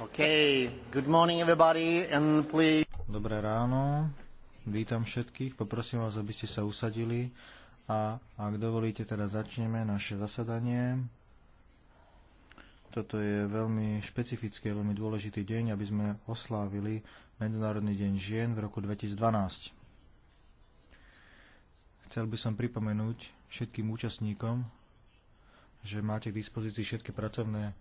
Okay. Good morning everybody and please... Dobré ráno. Vítam všetkých. Poprosím vás, aby ste sa usadili a ak dovolíte, teda začneme naše zasadanie. Toto je veľmi špecifický, veľmi dôležitý deň, aby sme oslávili Medzinárodný deň žien v roku 2012. Chcel by som pripomenúť všetkým účastníkom, že máte k dispozícii všetky pracovné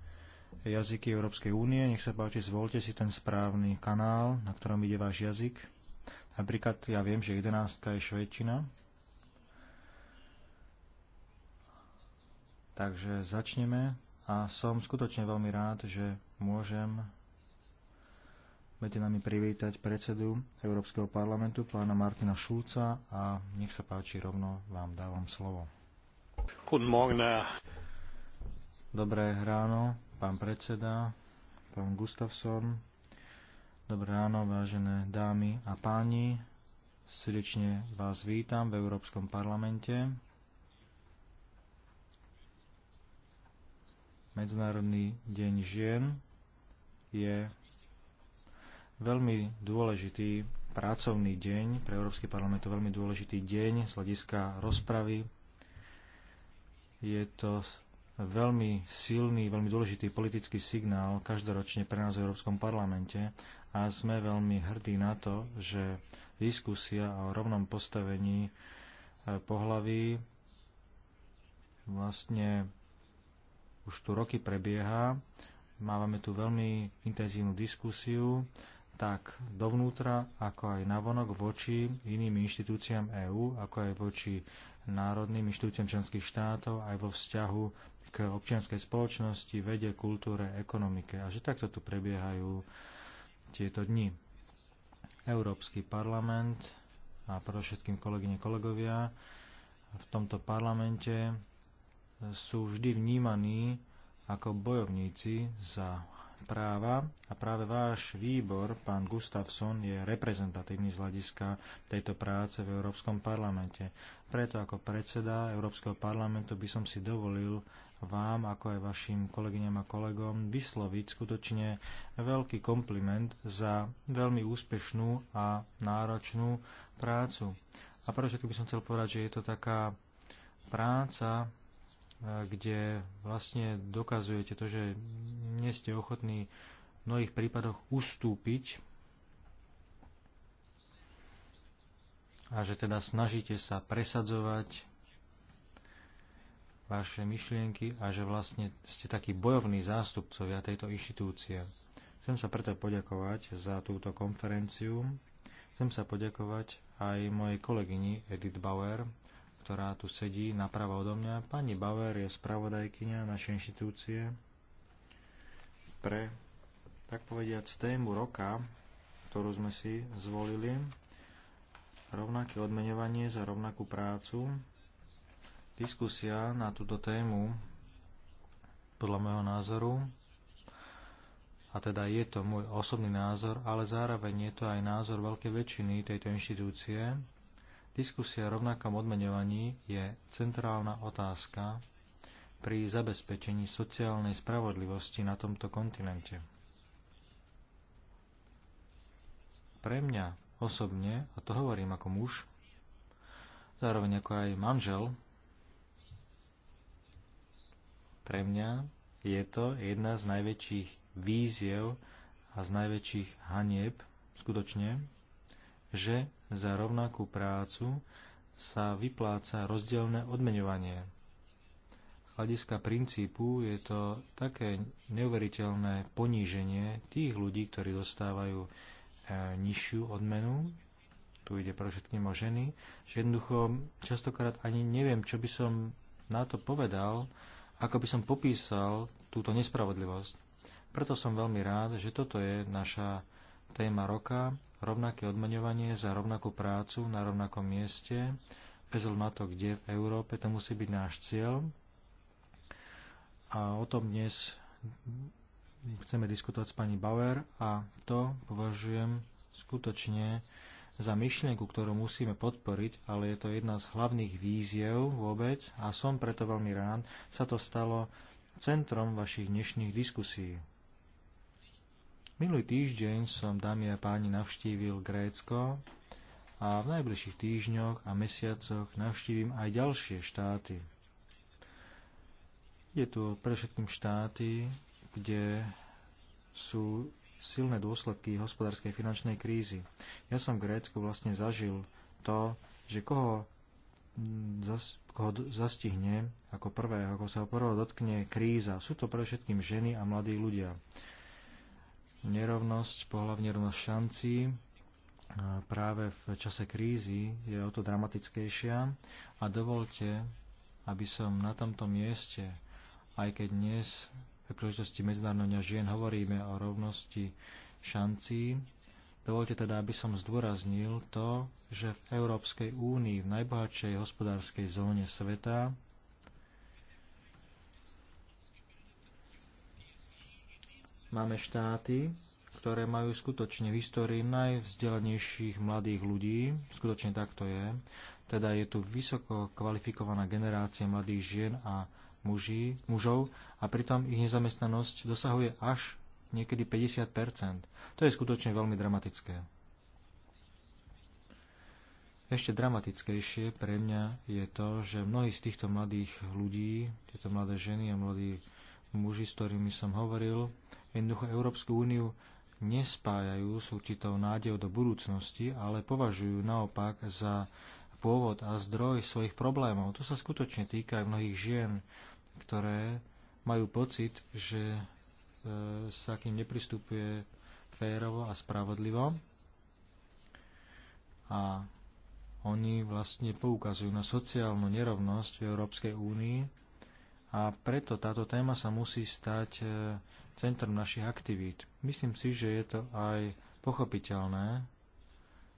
jazyky Európskej únie. Nech sa páči, zvolte si ten správny kanál, na ktorom ide váš jazyk. Napríklad ja viem, že 11. je švedčina. Takže začneme a som skutočne veľmi rád, že môžem medzi nami privítať predsedu Európskeho parlamentu, pána Martina Šulca a nech sa páči, rovno vám dávam slovo. Dobré ráno, pán predseda, pán Gustafsson. Dobré ráno, vážené dámy a páni. Srdečne vás vítam v Európskom parlamente. Medzinárodný deň žien je veľmi dôležitý pracovný deň, pre Európsky parlament to veľmi dôležitý deň z hľadiska rozpravy. Je to veľmi silný, veľmi dôležitý politický signál každoročne pre nás v Európskom parlamente a sme veľmi hrdí na to, že diskusia o rovnom postavení e, pohlaví vlastne už tu roky prebieha. Mávame tu veľmi intenzívnu diskusiu, tak dovnútra, ako aj navonok voči iným inštitúciám EÚ, ako aj voči národným inštitúciám členských štátov, aj vo vzťahu k občianskej spoločnosti, vede, kultúre, ekonomike a že takto tu prebiehajú tieto dni. Európsky parlament a všetkým kolegyne kolegovia v tomto parlamente sú vždy vnímaní ako bojovníci za práva a práve váš výbor, pán Gustafsson, je reprezentatívny z hľadiska tejto práce v Európskom parlamente. Preto ako predseda Európskeho parlamentu by som si dovolil vám, ako aj vašim kolegyňam a kolegom, vysloviť skutočne veľký kompliment za veľmi úspešnú a náročnú prácu. A prvé všetko by som chcel povedať, že je to taká práca, e, kde vlastne dokazujete to, že nie ste ochotní v mnohých prípadoch ustúpiť a že teda snažíte sa presadzovať vaše myšlienky a že vlastne ste takí bojovní zástupcovia tejto inštitúcie. Chcem sa preto poďakovať za túto konferenciu. Chcem sa poďakovať aj mojej kolegyni Edith Bauer, ktorá tu sedí napravo odo mňa. Pani Bauer je spravodajkyňa našej inštitúcie pre, tak povediať, tému roka, ktorú sme si zvolili. Rovnaké odmeňovanie za rovnakú prácu. Diskusia na túto tému, podľa môjho názoru, a teda je to môj osobný názor, ale zároveň je to aj názor veľkej väčšiny tejto inštitúcie, diskusia o rovnakom odmenovaní je centrálna otázka pri zabezpečení sociálnej spravodlivosti na tomto kontinente. Pre mňa osobne, a to hovorím ako muž, zároveň ako aj manžel, pre mňa je to jedna z najväčších víziev a z najväčších hanieb, skutočne, že za rovnakú prácu sa vypláca rozdielne odmeňovanie. Hľadiska princípu je to také neuveriteľné poníženie tých ľudí, ktorí dostávajú e, nižšiu odmenu, tu ide pre všetky o ženy, že jednoducho častokrát ani neviem, čo by som na to povedal, ako by som popísal túto nespravodlivosť. Preto som veľmi rád, že toto je naša téma roka, rovnaké odmeňovanie za rovnakú prácu na rovnakom mieste, bez na to, kde v Európe, to musí byť náš cieľ. A o tom dnes chceme diskutovať s pani Bauer a to považujem skutočne za myšlienku, ktorú musíme podporiť, ale je to jedna z hlavných víziev vôbec a som preto veľmi rád, sa to stalo centrom vašich dnešných diskusí. Minulý týždeň som, dámy a páni, navštívil Grécko a v najbližších týždňoch a mesiacoch navštívim aj ďalšie štáty. Je tu pre všetkým štáty, kde sú silné dôsledky hospodárskej finančnej krízy. Ja som v Grécku vlastne zažil to, že koho, mm, zas, koho zastihne ako prvé, ako sa ho dotkne kríza. Sú to pre všetkým ženy a mladí ľudia. Nerovnosť, pohľavne rovnosť šancí, práve v čase krízy je o to dramatickejšia a dovolte, aby som na tomto mieste, aj keď dnes príležitosti Medzinárodného žien hovoríme o rovnosti šancí. Dovolte teda, aby som zdôraznil to, že v Európskej únii, v najbohatšej hospodárskej zóne sveta, máme štáty, ktoré majú skutočne v histórii najvzdelanejších mladých ľudí. Skutočne tak to je. Teda je tu vysoko kvalifikovaná generácia mladých žien a muži, mužov a pritom ich nezamestnanosť dosahuje až niekedy 50 To je skutočne veľmi dramatické. Ešte dramatickejšie pre mňa je to, že mnohí z týchto mladých ľudí, tieto mladé ženy a mladí muži, s ktorými som hovoril, jednoducho Európsku úniu nespájajú s určitou nádejou do budúcnosti, ale považujú naopak za pôvod a zdroj svojich problémov. To sa skutočne týka aj mnohých žien, ktoré majú pocit, že e, sa k ním nepristupuje férovo a spravodlivo. A oni vlastne poukazujú na sociálnu nerovnosť v Európskej únii a preto táto téma sa musí stať e, centrom našich aktivít. Myslím si, že je to aj pochopiteľné,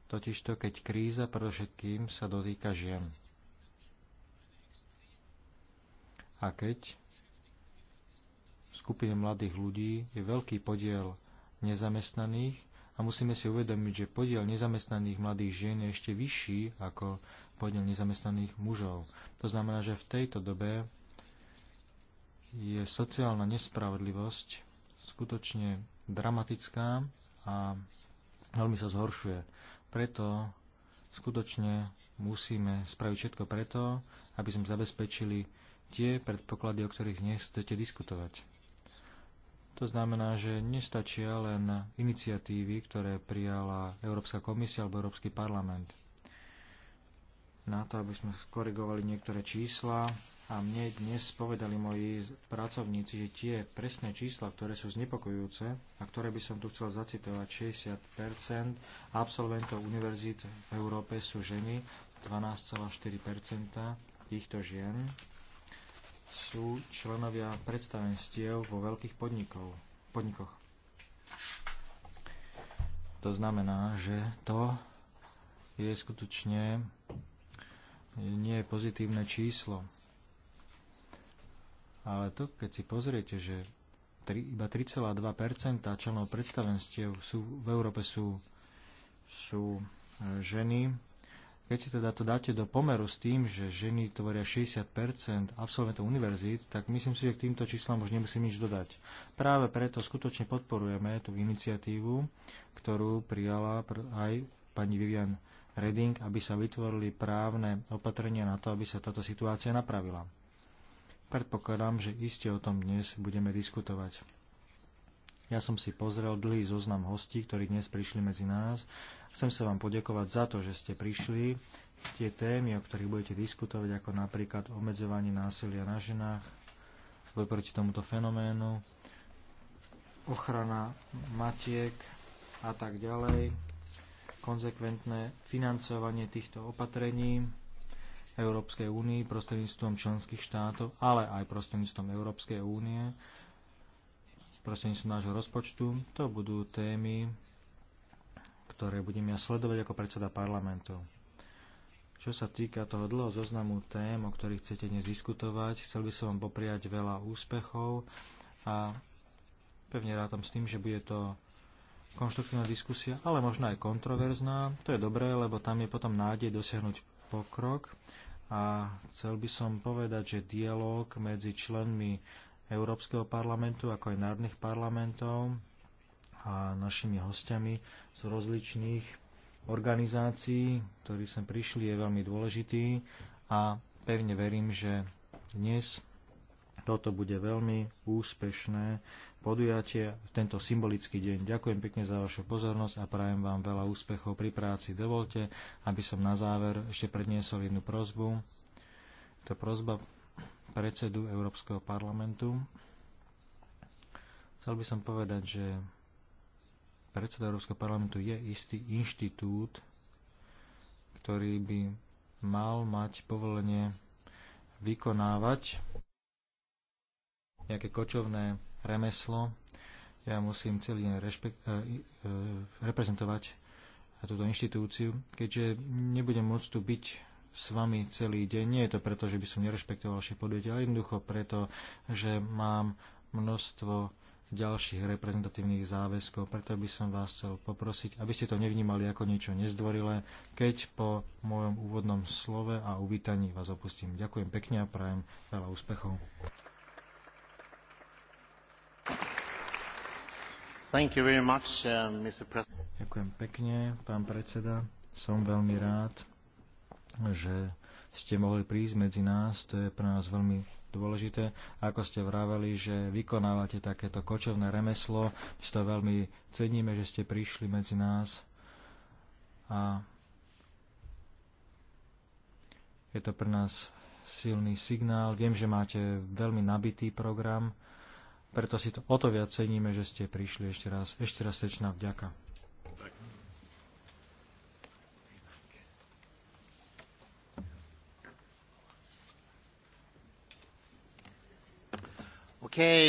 totižto keď kríza predovšetkým sa dotýka žien. A keď v skupine mladých ľudí je veľký podiel nezamestnaných a musíme si uvedomiť, že podiel nezamestnaných mladých žien je ešte vyšší ako podiel nezamestnaných mužov. To znamená, že v tejto dobe je sociálna nespravodlivosť skutočne dramatická a veľmi sa zhoršuje. Preto skutočne musíme spraviť všetko preto, aby sme zabezpečili tie predpoklady, o ktorých dnes chcete diskutovať. To znamená, že nestačia len iniciatívy, ktoré prijala Európska komisia alebo Európsky parlament. Na to, aby sme skorigovali niektoré čísla a mne dnes povedali moji pracovníci, že tie presné čísla, ktoré sú znepokojujúce a ktoré by som tu chcel zacitovať, 60 absolventov univerzít v Európe sú ženy, 12,4 týchto žien sú členovia predstavenstiev vo veľkých podnikov, podnikoch. To znamená, že to je skutočne nie je pozitívne číslo. Ale to, keď si pozriete, že 3, iba 3,2 členov predstavenstiev sú, v Európe sú, sú e, ženy, keď si teda to dáte do pomeru s tým, že ženy tvoria 60 absolventov univerzít, tak myslím si, že k týmto číslam už nemusím nič dodať. Práve preto skutočne podporujeme tú iniciatívu, ktorú prijala aj pani Vivian Reding, aby sa vytvorili právne opatrenia na to, aby sa táto situácia napravila. Predpokladám, že iste o tom dnes budeme diskutovať. Ja som si pozrel dlhý zoznam hostí, ktorí dnes prišli medzi nás Chcem sa vám poďakovať za to, že ste prišli. Tie témy, o ktorých budete diskutovať, ako napríklad obmedzovanie násilia na ženách, boj proti tomuto fenoménu, ochrana matiek a tak ďalej, konzekventné financovanie týchto opatrení Európskej únii prostredníctvom členských štátov, ale aj prostredníctvom Európskej únie, prostredníctvom nášho rozpočtu. To budú témy, ktoré budem ja sledovať ako predseda parlamentu. Čo sa týka toho dlho zoznamu tém, o ktorých chcete dnes diskutovať, chcel by som vám popriať veľa úspechov a pevne rátam s tým, že bude to konštruktívna diskusia, ale možno aj kontroverzná. To je dobré, lebo tam je potom nádej dosiahnuť pokrok. A chcel by som povedať, že dialog medzi členmi Európskeho parlamentu ako aj národných parlamentov a našimi hostiami z rozličných organizácií, ktorí sem prišli, je veľmi dôležitý a pevne verím, že dnes toto bude veľmi úspešné podujatie v tento symbolický deň. Ďakujem pekne za vašu pozornosť a prajem vám veľa úspechov pri práci. Dovolte, aby som na záver ešte predniesol jednu prozbu. To prozba predsedu Európskeho parlamentu. Chcel by som povedať, že predseda Európskeho parlamentu je istý inštitút, ktorý by mal mať povolenie vykonávať nejaké kočovné remeslo. Ja musím celý deň rešpekt, e, e, reprezentovať túto inštitúciu, keďže nebudem môcť tu byť s vami celý deň. Nie je to preto, že by som nerešpektoval vaše podujete, ale jednoducho preto, že mám množstvo ďalších reprezentatívnych záväzkov. Preto by som vás chcel poprosiť, aby ste to nevnímali ako niečo nezdvorilé, keď po mojom úvodnom slove a uvítaní vás opustím. Ďakujem pekne a prajem veľa úspechov. Thank you very much, uh, Mr. Ďakujem pekne, pán predseda. Som veľmi rád, že ste mohli prísť medzi nás. To je pre nás veľmi dôležité. Ako ste vraveli, že vykonávate takéto kočovné remeslo, my to veľmi ceníme, že ste prišli medzi nás a je to pre nás silný signál. Viem, že máte veľmi nabitý program, preto si to o to viac ceníme, že ste prišli ešte raz. Ešte raz tečná vďaka.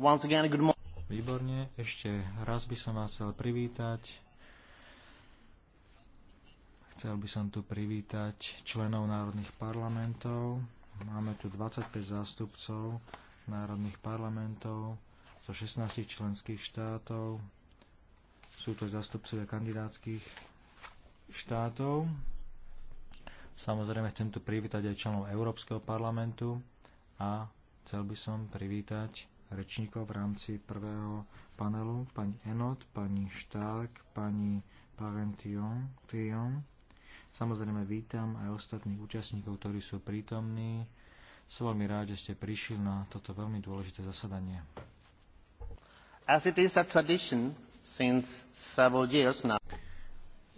Once again, good morning. Výborne, ešte raz by som vás chcel privítať. Chcel by som tu privítať členov národných parlamentov. Máme tu 25 zástupcov národných parlamentov zo 16 členských štátov. Sú to zástupcovia kandidátskych štátov. Samozrejme chcem tu privítať aj členov Európskeho parlamentu a Chcel by som privítať rečníkov v rámci prvého panelu, pani Enot, pani Štárk, pani Parention, Samozrejme vítam aj ostatných účastníkov, ktorí sú prítomní. Som veľmi rád, že ste prišli na toto veľmi dôležité zasadanie. As it is a tradition since several years now,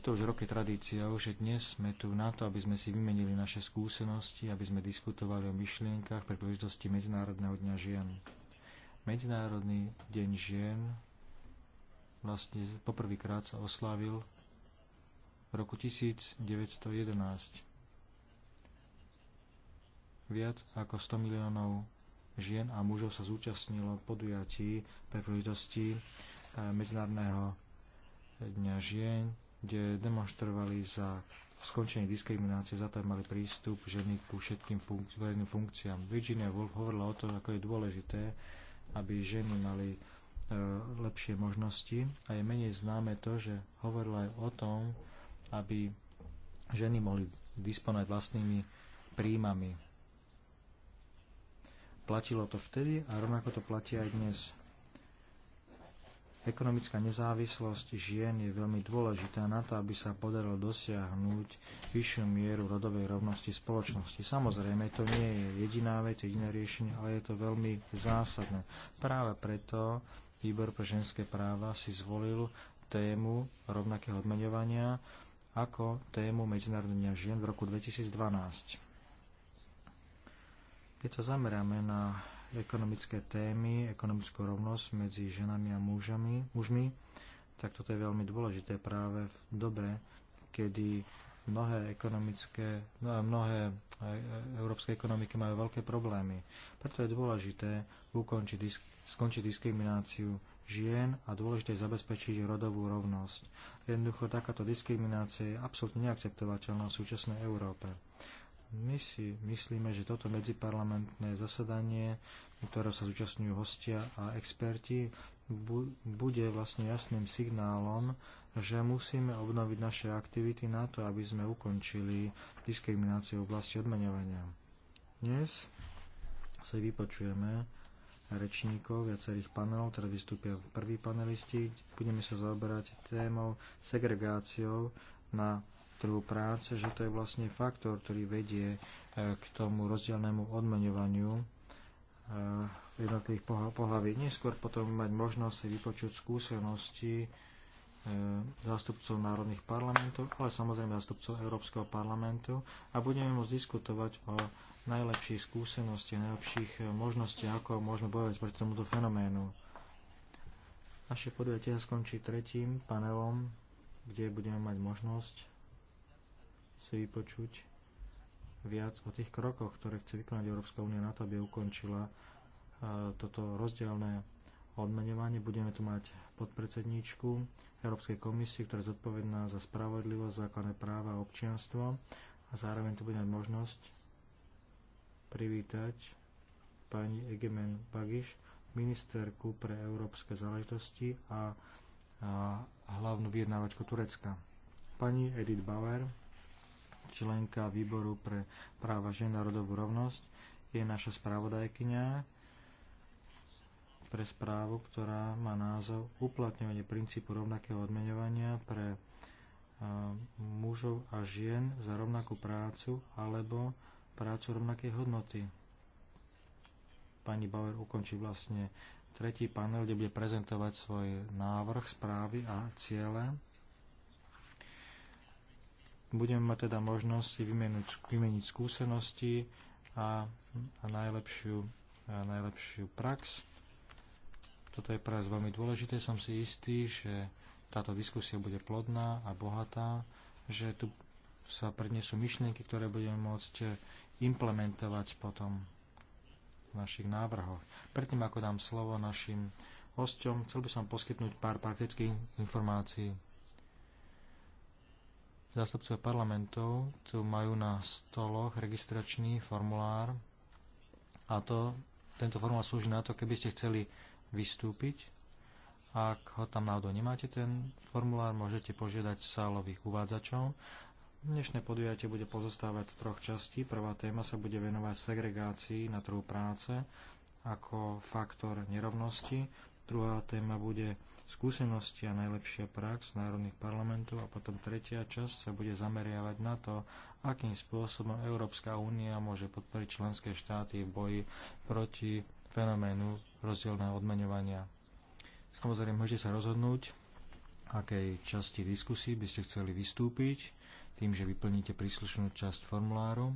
to už roky tradíciou, že dnes sme tu na to, aby sme si vymenili naše skúsenosti, aby sme diskutovali o myšlienkach pri príležitosti Medzinárodného dňa žien. Medzinárodný deň žien vlastne poprvýkrát sa oslávil v roku 1911. Viac ako 100 miliónov žien a mužov sa zúčastnilo podujatí pre príležitosti eh, Medzinárodného dňa žien, kde demonstrovali za skončenie diskriminácie, za to mali prístup ženy ku všetkým funk- verejným funkciám. Virginia Woolf hovorila o tom, ako je dôležité, aby ženy mali e, lepšie možnosti a je menej známe to, že hovorila aj o tom, aby ženy mohli disponovať vlastnými príjmami. Platilo to vtedy a rovnako to platí aj dnes. Ekonomická nezávislosť žien je veľmi dôležitá na to, aby sa podarilo dosiahnuť vyššiu mieru rodovej rovnosti spoločnosti. Samozrejme, to nie je jediná vec, jediné riešenie, ale je to veľmi zásadné. Práve preto Výbor pre ženské práva si zvolil tému rovnakého odmeňovania ako tému Medzinárodnia žien v roku 2012. Keď sa zameráme na ekonomické témy, ekonomickú rovnosť medzi ženami a mužami, mužmi, tak toto je veľmi dôležité práve v dobe, kedy mnohé, ekonomické, no, mnohé e, e, európske ekonomiky majú veľké problémy. Preto je dôležité ukončiť, skončiť diskrimináciu žien a dôležité je zabezpečiť rodovú rovnosť. Jednoducho takáto diskriminácia je absolútne neakceptovateľná v súčasnej Európe. My si myslíme, že toto medziparlamentné zasadanie, ktorého sa zúčastňujú hostia a experti, bude vlastne jasným signálom, že musíme obnoviť naše aktivity na to, aby sme ukončili diskrimináciu v oblasti odmeňovania. Dnes si vypočujeme rečníkov viacerých panelov, teraz vystúpia prví panelisti. Budeme sa zaoberať témou segregáciou na trhu práce, že to je vlastne faktor, ktorý vedie e, k tomu rozdielnemu odmeňovaniu e, jednotlivých pohlaví. Neskôr potom mať možnosť si vypočuť skúsenosti e, zástupcov národných parlamentov, ale samozrejme zástupcov Európskeho parlamentu a budeme môcť diskutovať o najlepších skúsenostiach, najlepších možnostiach, ako môžeme bojovať proti tomuto fenoménu. Naše podujatie skončí tretím panelom, kde budeme mať možnosť si vypočuť viac o tých krokoch, ktoré chce vykonať Európska únia na to, aby ukončila e, toto rozdielne odmenovanie. Budeme tu mať podpredsedníčku Európskej komisie, ktorá je zodpovedná za spravodlivosť, základné práva a občianstvo. A zároveň tu budeme možnosť privítať pani Egemen Bagiš, ministerku pre európske záležitosti a, a hlavnú vyjednávačku Turecka. Pani Edith Bauer, členka výboru pre práva žien a rodovú rovnosť, je naša spravodajkyňa pre správu, ktorá má názov Uplatňovanie princípu rovnakého odmeňovania pre mužov a žien za rovnakú prácu alebo prácu rovnakej hodnoty. Pani Bauer ukončí vlastne tretí panel, kde bude prezentovať svoj návrh správy a ciele budeme mať teda možnosť si vymeniť, vymeniť skúsenosti a, a, najlepšiu, a najlepšiu prax. Toto je pre nás veľmi dôležité. Som si istý, že táto diskusia bude plodná a bohatá, že tu sa prednesú myšlienky, ktoré budeme môcť implementovať potom v našich návrhoch. Predtým, ako dám slovo našim hosťom, chcel by som poskytnúť pár praktických informácií zástupcov parlamentov tu majú na stoloch registračný formulár a to, tento formulár slúži na to, keby ste chceli vystúpiť. Ak ho tam náhodou nemáte, ten formulár môžete požiadať sálových uvádzačov. Dnešné podujatie bude pozostávať z troch častí. Prvá téma sa bude venovať segregácii na trhu práce ako faktor nerovnosti. Druhá téma bude skúsenosti a najlepšia prax národných parlamentov a potom tretia časť sa bude zameriavať na to, akým spôsobom Európska únia môže podporiť členské štáty v boji proti fenoménu rozdielného odmeňovania. Samozrejme, môžete sa rozhodnúť, akej časti diskusí by ste chceli vystúpiť, tým, že vyplníte príslušnú časť formuláru.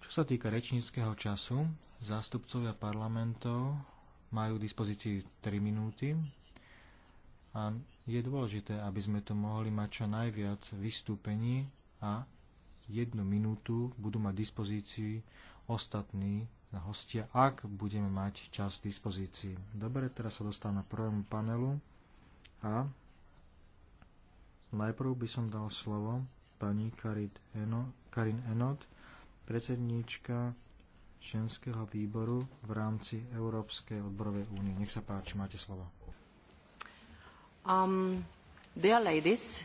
Čo sa týka rečníckého času, zástupcovia parlamentov majú k dispozícii 3 minúty a je dôležité, aby sme to mohli mať čo najviac vystúpení a jednu minútu budú mať dispozícii ostatní hostia, ak budeme mať čas k dispozícii. Dobre, teraz sa dostávam na prvom panelu a najprv by som dal slovo pani Karin Enot, predsedníčka ženského výboru v rámci Európskej odborovej únie. Nech sa páči, máte slovo. Um, dear ladies.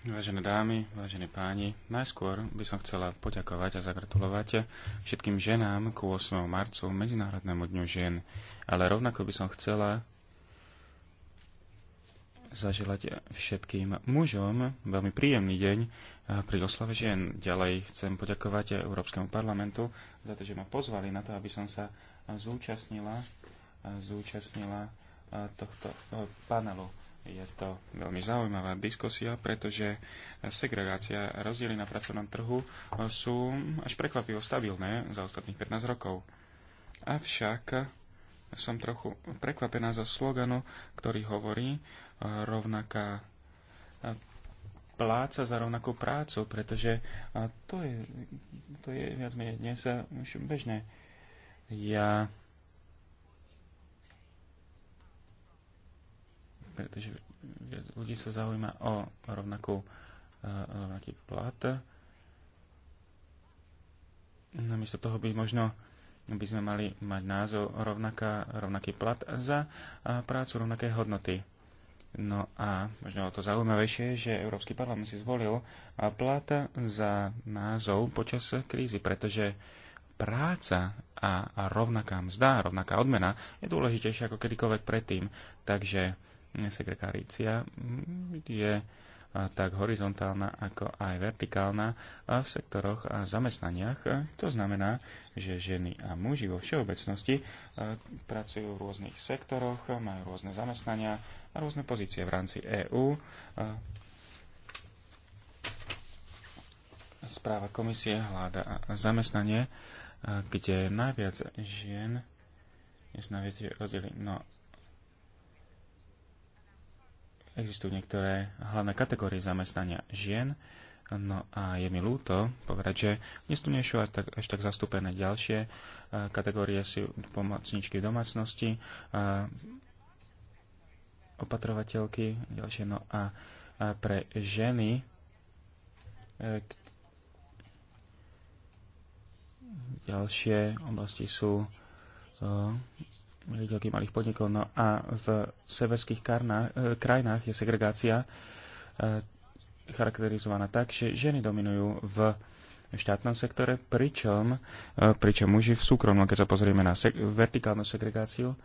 Vážené dámy, vážení páni, najskôr by som chcela poďakovať a zagratulovať všetkým ženám ku 8. marcu, Medzinárodnému dňu žien, ale rovnako by som chcela zaželať všetkým mužom veľmi príjemný deň pri oslave žien. Ďalej chcem poďakovať Európskemu parlamentu za to, že ma pozvali na to, aby som sa zúčastnila, zúčastnila e, tohto e, panelu. Je to veľmi zaujímavá diskusia, pretože segregácia a rozdiely na pracovnom trhu sú až prekvapivo stabilné za ostatných 15 rokov. Avšak som trochu prekvapená zo sloganu, ktorý hovorí e, rovnaká e, pláca za rovnakú prácu, pretože e, to je, to je viac menej dnes už bežné. Ja pretože ľudí sa zaujíma o rovnakú, rovnaký plat. Namiesto toho by možno by sme mali mať názov rovnaká, rovnaký plat za prácu rovnaké hodnoty. No a možno o to zaujímavejšie je, že Európsky parlament si zvolil plat za názov počas krízy, pretože práca a rovnaká mzda, rovnaká odmena je dôležitejšia ako kedykoľvek predtým. Takže sekretáricia je tak horizontálna ako aj vertikálna v sektoroch a zamestnaniach. To znamená, že ženy a muži vo všeobecnosti e, pracujú v rôznych sektoroch, majú rôzne zamestnania a rôzne pozície v rámci EÚ. Správa komisie hľada a zamestnanie, e, kde najviac žien, než najviac rozdiely. No Existujú niektoré hlavné kategórie zamestnania žien, No a je mi ľúto povedať, že dnes tu nie sú až tak, až tak zastúpené ďalšie e, kategórie si pomocničky v domácnosti, e, opatrovateľky, ďalšie. No a pre ženy, e, ďalšie oblasti sú veľký malých podnikov. No a v severských karnách, e, krajinách je segregácia e, charakterizovaná tak, že ženy dominujú v štátnom sektore, pričom, e, pričom muži v súkromnom. Keď sa pozrieme na se, vertikálnu segregáciu, e,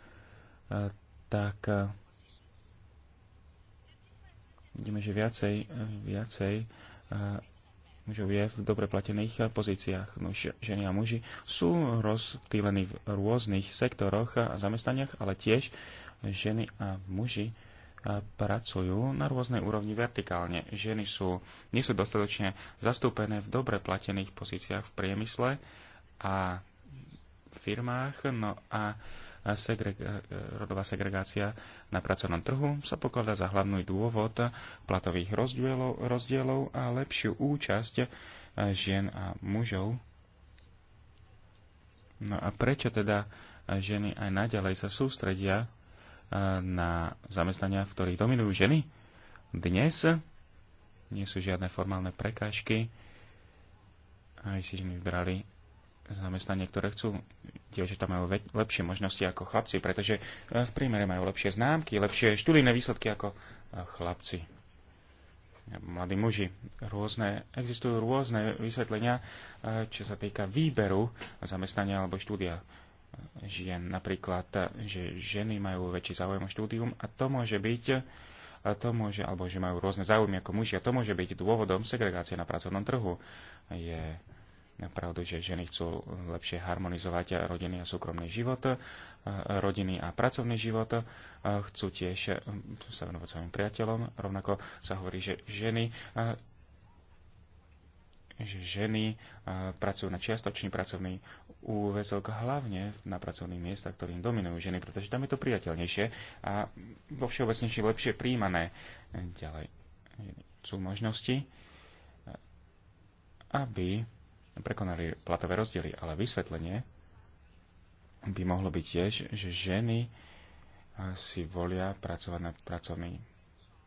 tak e, vidíme, že viacej, viacej e, mužov je v dobre platených pozíciách. Nož ženy a muži sú rozptýlení v rôznych sektoroch a zamestnaniach, ale tiež ženy a muži pracujú na rôznej úrovni vertikálne. Ženy sú, nie sú dostatočne zastúpené v dobre platených pozíciách v priemysle a firmách, no a segre- e, rodová segregácia na pracovnom trhu sa pokladá za hlavný dôvod platových rozdielov, rozdielov a lepšiu účasť e, žien a mužov. No a prečo teda ženy aj naďalej sa sústredia e, na zamestnania, v ktorých dominujú ženy? Dnes nie sú žiadne formálne prekážky, aby si ženy vybrali zamestnanie, ktoré chcú. Dievčatá majú lepšie možnosti ako chlapci, pretože e, v prímere majú lepšie známky, lepšie študijné výsledky ako e, chlapci. E, mladí muži. Rôzne, existujú rôzne vysvetlenia, čo sa týka výberu zamestnania alebo štúdia žien. Napríklad, že ženy majú väčší záujem o štúdium a to môže byť a to môže, alebo že majú rôzne záujmy ako muži a to môže byť dôvodom segregácie na pracovnom trhu. Je pravdu, že ženy chcú lepšie harmonizovať rodinný a súkromný život, e, rodinný a pracovný život, e, chcú tiež e, sa venovať svojim priateľom. Rovnako sa hovorí, že ženy že ženy pracujú na čiastočný pracovný úvezok, hlavne na pracovných miestach, ktorým dominujú ženy, pretože tam je to priateľnejšie a vo všeobecnejšie lepšie príjmané. Ďalej sú možnosti, aby prekonali platové rozdiely, ale vysvetlenie by mohlo byť tiež, že ženy si volia pracovať na pracovný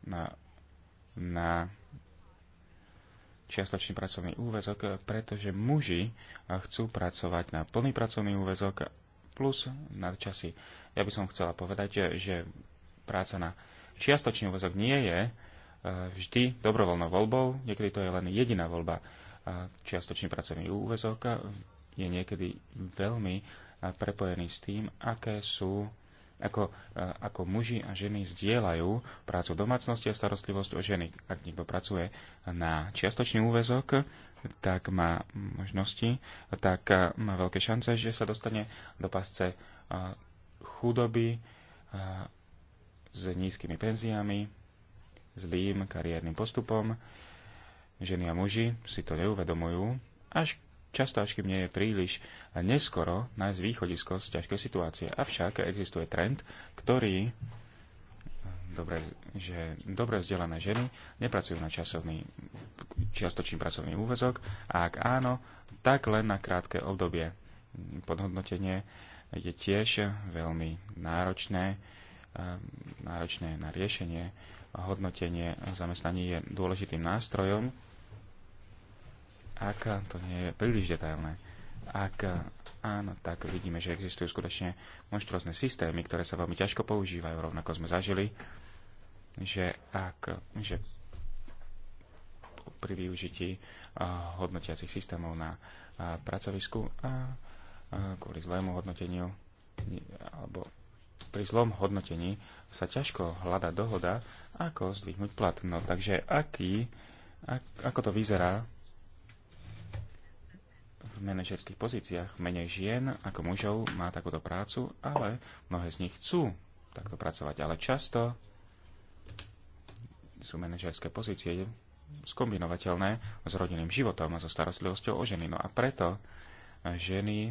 na, na čiastočný pracovný úvezok, pretože muži chcú pracovať na plný pracovný úvezok plus nadčasy. Ja by som chcela povedať, že, že práca na čiastočný úvezok nie je vždy dobrovoľnou voľbou, niekedy to je len jediná voľba a čiastočný pracovný úvezok je niekedy veľmi prepojený s tým, aké sú ako, ako muži a ženy zdieľajú prácu domácnosti a starostlivosť o ženy. Ak niekto pracuje na čiastočný úvezok, tak má možnosti, tak má veľké šance, že sa dostane do pasce chudoby s nízkymi penziami, zlým kariérnym postupom Ženy a muži si to neuvedomujú, až často až kým nie je príliš neskoro nájsť východisko z ťažkej situácie. Avšak existuje trend, ktorý dobre, že dobre vzdelané ženy nepracujú na časovný, čiastočný pracovný úvezok a ak áno, tak len na krátke obdobie. Podhodnotenie je tiež veľmi náročné, ehm, náročné na riešenie. Hodnotenie zamestnaní je dôležitým nástrojom, ak to nie je príliš detailné, ak áno, tak vidíme, že existujú skutočne monštrozne systémy, ktoré sa veľmi ťažko používajú. Rovnako sme zažili, že ak, že pri využití eh, hodnotiacich systémov na eh, pracovisku a eh, kvôli zlému hodnoteniu alebo pri zlom hodnotení sa ťažko hľada dohoda, ako zdvihnúť plat. No takže aký, ak, ako to vyzerá v manažerských pozíciách. Menej žien ako mužov má takúto prácu, ale mnohé z nich chcú takto pracovať. Ale často sú manažerské pozície skombinovateľné s rodinným životom a so starostlivosťou o ženy. No a preto ženy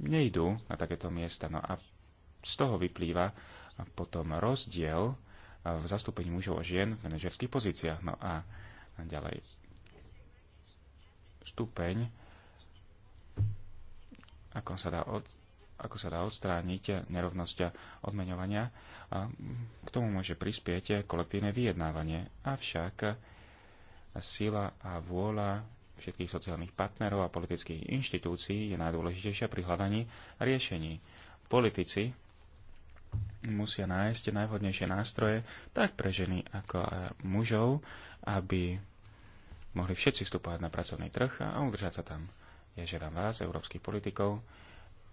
nejdú na takéto miesta. No a z toho vyplýva potom rozdiel v zastúpení mužov a žien v manažerských pozíciách. No a ďalej stupeň, ako sa dá, od, ako sa dá odstrániť nerovnosť odmeňovania. A k tomu môže prispieť kolektívne vyjednávanie. Avšak sila a vôľa všetkých sociálnych partnerov a politických inštitúcií je najdôležitejšia pri hľadaní riešení. Politici musia nájsť najvhodnejšie nástroje tak pre ženy ako aj mužov, aby mohli všetci vstupovať na pracovný trh a udržať sa tam. Ja žiadam vás, európskych politikov,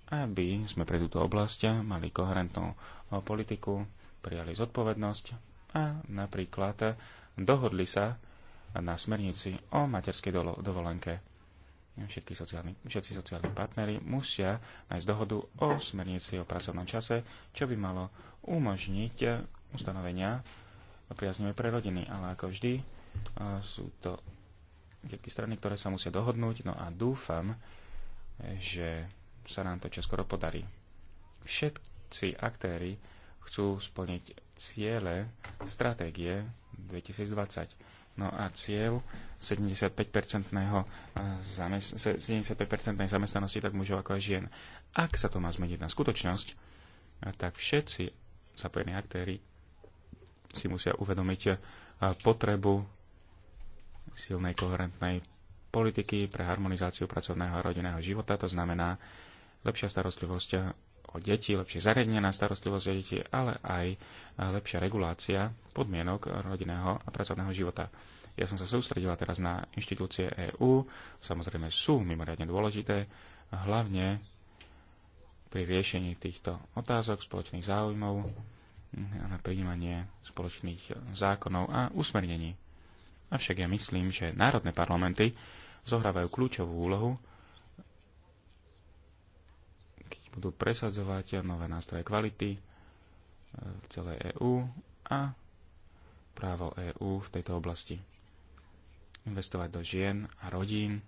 aby sme pre túto oblasť mali koherentnú politiku, prijali zodpovednosť a napríklad dohodli sa na smernici o materskej dovolenke. Všetky sociálni, všetci sociálni partnery musia nájsť dohodu o smernici o pracovnom čase, čo by malo umožniť ustanovenia priaznivé pre rodiny, ale ako vždy sú to všetky strany, ktoré sa musia dohodnúť. No a dúfam, že sa nám to čoskoro podarí. Všetci aktéry chcú splniť ciele stratégie 2020. No a cieľ 75-percentnej 75 zamestnanosti tak mužov ako aj žien. Ak sa to má zmeniť na skutočnosť, tak všetci zapojení aktéry si musia uvedomiť potrebu silnej koherentnej politiky pre harmonizáciu pracovného a rodinného života. To znamená lepšia starostlivosť o deti, lepšie na starostlivosť o deti, ale aj lepšia regulácia podmienok rodinného a pracovného života. Ja som sa sústredila teraz na inštitúcie EÚ, samozrejme sú mimoriadne dôležité, hlavne pri riešení týchto otázok, spoločných záujmov, na prijímanie spoločných zákonov a usmernení. Avšak ja myslím, že národné parlamenty zohrávajú kľúčovú úlohu, keď budú presadzovať nové nástroje kvality e, v celej EÚ a právo EÚ v tejto oblasti. Investovať do žien a rodín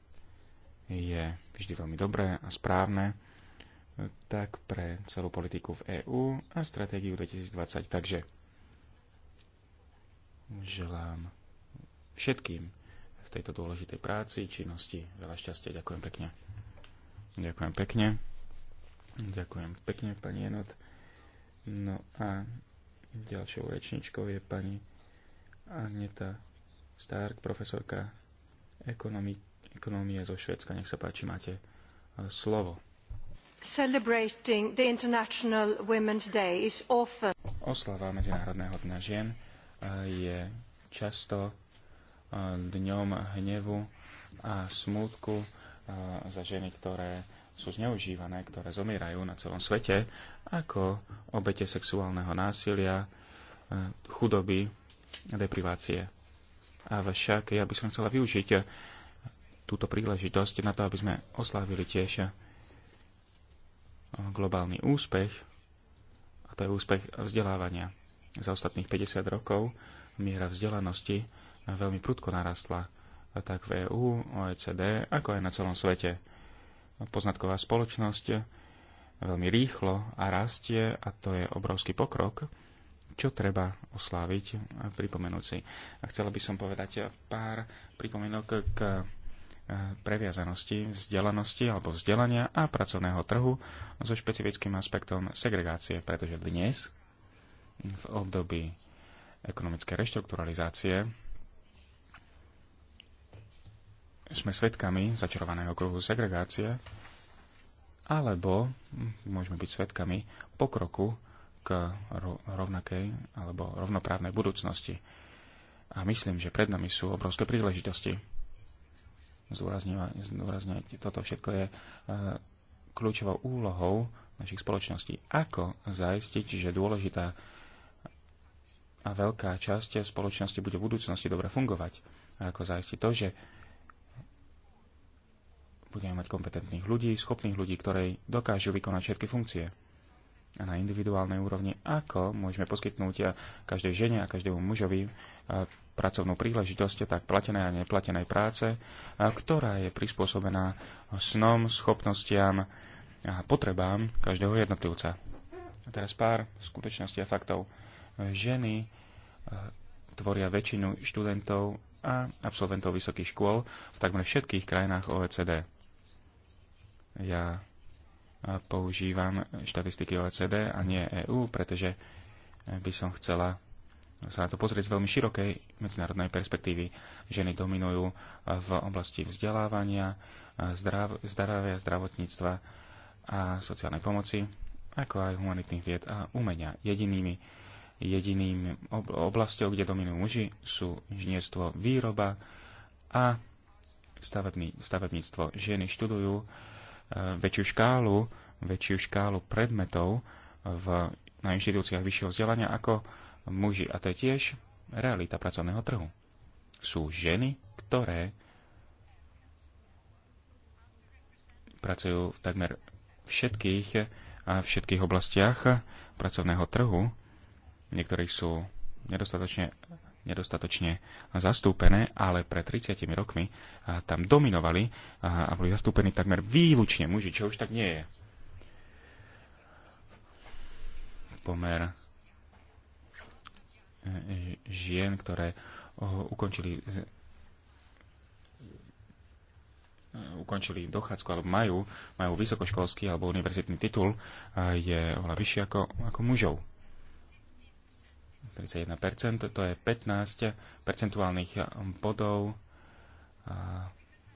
je vždy veľmi dobré a správne, e, tak pre celú politiku v EÚ a stratégiu 2020. Takže želám všetkým v tejto dôležitej práci, činnosti. Veľa šťastia, ďakujem pekne. Ďakujem pekne. Ďakujem pekne, pani Enot. No a ďalšou rečničkou je pani Agneta Stark, profesorka ekonomi- ekonomie zo Švedska. Nech sa páči, máte e, slovo. Celebrating the International Women's Day is often... Oslava Medzinárodného dňa žien e, je často dňom hnevu a smútku za ženy, ktoré sú zneužívané, ktoré zomierajú na celom svete, ako obete sexuálneho násilia, chudoby, deprivácie. Avšak ja by som chcela využiť túto príležitosť na to, aby sme oslávili tiež globálny úspech, a to je úspech vzdelávania. Za ostatných 50 rokov miera vzdelanosti veľmi prudko narastla tak v EÚ, OECD, ako aj na celom svete. Poznatková spoločnosť veľmi rýchlo a rastie a to je obrovský pokrok, čo treba osláviť a pripomenúť si. A chcela by som povedať pár pripomienok k e, previazanosti, vzdelanosti alebo vzdelania a pracovného trhu so špecifickým aspektom segregácie, pretože dnes v období ekonomické reštrukturalizácie sme svetkami začarovaného kruhu segregácie, alebo môžeme byť svetkami pokroku k rovnakej alebo rovnoprávnej budúcnosti. A myslím, že pred nami sú obrovské príležitosti. Zdôrazňovať toto všetko je e, kľúčovou úlohou našich spoločností. Ako zaistiť, že dôležitá a veľká časť spoločnosti bude v budúcnosti dobre fungovať? A ako zaistiť to, že Budeme mať kompetentných ľudí, schopných ľudí, ktorí dokážu vykonať všetky funkcie. A na individuálnej úrovni, ako môžeme poskytnúť eh, každej žene a každému mužovi eh, pracovnú príležitosť, tak platenej a neplatenej práce, eh, ktorá je prispôsobená snom, schopnostiam a potrebám každého jednotlivca. A teraz pár skutočností a faktov. Ženy tvoria väčšinu študentov a absolventov vysokých škôl v takmer všetkých krajinách OECD. Ja e, používam štatistiky OECD a nie EU, pretože e, by som chcela sa na to pozrieť z veľmi širokej medzinárodnej perspektívy. Ženy dominujú e, v oblasti vzdelávania, zdrav, zdravia, zdravotníctva a sociálnej pomoci, ako aj humanitných vied a umenia. Jedinými, jediným oblasťou, kde dominujú muži, sú inžinierstvo, výroba a stavebníctvo. Ženy študujú väčšiu škálu, väčšiu škálu predmetov v, na inštitúciách vyššieho vzdelania ako muži. A to je tiež realita pracovného trhu. Sú ženy, ktoré pracujú v takmer všetkých a všetkých oblastiach pracovného trhu. Niektorí sú nedostatočne nedostatočne zastúpené, ale pred 30 rokmi tam dominovali a boli zastúpení takmer výlučne muži, čo už tak nie je. Pomer e, žien, ktoré ukončili e, ukončili dochádzku alebo majú, majú vysokoškolský alebo univerzitný titul, je oveľa vyšší ako, ako mužov. 31%, to je 15 percentuálnych bodov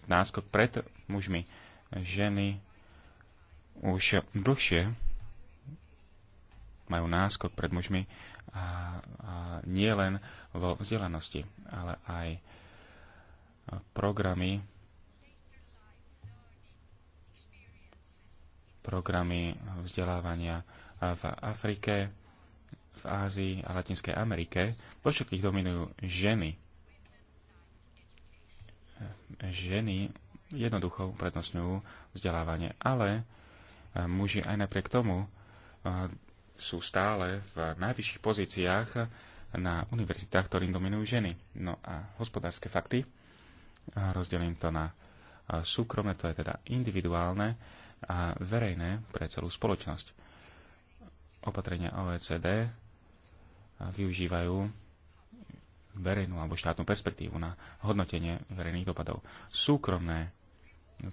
náskok pred mužmi. Ženy už dlhšie majú náskok pred mužmi a, a nie len vo vzdelanosti, ale aj programy programy vzdelávania v Afrike, v Ázii a Latinskej Amerike, vo všetkých dominujú ženy. Ženy jednoducho uprednostňujú vzdelávanie, ale e, muži aj napriek tomu e, sú stále v najvyšších pozíciách na univerzitách, ktorým dominujú ženy. No a hospodárske fakty, e, rozdelím to na súkromné, to je teda individuálne a verejné pre celú spoločnosť. Opatrenia OECD využívajú verejnú alebo štátnu perspektívu na hodnotenie verejných dopadov. Súkromné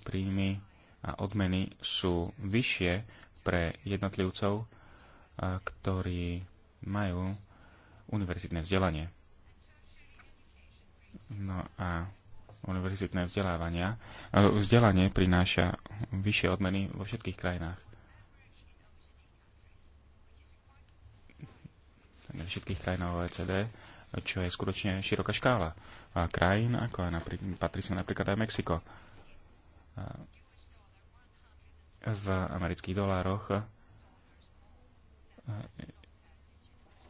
príjmy a odmeny sú vyššie pre jednotlivcov, ktorí majú univerzitné vzdelanie. No a univerzitné vzdelávania, vzdelanie prináša vyššie odmeny vo všetkých krajinách. všetkých krajín OECD, čo je skutočne široká škála a krajín, ako aj patrí sa napríklad aj Mexiko. V amerických dolároch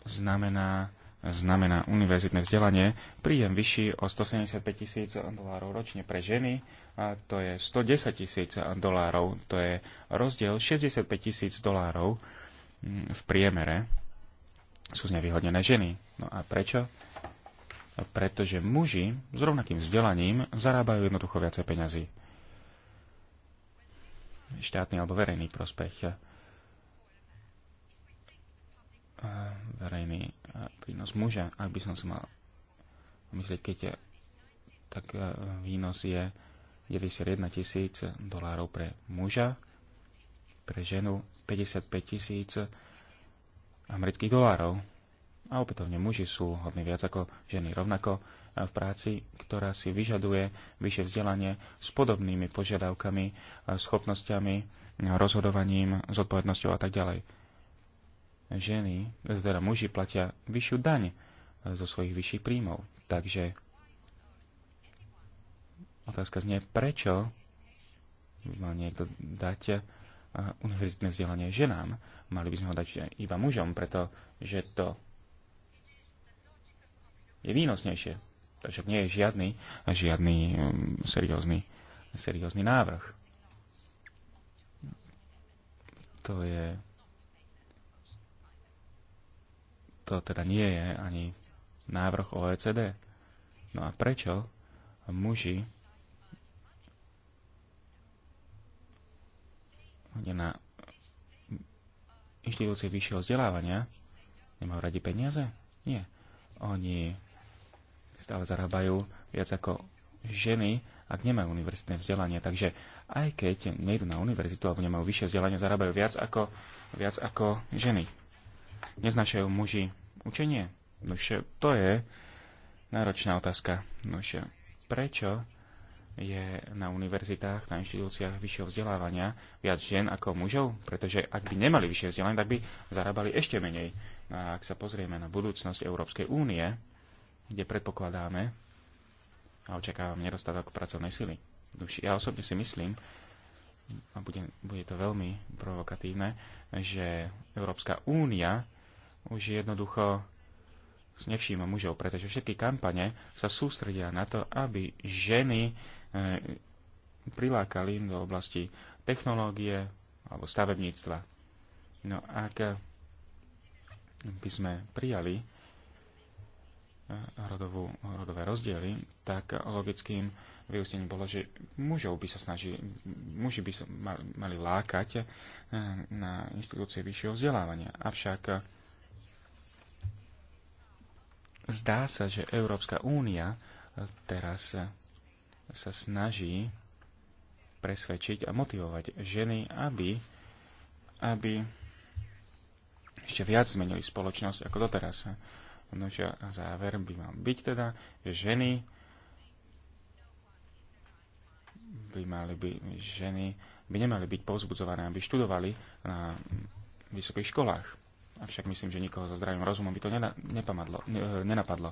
znamená, znamená univerzitné vzdelanie príjem vyšší o 175 tisíc dolárov ročne pre ženy a to je 110 tisíc dolárov, to je rozdiel 65 tisíc dolárov v priemere sú znevýhodnené ženy. No a prečo? No, pretože muži s rovnakým vzdelaním zarábajú jednoducho viacej peňazí. Štátny alebo verejný prospech. Verejný prínos muža, ak by som si mal myslieť, keď je, tak e, výnos je 91 tisíc dolárov pre muža, pre ženu 55 tisíc amerických dolárov. A opätovne muži sú hodní viac ako ženy rovnako eh, v práci, ktorá si vyžaduje vyššie vzdelanie s podobnými požiadavkami, eh, schopnosťami, rozhodovaním, zodpovednosťou a tak ďalej. Ženy, teda muži platia vyššiu daň eh, zo svojich vyšších príjmov. Takže otázka znie, prečo mal niekto dať univerzitné vzdelanie ženám. Mali by sme ho dať iba mužom, pretože to je výnosnejšie. To však nie je žiadny, žiadny um, seriózny, seriózny návrh. To je... To teda nie je ani návrh OECD. No a prečo muži na inštitúcie vyššieho vzdelávania nemajú radi peniaze? Nie. Oni stále zarábajú viac ako ženy, ak nemajú univerzitné vzdelanie. Takže aj keď nejdu na univerzitu alebo nemajú vyššie vzdelanie, zarábajú viac ako, viac ako ženy. Neznašajú muži učenie? Nože, to je náročná otázka. Nože, prečo je na univerzitách, na inštitúciách vyššieho vzdelávania viac žien ako mužov, pretože ak by nemali vyššie vzdelanie, tak by zarábali ešte menej. A ak sa pozrieme na budúcnosť Európskej únie, kde predpokladáme a očakávam nedostatok pracovnej sily. Ja osobne si myslím, a bude, bude to veľmi provokatívne, že Európska únia už jednoducho nevšíma mužov, pretože všetky kampane sa sústredia na to, aby ženy E, prilákali do oblasti technológie alebo stavebníctva. No ak by sme prijali e, rodovú, rodové rozdiely, tak logickým vyústením bolo, že mužov by sa snaži, muži by sa mali lákať e, na inštitúcie vyššieho vzdelávania. Avšak zdá sa, že Európska únia teraz sa snaží presvedčiť a motivovať ženy, aby, aby ešte viac zmenili spoločnosť ako doteraz. No, že záver by mal byť teda, že ženy by mali by, ženy by nemali byť povzbudzované, aby študovali na vysokých školách. Avšak myslím, že nikoho za zdravým rozumom by to nenapadlo.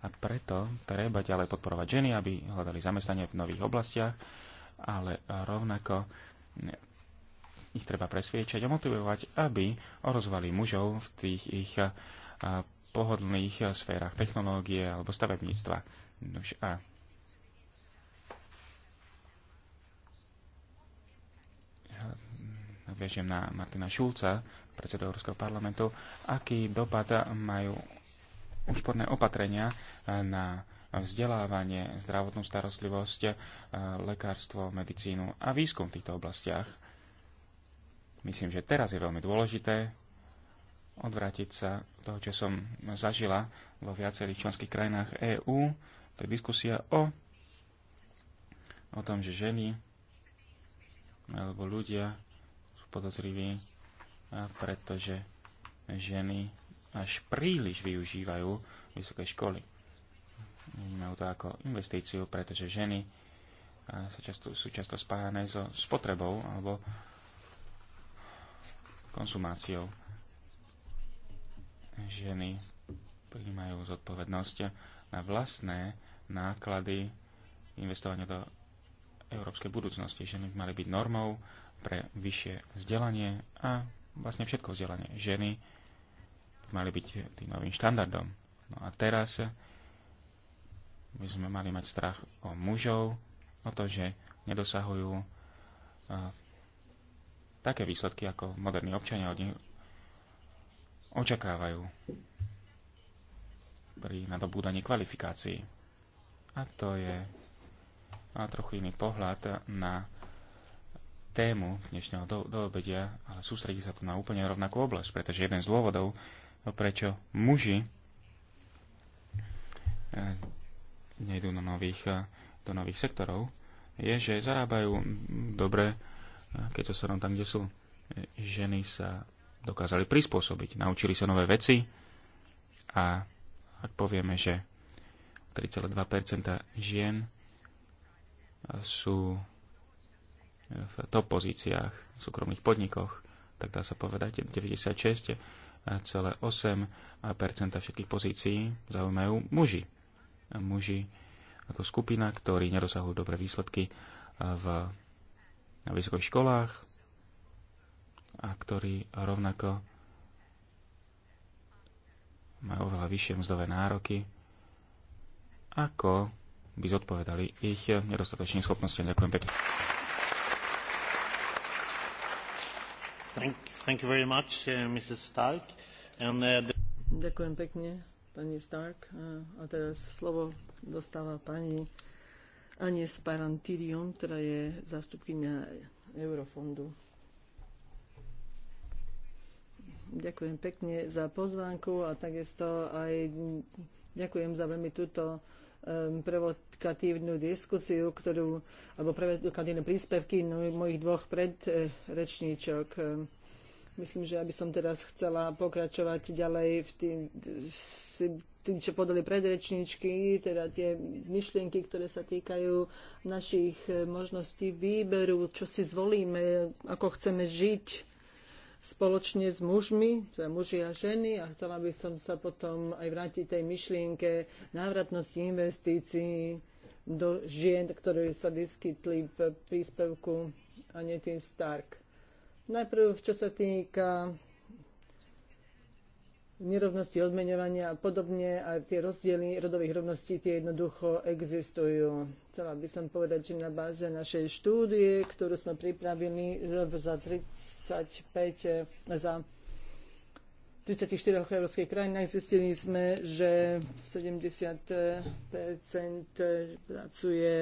A preto treba ďalej podporovať ženy, aby hľadali zamestnanie v nových oblastiach, ale rovnako ich treba presviečať a motivovať, aby orozvali mužov v tých ich pohodlných sférach technológie alebo stavebníctva. Nož a viažem na Martina Šulca, predsedu Európskeho parlamentu, aký dopad majú úsporné opatrenia e, na vzdelávanie, zdravotnú starostlivosť, e, lekárstvo, medicínu a výskum v týchto oblastiach. Myslím, že teraz je veľmi dôležité odvrátiť sa toho, čo som zažila vo viacerých členských krajinách EÚ. To je diskusia o, o tom, že ženy alebo ľudia sú podozriví, pretože ženy až príliš využívajú vysoké školy. Vnímajú to ako investíciu, pretože ženy sa často, sú často spájané so spotrebou alebo konsumáciou. Ženy prijímajú zodpovednosť na vlastné náklady investovania do európskej budúcnosti. Ženy by mali byť normou pre vyššie vzdelanie a vlastne všetko vzdelanie. Ženy mali byť tým novým štandardom. No a teraz by sme mali mať strach o mužov, o to, že nedosahujú eh, také výsledky, ako moderní občania od nich očakávajú pri nadobúdaní kvalifikácií. A to je a trochu iný pohľad na tému dnešného do, do obedia, ale sústredí sa to na úplne rovnakú oblasť, pretože jeden z dôvodov, No prečo muži eh, nejdú do nových, eh, do nových sektorov, je, že zarábajú dobre, eh, keď sú tam, kde sú. Ženy sa dokázali prispôsobiť, naučili sa nové veci a ak povieme, že 3,2% žien sú v top pozíciách v súkromných podnikoch, tak dá sa povedať 96 8% všetkých pozícií zaujímajú muži. muži ako skupina, ktorí nedosahujú dobré výsledky v, na vysokých školách a ktorí rovnako majú oveľa vyššie mzdové nároky, ako by zodpovedali ich nedostatočným schopnostiam. Ďakujem pekne. Uh, uh, ďakujem pekne, pani Stark. A teraz slovo dostáva pani Anies Parantirion, ktorá je zástupkynia Eurofondu. Ďakujem pekne za pozvánku a takisto aj ďakujem za veľmi túto provokatívnu diskusiu, ktorú, alebo provokatívne príspevky no, mojich dvoch predrečníčok. Myslím, že aby som teraz chcela pokračovať ďalej v tým, tým čo podali predrečníčky, teda tie myšlienky, ktoré sa týkajú našich možností výberu, čo si zvolíme, ako chceme žiť, spoločne s mužmi, teda muži a ženy a chcela by som sa potom aj vrátiť tej myšlienke návratnosti investícií do žien, ktoré sa vyskytli v príspevku Anety Stark. Najprv, čo sa týka nerovnosti odmeňovania a podobne a tie rozdiely rodových rovností tie jednoducho existujú. Chcela by som povedať, že na báze našej štúdie, ktorú sme pripravili za 35, za 34 európskej krajín zistili sme, že 70 pracuje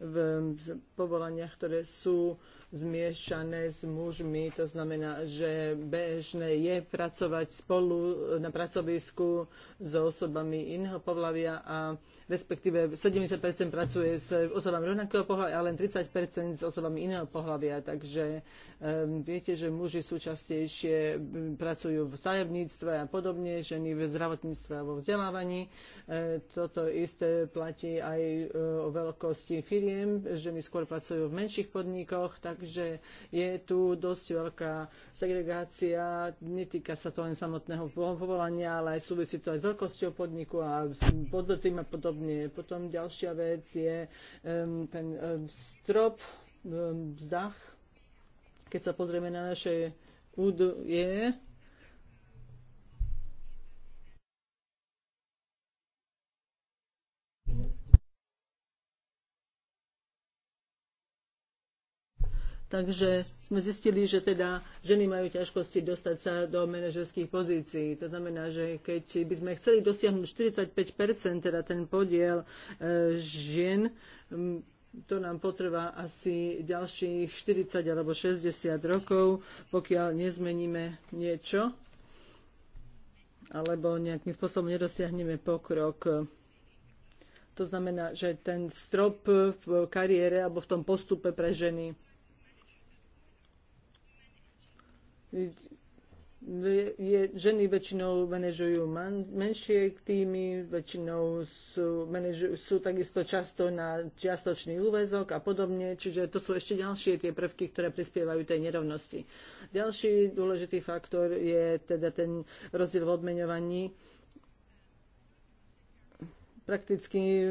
v povolaniach, ktoré sú zmiešané s mužmi. To znamená, že bežné je pracovať spolu na pracovisku s osobami iného povlavia a respektíve 70% pracuje s osobami rovnakého pohľavia a len 30% s osobami iného pohľavia. Takže um, viete, že muži sú častejšie pracujú v stavebníctve a podobne, ženy v zdravotníctve a vo vzdelávaní. E, toto isté platí aj e, o veľkosti firie že ženy skôr pracujú v menších podnikoch, takže je tu dosť veľká segregácia. Netýka sa to len samotného povolania, ale aj súvisí to aj s veľkosťou podniku a podletím a podobne. Potom ďalšia vec je um, ten um, strop, um, vzdach. Keď sa pozrieme na naše údaje, Takže sme zistili, že teda ženy majú ťažkosti dostať sa do manažerských pozícií. To znamená, že keď by sme chceli dosiahnuť 45 teda ten podiel e, žien, to nám potrvá asi ďalších 40 alebo 60 rokov, pokiaľ nezmeníme niečo alebo nejakým spôsobom nedosiahneme pokrok. To znamená, že ten strop v kariére alebo v tom postupe pre ženy je, ženy väčšinou manažujú man, menšie týmy, väčšinou sú, manažujú, sú takisto často na čiastočný úvezok a podobne, čiže to sú ešte ďalšie tie prvky, ktoré prispievajú tej nerovnosti. Ďalší dôležitý faktor je teda ten rozdiel v odmeňovaní. Prakticky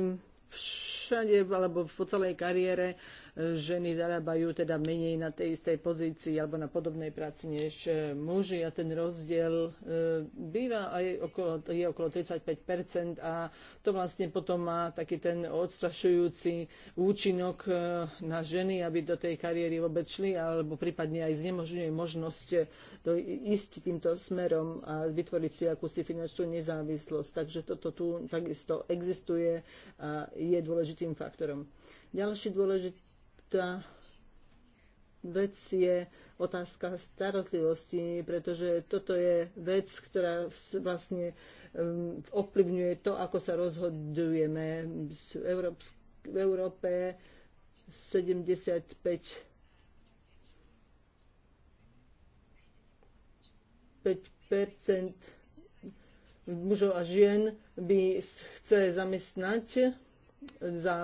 všade alebo po celej kariére ženy zarábajú teda menej na tej istej pozícii alebo na podobnej práci než e, muži a ten rozdiel e, býva aj okolo, je okolo 35 a to vlastne potom má taký ten odstrašujúci účinok e, na ženy, aby do tej kariéry vôbec šli alebo prípadne aj znemožňuje možnosť ísť týmto smerom a vytvoriť si akúsi finančnú nezávislosť. Takže toto tu takisto existuje a je dôležitým faktorom. Ďalší dôležitý dôležitá vec je otázka starostlivosti, pretože toto je vec, ktorá vlastne um, ovplyvňuje to, ako sa rozhodujeme. V Európe 75 5 mužov a žien by chce zamestnať za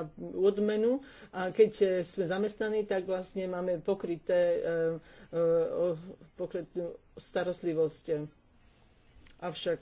odmenu a keď e, sme zamestnaní, tak vlastne máme pokryté, e, e, pokrytú starostlivosť. Avšak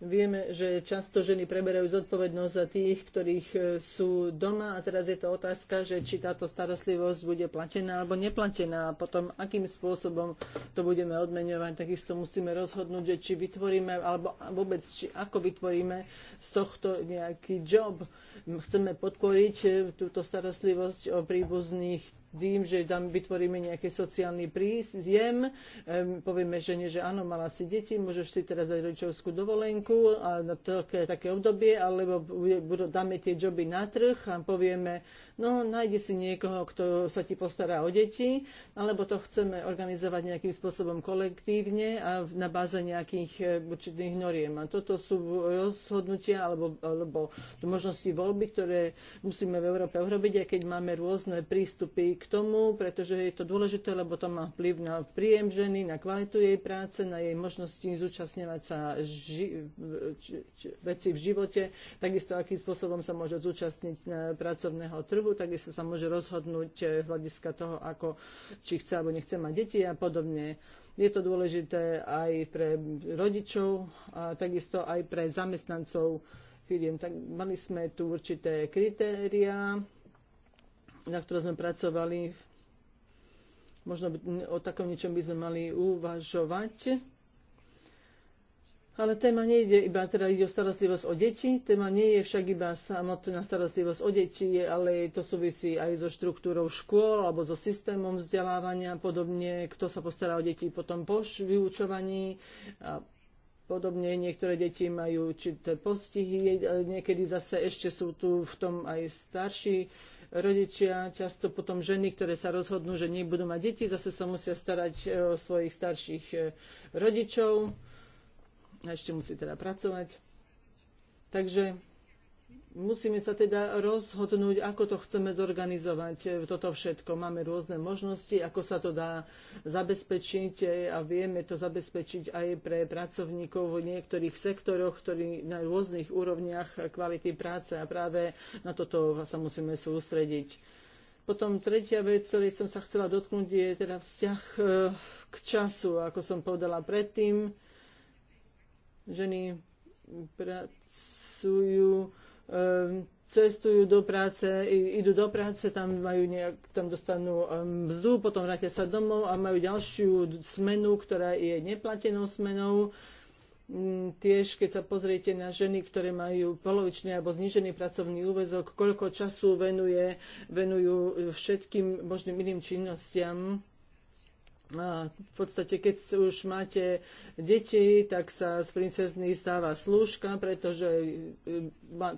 Vieme, že často ženy preberajú zodpovednosť za tých, ktorých e, sú doma a teraz je to otázka, že či táto starostlivosť bude platená alebo neplatená a potom akým spôsobom to budeme odmeňovať. Takisto musíme rozhodnúť, že či vytvoríme alebo vôbec či ako vytvoríme z tohto nejaký job. Chceme podporiť e, túto starostlivosť o príbuzných tým, že tam vytvoríme nejaký sociálny príjem, povieme žene, že áno, mala si deti, môžeš si teraz dať rodičovskú dovolenku a na také, také obdobie, alebo dáme tie joby na trh a povieme, no nájde si niekoho, kto sa ti postará o deti, alebo to chceme organizovať nejakým spôsobom kolektívne a na báze nejakých e, určitých noriem. A toto sú rozhodnutia alebo, alebo možnosti voľby, ktoré musíme v Európe urobiť, aj keď máme rôzne prístupy k tomu, pretože je to dôležité, lebo to má vplyv na príjem ženy, na kvalitu jej práce, na jej možnosti zúčastňovať sa ži- č- č- veci v živote, takisto akým spôsobom sa môže zúčastniť e, pracovného trhu, takisto sa môže rozhodnúť e, z hľadiska toho, ako, či chce alebo nechce mať deti a podobne. Je to dôležité aj pre rodičov a takisto aj pre zamestnancov firiem. Tak mali sme tu určité kritériá, na ktorom sme pracovali. Možno o takom niečom by sme mali uvažovať. Ale téma nejde iba, teda ide o starostlivosť o deti, téma nie je však iba samotná starostlivosť o deti, ale to súvisí aj so štruktúrou škôl alebo so systémom vzdelávania, podobne kto sa postará o deti potom po vyučovaní a podobne. Niektoré deti majú určité postihy, niekedy zase ešte sú tu v tom aj starší rodičia, často potom ženy, ktoré sa rozhodnú, že nebudú mať deti, zase sa musia starať e, o svojich starších e, rodičov a ešte musí teda pracovať. Takže musíme sa teda rozhodnúť, ako to chceme zorganizovať, e, toto všetko. Máme rôzne možnosti, ako sa to dá zabezpečiť e, a vieme to zabezpečiť aj pre pracovníkov v niektorých sektoroch, ktorí na rôznych úrovniach kvality práce a práve na toto sa musíme sústrediť. Potom tretia vec, ktorej som sa chcela dotknúť, je teda vzťah e, k času. Ako som povedala predtým, ženy pracujú Ehm, cestujú do práce, idú do práce, tam, majú nejak, tam dostanú ehm, mzdu, potom vrátia sa domov a majú ďalšiu smenu, ktorá je neplatenou smenou. Mm, tiež, keď sa pozriete na ženy, ktoré majú polovičný alebo znížený pracovný úvezok, koľko času venuje, venujú všetkým možným iným činnostiam, a v podstate, keď už máte deti, tak sa z princezny stáva slúžka, pretože e, má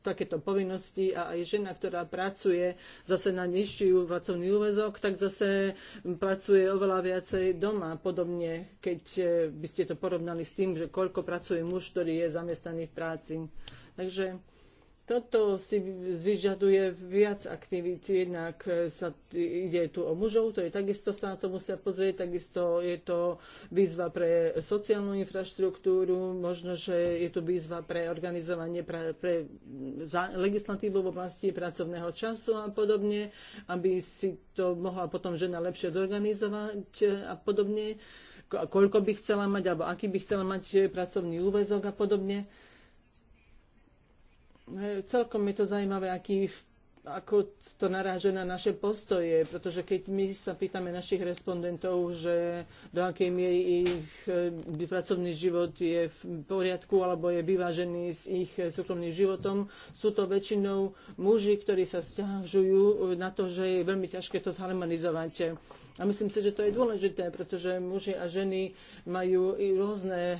takéto povinnosti a aj žena, ktorá pracuje zase na nižší pracovný úvezok, tak zase pracuje oveľa viacej doma. Podobne, keď e, by ste to porovnali s tým, že koľko pracuje muž, ktorý je zamestnaný v práci. Takže toto si vyžaduje viac aktivít. Jednak sa ide tu o mužov, to je takisto sa na to musia pozrieť, takisto je to výzva pre sociálnu infraštruktúru, možno, že je tu výzva pre organizovanie pre, pre legislatívu v oblasti pracovného času a podobne, aby si to mohla potom žena lepšie zorganizovať a podobne, koľko by chcela mať, alebo aký by chcela mať pracovný úvezok a podobne. Eh, celkom je to zaujímavé, aký ako to naráža na naše postoje, pretože keď my sa pýtame našich respondentov, že do akej miery ich eh, pracovný život je v poriadku alebo je vyvážený s ich eh, súkromným životom, sú to väčšinou muži, ktorí sa stiažujú na to, že je veľmi ťažké to zharmonizovať. A myslím si, že to je dôležité, pretože muži a ženy majú i rôzne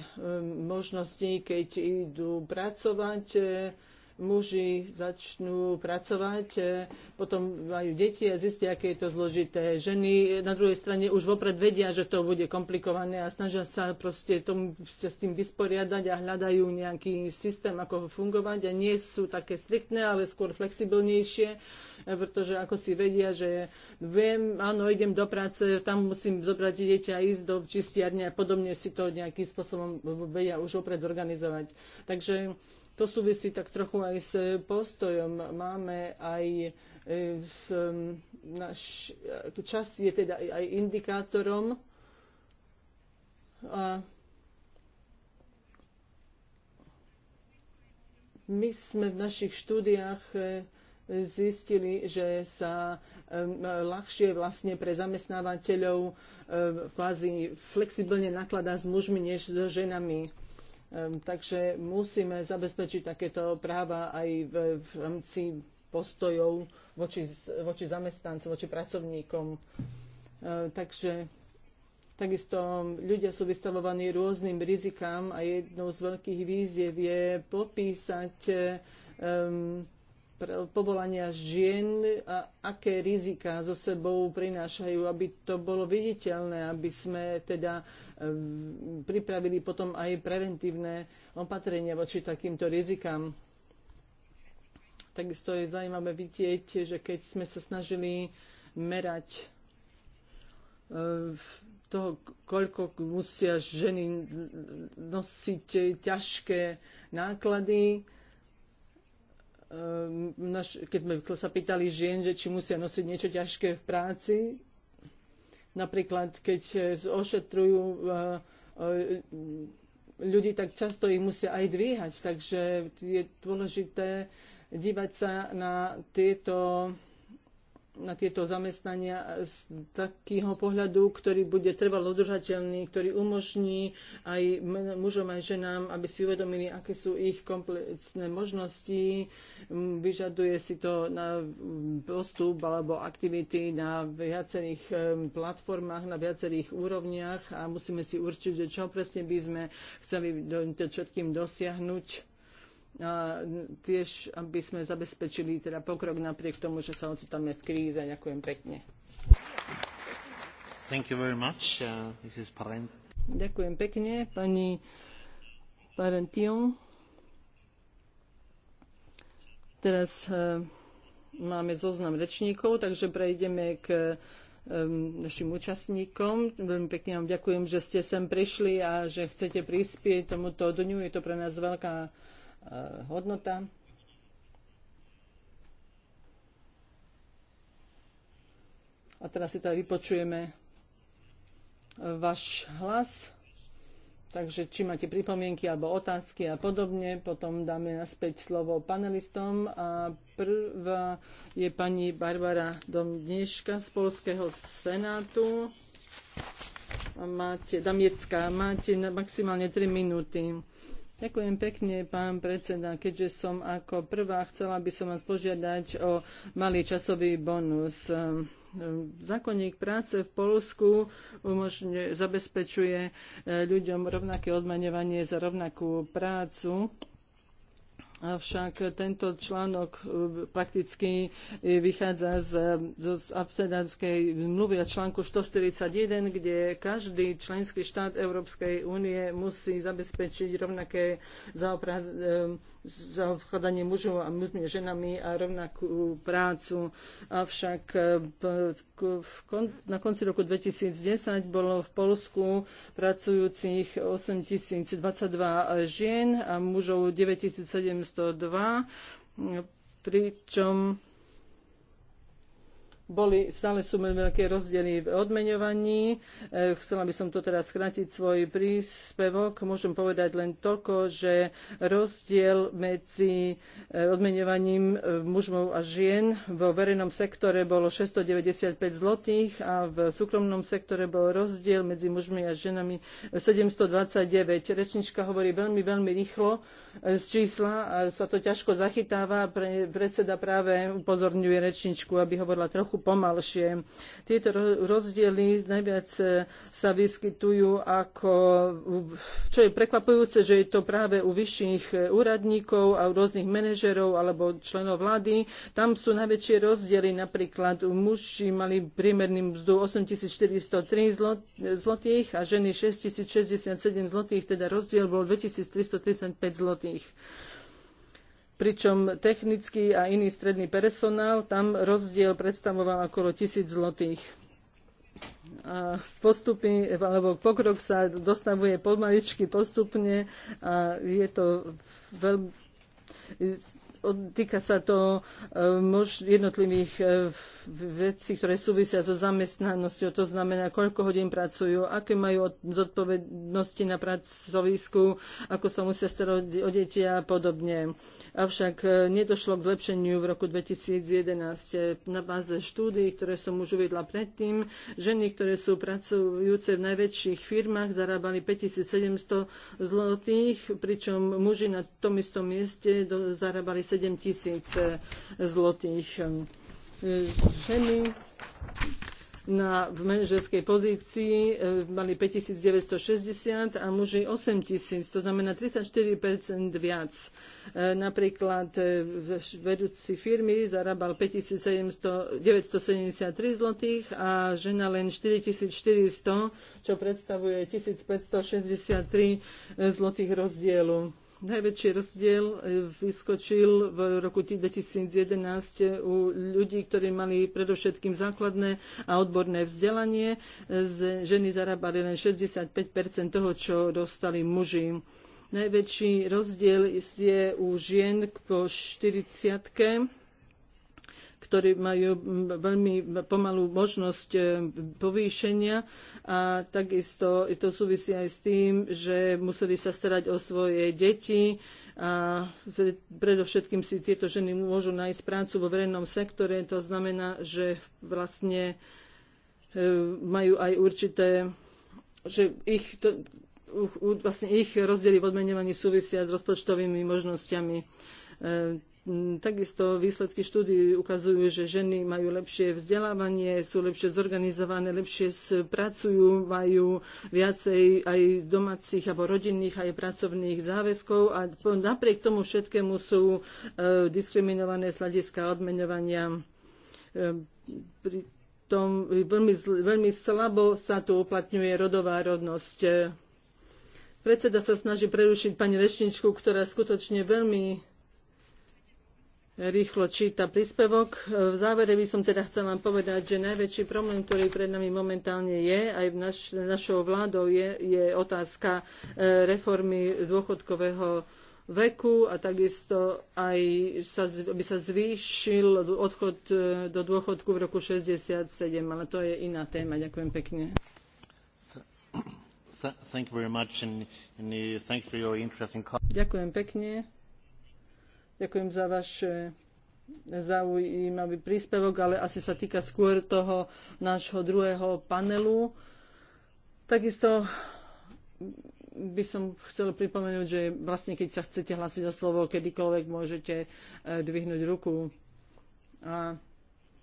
možnosti, keď idú pracovať, muži začnú pracovať, e, potom majú deti a zistia, aké je to zložité. Ženy e, na druhej strane už vopred vedia, že to bude komplikované a snažia sa proste tomu, sa s tým vysporiadať a hľadajú nejaký systém, ako ho fungovať a nie sú také striktné, ale skôr flexibilnejšie, e, pretože ako si vedia, že viem, áno, idem do práce, tam musím zobrať dieťa, ísť do čistiarne a podobne si to nejakým spôsobom vedia už opred zorganizovať. Takže to súvisí tak trochu aj s postojom. Máme aj v, e, naš, čas je teda aj indikátorom a my sme v našich štúdiách e, zistili, že sa ľahšie vlastne pre zamestnávateľov e, kvázi flexibilne nakladá s mužmi než so ženami. Takže musíme zabezpečiť takéto práva aj v, rámci postojov voči, voči zamestnancom, voči pracovníkom. Takže Takisto ľudia sú vystavovaní rôznym rizikám a jednou z veľkých víziev je popísať um, povolania žien a aké rizika so sebou prinášajú, aby to bolo viditeľné, aby sme teda Ehm, pripravili potom aj preventívne opatrenia voči takýmto rizikám. Takisto je zaujímavé vidieť, že keď sme sa snažili merať ehm, toho, koľko musia ženy nosiť ťažké náklady, ehm, keď sme sa pýtali žien, že či musia nosiť niečo ťažké v práci, Napríklad, keď eh, ošetrujú eh, eh, ľudí, tak často ich musia aj dvíhať. Takže je dôležité dívať sa na tieto na tieto zamestnania z takého pohľadu, ktorý bude trvalo udržateľný, ktorý umožní aj mužom, aj ženám, aby si uvedomili, aké sú ich komplexné možnosti. Vyžaduje si to na postup alebo aktivity na viacerých platformách, na viacerých úrovniach a musíme si určiť, čo presne by sme chceli do, všetkým dosiahnuť a tiež, aby sme zabezpečili teda pokrok napriek tomu, že sa ocitáme v kríze. Ďakujem pekne. Thank you very much, uh, Mrs. Parent. Ďakujem pekne, pani Parention. Teraz uh, máme zoznam rečníkov, takže prejdeme k um, našim účastníkom. Veľmi pekne vám ďakujem, že ste sem prišli a že chcete prispieť tomuto dňu. Je to pre nás veľká Eh, hodnota. A teraz si teda vypočujeme eh, váš hlas. Takže či máte pripomienky alebo otázky a podobne, potom dáme naspäť slovo panelistom. A prvá je pani Barbara Domneška z Polského senátu. Máte, Damiecka, máte maximálne 3 minúty. Ďakujem pekne, pán predseda. Keďže som ako prvá chcela by som vás požiadať o malý časový bonus. Zákonník práce v Polsku umožňuje, zabezpečuje eh, ľuďom rovnaké odmaňovanie za rovnakú prácu Avšak tento článok e, prakticky e, vychádza z, z Amsterdamskej zmluvy a článku 141, kde každý členský štát Európskej únie musí zabezpečiť rovnaké e, zaobchádzanie mužov a mužmi, ženami a rovnakú prácu. Avšak v v kon, na konci roku 2010 bolo v Polsku pracujúcich 8022 žien a mužov 9702, pričom boli, stále sú veľké rozdiely v odmeňovaní. E, chcela by som to teraz skrátiť svoj príspevok. Môžem povedať len toľko, že rozdiel medzi e, odmeňovaním e, mužov a žien vo verejnom sektore bolo 695 zlotých a v súkromnom sektore bol rozdiel medzi mužmi a ženami 729. Rečnička hovorí veľmi, veľmi rýchlo z čísla a sa to ťažko zachytáva. Predseda práve upozorňuje rečničku, aby hovorila trochu pomalšie. Tieto rozdiely najviac e, sa vyskytujú ako, čo je prekvapujúce, že je to práve u vyšších e, úradníkov a u rôznych manažerov alebo členov vlády. Tam sú najväčšie rozdiely, napríklad u muži mali priemerný mzdu 8403 zlotých a ženy 6067 zlotých, teda rozdiel bol 2335 zlotých pričom technický a iný stredný personál, tam rozdiel predstavoval okolo tisíc zlotých. A postupy, alebo pokrok sa dostavuje pomaličky, postupne a je to veľmi týka sa to e, jednotlivých e, vecí, ktoré súvisia so zamestnanosťou, to znamená, koľko hodín pracujú, aké majú zodpovednosti na pracovisku, ako sa musia starať o deti a podobne. Avšak e, nedošlo k zlepšeniu v roku 2011. Na báze štúdií, ktoré som už uvedla predtým, ženy, ktoré sú pracujúce v najväčších firmách, zarábali 5700 zlotých, pričom muži na tom istom mieste zarábali 7 tisíc e, zlotých. E, ženy na, v manažerskej pozícii e, mali 5960 a muži 8000, to znamená 34% viac. Napríklad vedúci firmy zarábal 5700, 973 zlotých a žena len 4400, čo predstavuje 1563 zlotých rozdielu Najväčší rozdiel e, vyskočil v roku 2011 u ľudí, ktorí mali predovšetkým základné a odborné vzdelanie. E, ženy zarábali len 65 toho, čo dostali muži. Najväčší rozdiel je u žien po 40 ktorí majú veľmi pomalú možnosť eh, povýšenia a takisto to súvisí aj s tým, že museli sa starať o svoje deti a predovšetkým si tieto ženy môžu nájsť prácu vo verejnom sektore. To znamená, že vlastne eh, majú aj určité že ich, to, vlastne ich rozdiely v odmenovaní súvisia s rozpočtovými možnosťami. Eh, Mm, takisto výsledky štúdií ukazujú, že ženy majú lepšie vzdelávanie, sú lepšie zorganizované, lepšie pracujú, majú viacej aj domácich alebo rodinných aj pracovných záväzkov a napriek tomu všetkému sú e, diskriminované z hľadiska odmeňovania. E, pri tom veľmi, veľmi slabo sa tu uplatňuje rodová rodnosť. Predseda sa snaží prerušiť pani rešničku, ktorá skutočne veľmi rýchlo číta príspevok. E, v závere by som teda chcela povedať, že najväčší problém, ktorý pred nami momentálne je, aj naš, našou vládou, je, je otázka e, reformy dôchodkového veku a takisto aj, sa, by sa zvýšil odchod e, do dôchodku v roku 67, ale to je iná téma. Ďakujem pekne. Uh, Ďakujem pekne. Ďakujem za vaše zaujímavý príspevok, ale asi sa týka skôr toho nášho druhého panelu. Takisto by som chcel pripomenúť, že vlastne keď sa chcete hlásiť o slovo, kedykoľvek môžete e, dvihnúť ruku. A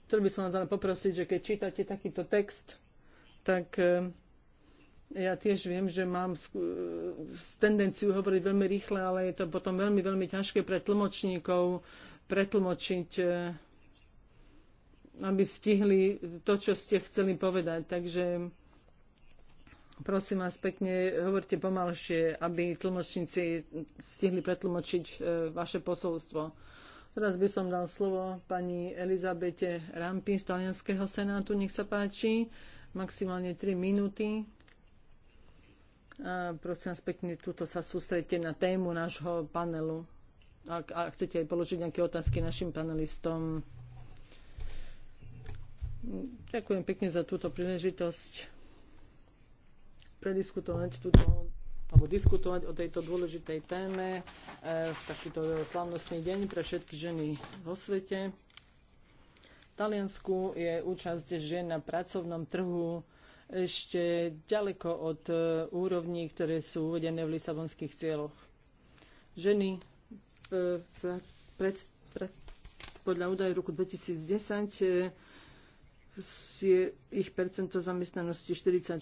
chcel by som vás ale poprosiť, že keď čítate takýto text, tak e, ja tiež viem, že mám tendenciu hovoriť veľmi rýchle, ale je to potom veľmi, veľmi ťažké pre tlmočníkov pretlmočiť, e, aby stihli to, čo ste chceli povedať. Takže prosím vás pekne, hovorte pomalšie, aby tlmočníci stihli pretlmočiť e, vaše posolstvo. Teraz by som dal slovo pani Elizabete Rampi z Talianského senátu. Nech sa páči, maximálne 3 minúty prosím vás pekne, tuto sa sústredte na tému nášho panelu. Ak, ak chcete aj položiť nejaké otázky našim panelistom. Ďakujem pekne za túto príležitosť prediskutovať túto alebo diskutovať o tejto dôležitej téme e, v takýto slavnostný deň pre všetky ženy vo svete. V Taliansku je účasť žien na pracovnom trhu ešte ďaleko od e, úrovní, ktoré sú uvedené v lisabonských cieľoch. Ženy pred, pred, pred, podľa údajov roku 2010 e, je ich percento zamestnanosti 46%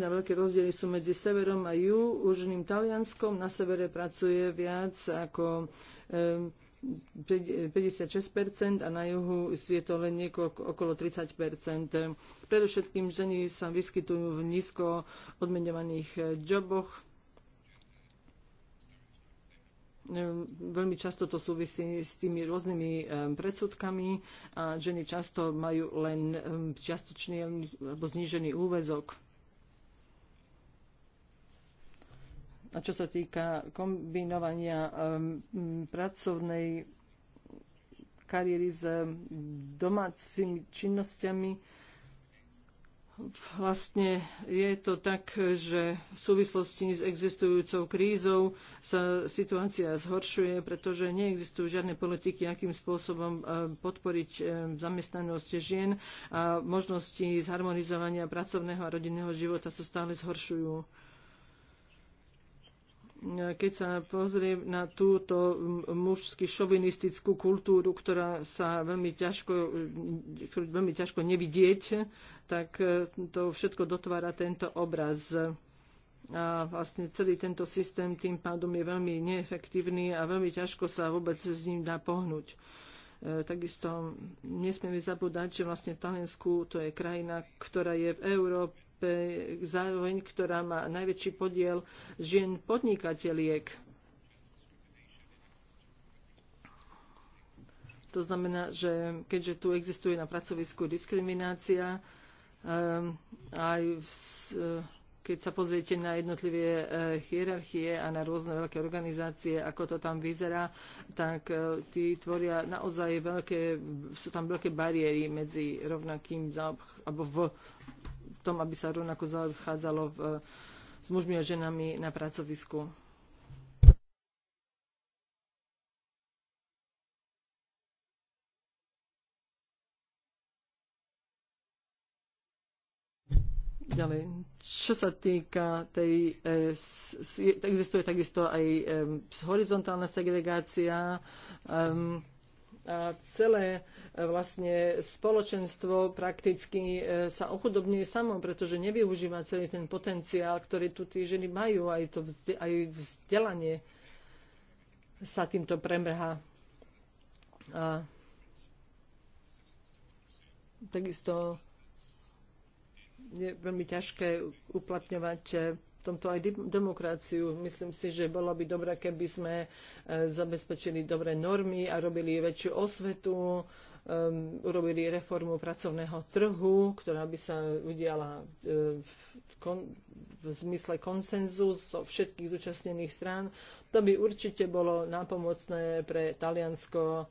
a veľké rozdiely sú medzi severom a južným Talianskom. Na severe pracuje viac ako um, 56% a na juhu je to len niekoľko, okolo 30%. Predovšetkým ženy sa vyskytujú v nízko odmenovaných joboch. Veľmi často to súvisí s tými rôznymi predsudkami a ženy často majú len čiastočný alebo znížený úvezok A čo sa týka kombinovania um, pracovnej kariéry s domácimi činnosťami, vlastne je to tak, že v súvislosti s existujúcou krízou sa situácia zhoršuje, pretože neexistujú žiadne politiky, akým spôsobom um, podporiť um, zamestnanosť žien a možnosti zharmonizovania pracovného a rodinného života sa stále zhoršujú keď sa pozrie na túto mužský šovinistickú kultúru, ktorá sa veľmi ťažko, ktorú veľmi ťažko nevidieť, tak e, to všetko dotvára tento obraz. A vlastne celý tento systém tým pádom je veľmi neefektívny a veľmi ťažko sa vôbec s ním dá pohnúť. E, takisto nesmieme zabúdať, že vlastne v Talensku, to je krajina, ktorá je v Európe zároveň, ktorá má najväčší podiel žien podnikateliek. To znamená, že keďže tu existuje na pracovisku diskriminácia, ehm, aj eh, keď sa pozriete na jednotlivé eh, hierarchie a na rôzne veľké organizácie, ako to tam vyzerá, tak eh, tí tvoria naozaj veľké, sú tam veľké bariéry medzi rovnakým alebo v v tom, aby sa rovnako zaobchádzalo v, eh, s mužmi a ženami na pracovisku. ďalej. Čo sa týka tej, eh, existuje takisto aj eh, horizontálna segregácia. Um, a celé e, vlastne spoločenstvo prakticky e, sa ochudobňuje samo, pretože nevyužíva celý ten potenciál, ktorý tu tí ženy majú, aj, to, aj vzdelanie sa týmto premrhá. A takisto je veľmi ťažké uplatňovať e, tomto aj demokraciu. Myslím si, že bolo by dobré, keby sme e, zabezpečili dobré normy a robili väčšiu osvetu, um, urobili reformu pracovného trhu, ktorá by sa udiala e, v, kon, v zmysle konsenzu zo so všetkých zúčastnených strán. To by určite bolo nápomocné pre Taliansko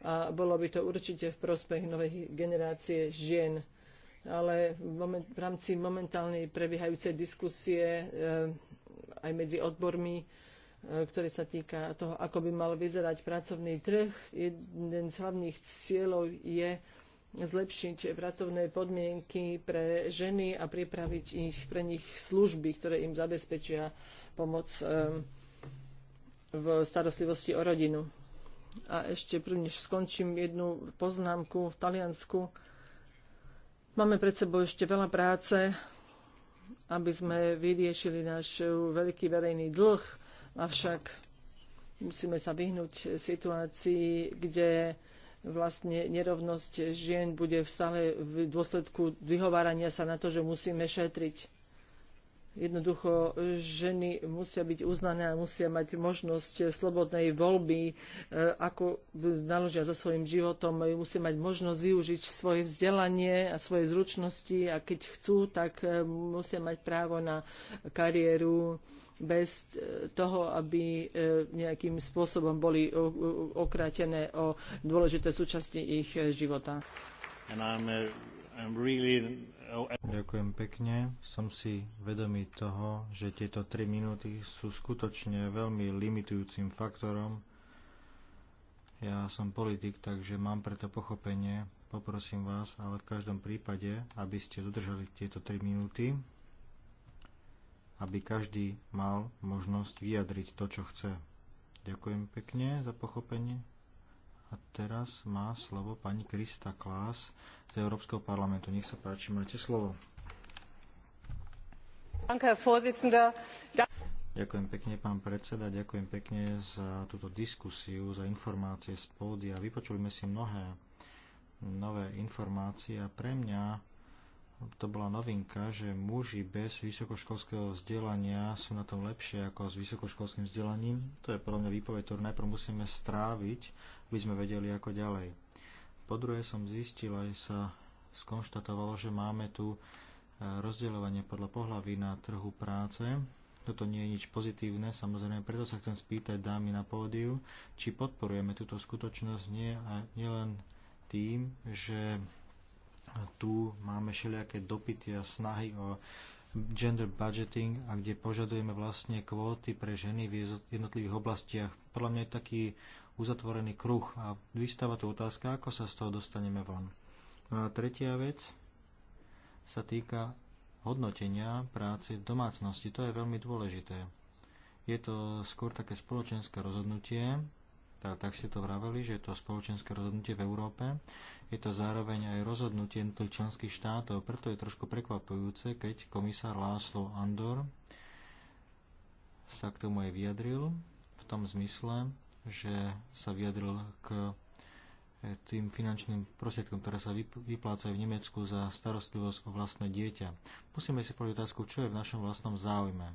a bolo by to určite v prospech novej generácie žien ale v, moment, v rámci momentálnej prebiehajúcej diskusie eh, aj medzi odbormi eh, ktoré sa týka toho, ako by mal vyzerať pracovný trh. Jeden z hlavných cieľov je zlepšiť pracovné podmienky pre ženy a pripraviť ich pre nich služby, ktoré im zabezpečia pomoc eh, v starostlivosti o rodinu. A ešte prvnež skončím jednu poznámku v Taliansku Máme pred sebou ešte veľa práce, aby sme vyriešili náš veľký verejný dlh, avšak musíme sa vyhnúť situácii, kde vlastne nerovnosť žien bude stále v dôsledku vyhovárania sa na to, že musíme šetriť Jednoducho ženy musia byť uznané a musia mať možnosť slobodnej voľby, e, ako naložia so svojím životom, musia mať možnosť využiť svoje vzdelanie a svoje zručnosti a keď chcú, tak e, musia mať právo na kariéru bez e, toho, aby nejakým spôsobom boli okrátené o dôležité súčasti ich života. And I'm, uh, I'm really Ďakujem pekne. Som si vedomý toho, že tieto 3 minúty sú skutočne veľmi limitujúcim faktorom. Ja som politik, takže mám preto pochopenie. Poprosím vás, ale v každom prípade, aby ste dodržali tieto 3 minúty, aby každý mal možnosť vyjadriť to, čo chce. Ďakujem pekne za pochopenie. A teraz má slovo pani Krista Klás z Európskeho parlamentu. Nech sa páči, máte slovo. Ďakujem pekne, pán predseda, ďakujem pekne za túto diskusiu, za informácie z pódia. Vypočuli sme si mnohé nové informácie a pre mňa to bola novinka, že muži bez vysokoškolského vzdelania sú na tom lepšie ako s vysokoškolským vzdelaním. To je podľa mňa výpoveď, ktorú najprv musíme stráviť by sme vedeli ako ďalej. Po druhé som zistil, aj sa skonštatovalo, že máme tu e, rozdeľovanie podľa pohlaví na trhu práce. Toto nie je nič pozitívne, samozrejme, preto sa chcem spýtať dámy na pódiu, či podporujeme túto skutočnosť nie, a nielen tým, že tu máme všelijaké dopity a snahy o gender budgeting a kde požadujeme vlastne kvóty pre ženy v jednotlivých oblastiach. Podľa mňa je taký uzatvorený kruh a vystáva tu otázka, ako sa z toho dostaneme von. No a tretia vec sa týka hodnotenia práce v domácnosti. To je veľmi dôležité. Je to skôr také spoločenské rozhodnutie, tak, tak ste to vraveli, že je to spoločenské rozhodnutie v Európe. Je to zároveň aj rozhodnutie jednotlivých členských štátov, preto je trošku prekvapujúce, keď komisár Láslo Andor sa k tomu aj vyjadril v tom zmysle, že sa vyjadril k e, tým finančným prostriedkom, ktoré sa vyplácajú v Nemecku za starostlivosť o vlastné dieťa. Musíme si povedať otázku, čo je v našom vlastnom záujme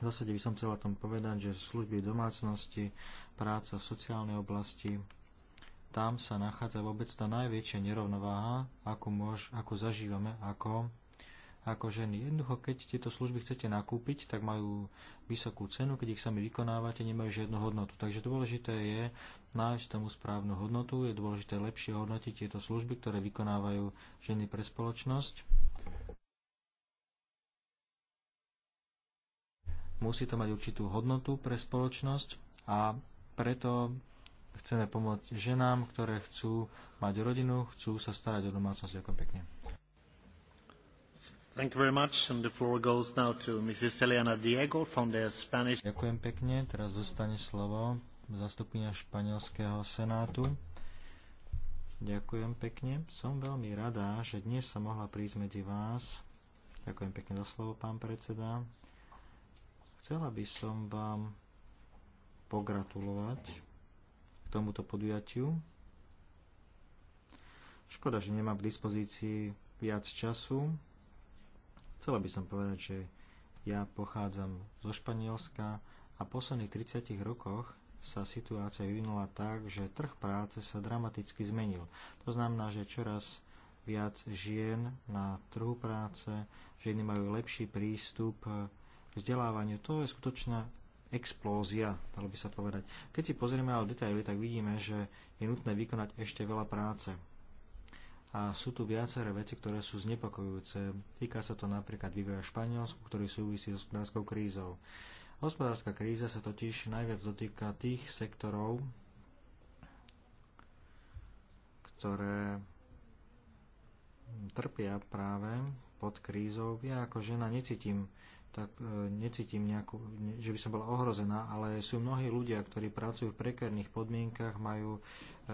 v zásade by som chcela tom povedať, že služby domácnosti, práca v sociálnej oblasti, tam sa nachádza vôbec tá najväčšia nerovnováha, ako, môž, ako zažívame, ako, ako ženy. Jednoducho, keď tieto služby chcete nakúpiť, tak majú vysokú cenu, keď ich sami vykonávate, nemajú žiadnu hodnotu. Takže dôležité je nájsť tomu správnu hodnotu, je dôležité lepšie hodnotiť tieto služby, ktoré vykonávajú ženy pre spoločnosť Musí to mať určitú hodnotu pre spoločnosť a preto chceme pomôcť ženám, ktoré chcú mať rodinu, chcú sa starať o domácnosť. Ďakujem pekne. Diego, Ďakujem pekne. Teraz dostane slovo zastupňa španielského senátu. Ďakujem pekne. Som veľmi rada, že dnes sa mohla prísť medzi vás. Ďakujem pekne za slovo, pán predseda. Chcela by som vám pogratulovať k tomuto podujatiu. Škoda, že nemám k dispozícii viac času. Chcela by som povedať, že ja pochádzam zo Španielska a v posledných 30 rokoch sa situácia vyvinula tak, že trh práce sa dramaticky zmenil. To znamená, že čoraz viac žien na trhu práce, ženy majú lepší prístup vzdelávaniu. To je skutočná explózia, dalo by sa povedať. Keď si pozrieme ale detaily, tak vidíme, že je nutné vykonať ešte veľa práce. A sú tu viaceré veci, ktoré sú znepokojujúce. Týka sa to napríklad vývoja Španielsku, ktorý súvisí s hospodárskou krízou. Hospodárska kríza sa totiž najviac dotýka tých sektorov, ktoré trpia práve pod krízou. Ja ako žena necítim tak e, necítim nejakú, že by som bola ohrozená, ale sú mnohí ľudia, ktorí pracujú v prekerných podmienkach, majú e,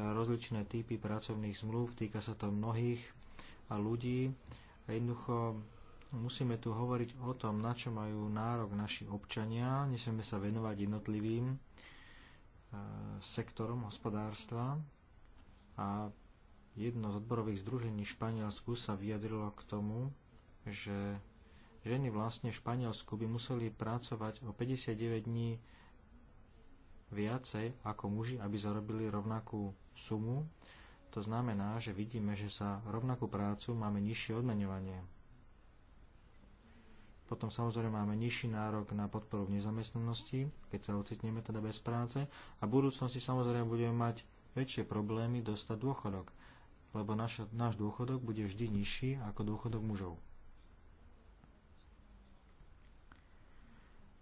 rozličné typy pracovných zmluv, týka sa to mnohých ľudí a jednoducho musíme tu hovoriť o tom, na čo majú nárok naši občania, nesmieme sa venovať jednotlivým e, sektorom hospodárstva a jedno z odborových združení v Španielsku sa vyjadrilo k tomu, že ženy vlastne v Španielsku by museli pracovať o 59 dní viacej ako muži, aby zarobili rovnakú sumu. To znamená, že vidíme, že sa rovnakú prácu máme nižšie odmeňovanie. Potom samozrejme máme nižší nárok na podporu v nezamestnanosti, keď sa ocitneme teda bez práce a v budúcnosti samozrejme budeme mať väčšie problémy dostať dôchodok, lebo naš, náš dôchodok bude vždy nižší ako dôchodok mužov.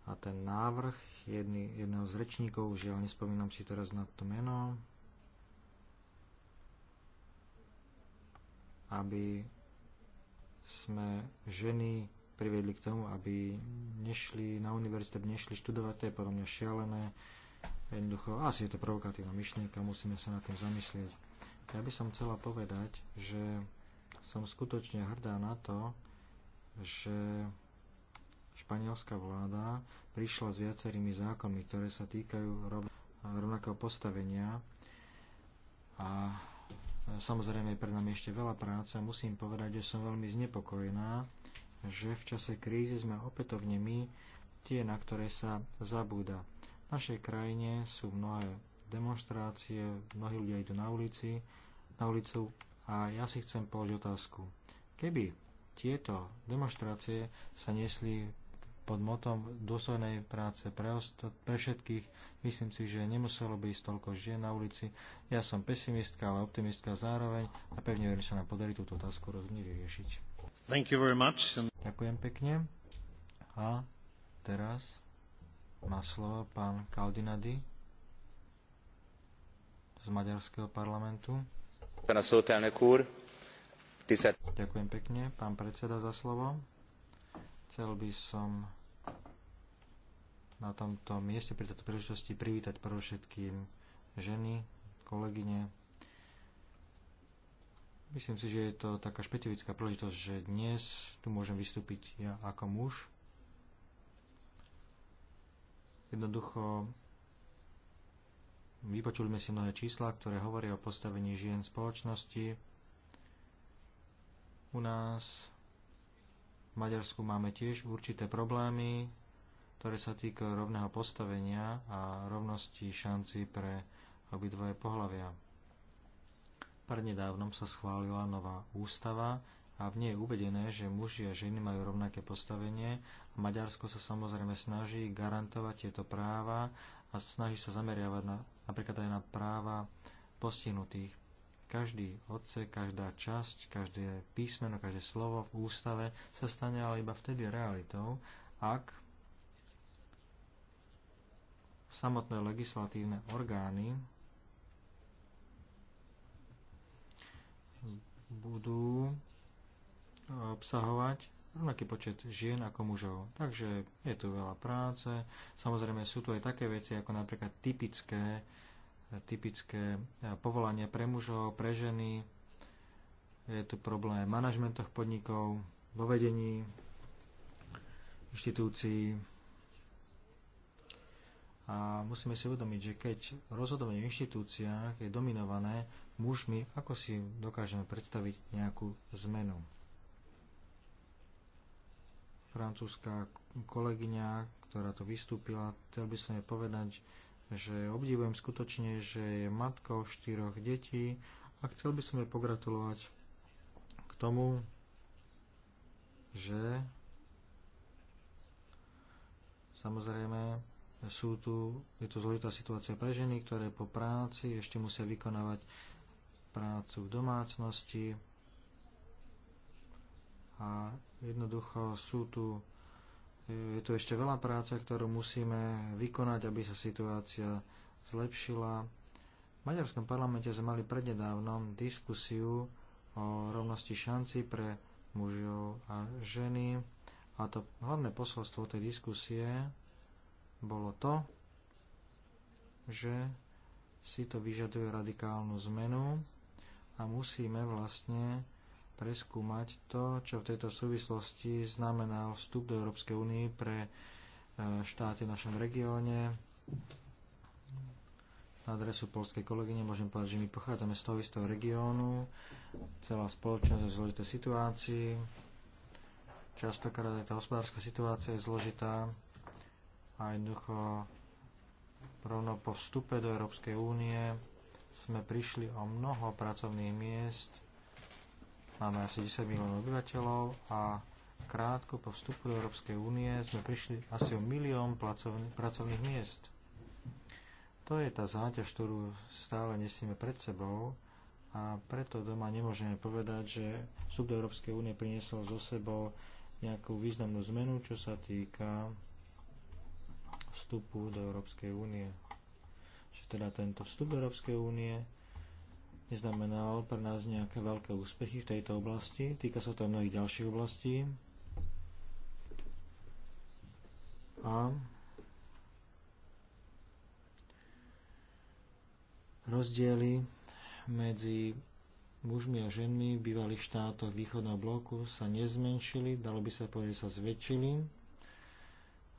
a ten návrh jedny, jedného z rečníkov, žiaľ nespomínam si teraz na to meno, aby sme ženy priviedli k tomu, aby nešli na univerzite, aby nešli študovať, to je podľa mňa šialené. Jednoducho, asi je to provokatívna myšlienka, musíme sa nad tým zamyslieť. Ja by som chcela povedať, že som skutočne hrdá na to, že španielská vláda prišla s viacerými zákonmi, ktoré sa týkajú rovnakého postavenia a samozrejme je pred nami ešte veľa práce a musím povedať, že som veľmi znepokojená, že v čase krízy sme opätovne my tie, na ktoré sa zabúda. V našej krajine sú mnohé demonstrácie, mnohí ľudia idú na, ulici, na ulicu a ja si chcem položiť otázku. Keby tieto demonstrácie sa nesli pod motom dôstojnej práce pre, pre všetkých. Myslím si, že nemuselo by ísť toľko žien na ulici. Ja som pesimistka, ale optimistka zároveň a pevne verím, že sa nám podarí túto otázku rozumne vyriešiť. Thank you very much. Ďakujem pekne. A teraz má slovo pán Kaldinady z Maďarského parlamentu. Ďakujem pekne, pán predseda, za slovo. Chcel by som na tomto mieste pri tejto príležitosti privítať predovšetkým ženy, kolegyne. Myslím si, že je to taká špecifická príležitosť, že dnes tu môžem vystúpiť ja ako muž. Jednoducho vypočuli sme si mnohé čísla, ktoré hovoria o postavení žien v spoločnosti. U nás v Maďarsku máme tiež určité problémy ktoré sa týkajú rovného postavenia a rovnosti šanci pre obidvoje pohľavia. Prednedávnom sa schválila nová ústava a v nej je uvedené, že muži a ženy majú rovnaké postavenie a Maďarsko sa samozrejme snaží garantovať tieto práva a snaží sa zameriavať na, napríklad aj na práva postihnutých každý odce, každá časť, každé písmeno, každé slovo v ústave sa stane ale iba vtedy realitou, ak samotné legislatívne orgány budú obsahovať rovnaký počet žien ako mužov. Takže je tu veľa práce. Samozrejme sú tu aj také veci ako napríklad typické, typické povolania pre mužov, pre ženy. Je tu problém v manažmentoch podnikov, vo vedení inštitúcií, a musíme si uvedomiť, že keď rozhodovanie v inštitúciách je dominované mužmi, ako si dokážeme predstaviť nejakú zmenu. Francúzska kolegyňa, ktorá to vystúpila, chcel by som jej povedať, že obdivujem skutočne, že je matkou štyroch detí a chcel by som jej pogratulovať k tomu, že samozrejme sú tu, je tu zložitá situácia pre ženy, ktoré po práci ešte musia vykonávať prácu v domácnosti a jednoducho sú tu, je tu ešte veľa práce, ktorú musíme vykonať, aby sa situácia zlepšila. V Maďarskom parlamente sme mali prednedávnom diskusiu o rovnosti šanci pre mužov a ženy a to hlavné posolstvo tej diskusie bolo to, že si to vyžaduje radikálnu zmenu a musíme vlastne preskúmať to, čo v tejto súvislosti znamenal vstup do Európskej únie pre e, štáty v našom regióne, na adresu polskej kolegyne môžem povedať, že my pochádzame z toho istého regiónu, celá spoločnosť je v zložitej situácii, častokrát aj tá hospodárska situácia je zložitá a jednoducho rovno po vstupe do Európskej únie sme prišli o mnoho pracovných miest, máme asi 10 miliónov obyvateľov a krátko po vstupu do Európskej únie sme prišli asi o milión pracovných miest. To je tá záťaž, ktorú stále nesieme pred sebou a preto doma nemôžeme povedať, že vstup do Európskej únie priniesol so sebou nejakú významnú zmenu, čo sa týka vstupu do Európskej únie. Čiže teda tento vstup do Európskej únie neznamenal pre nás nejaké veľké úspechy v tejto oblasti. Týka sa to aj mnohých ďalších oblastí. A rozdiely medzi mužmi a ženmi v bývalých štátoch východného bloku sa nezmenšili, dalo by sa povedať, že sa zväčšili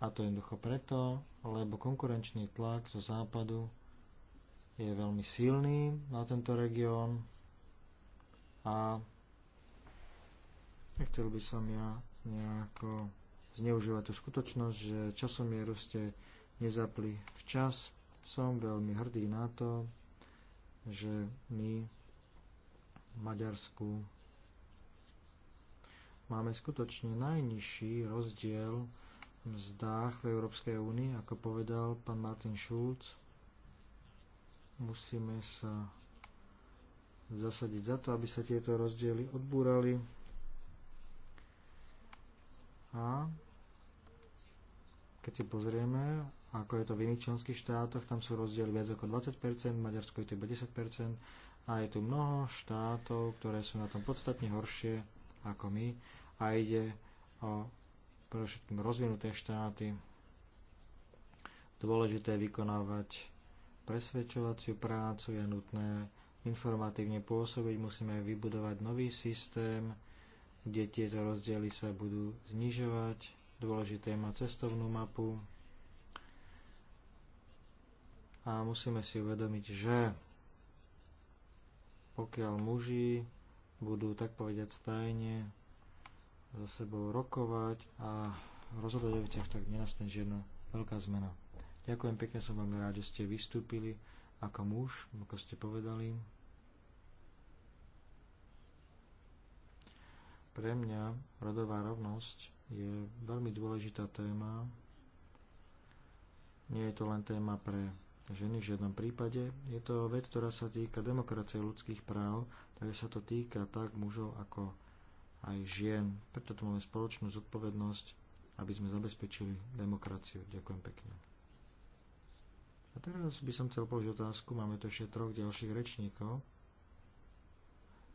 a to jednoducho preto, lebo konkurenčný tlak zo západu je veľmi silný na tento región a nechcel by som ja nejako zneužívať tú skutočnosť, že časomieru ste nezapli včas. Som veľmi hrdý na to, že my v Maďarsku máme skutočne najnižší rozdiel mzdách v Európskej únii, ako povedal pán Martin Schulz. Musíme sa zasadiť za to, aby sa tieto rozdiely odbúrali. A keď si pozrieme, ako je to v iných členských štátoch, tam sú rozdiely viac ako 20%, v Maďarsku je to iba 10% a je tu mnoho štátov, ktoré sú na tom podstatne horšie ako my a ide o pre všetkým rozvinuté štáty. Dôležité je vykonávať presvedčovaciu prácu, je nutné informatívne pôsobiť, musíme aj vybudovať nový systém, kde tieto rozdiely sa budú znižovať. Dôležité je mať cestovnú mapu a musíme si uvedomiť, že pokiaľ muži budú tak povedať stajne so sebou rokovať a rozhodovať o veciach, tak nenastane žiadna veľká zmena. Ďakujem pekne, som veľmi rád, že ste vystúpili ako muž, ako ste povedali. Pre mňa rodová rovnosť je veľmi dôležitá téma. Nie je to len téma pre ženy v žiadnom prípade. Je to vec, ktorá sa týka demokracie ľudských práv, takže sa to týka tak mužov ako aj žien. Preto tu máme spoločnú zodpovednosť, aby sme zabezpečili demokraciu. Ďakujem pekne. A teraz by som chcel položiť otázku. Máme tu ešte troch ďalších rečníkov.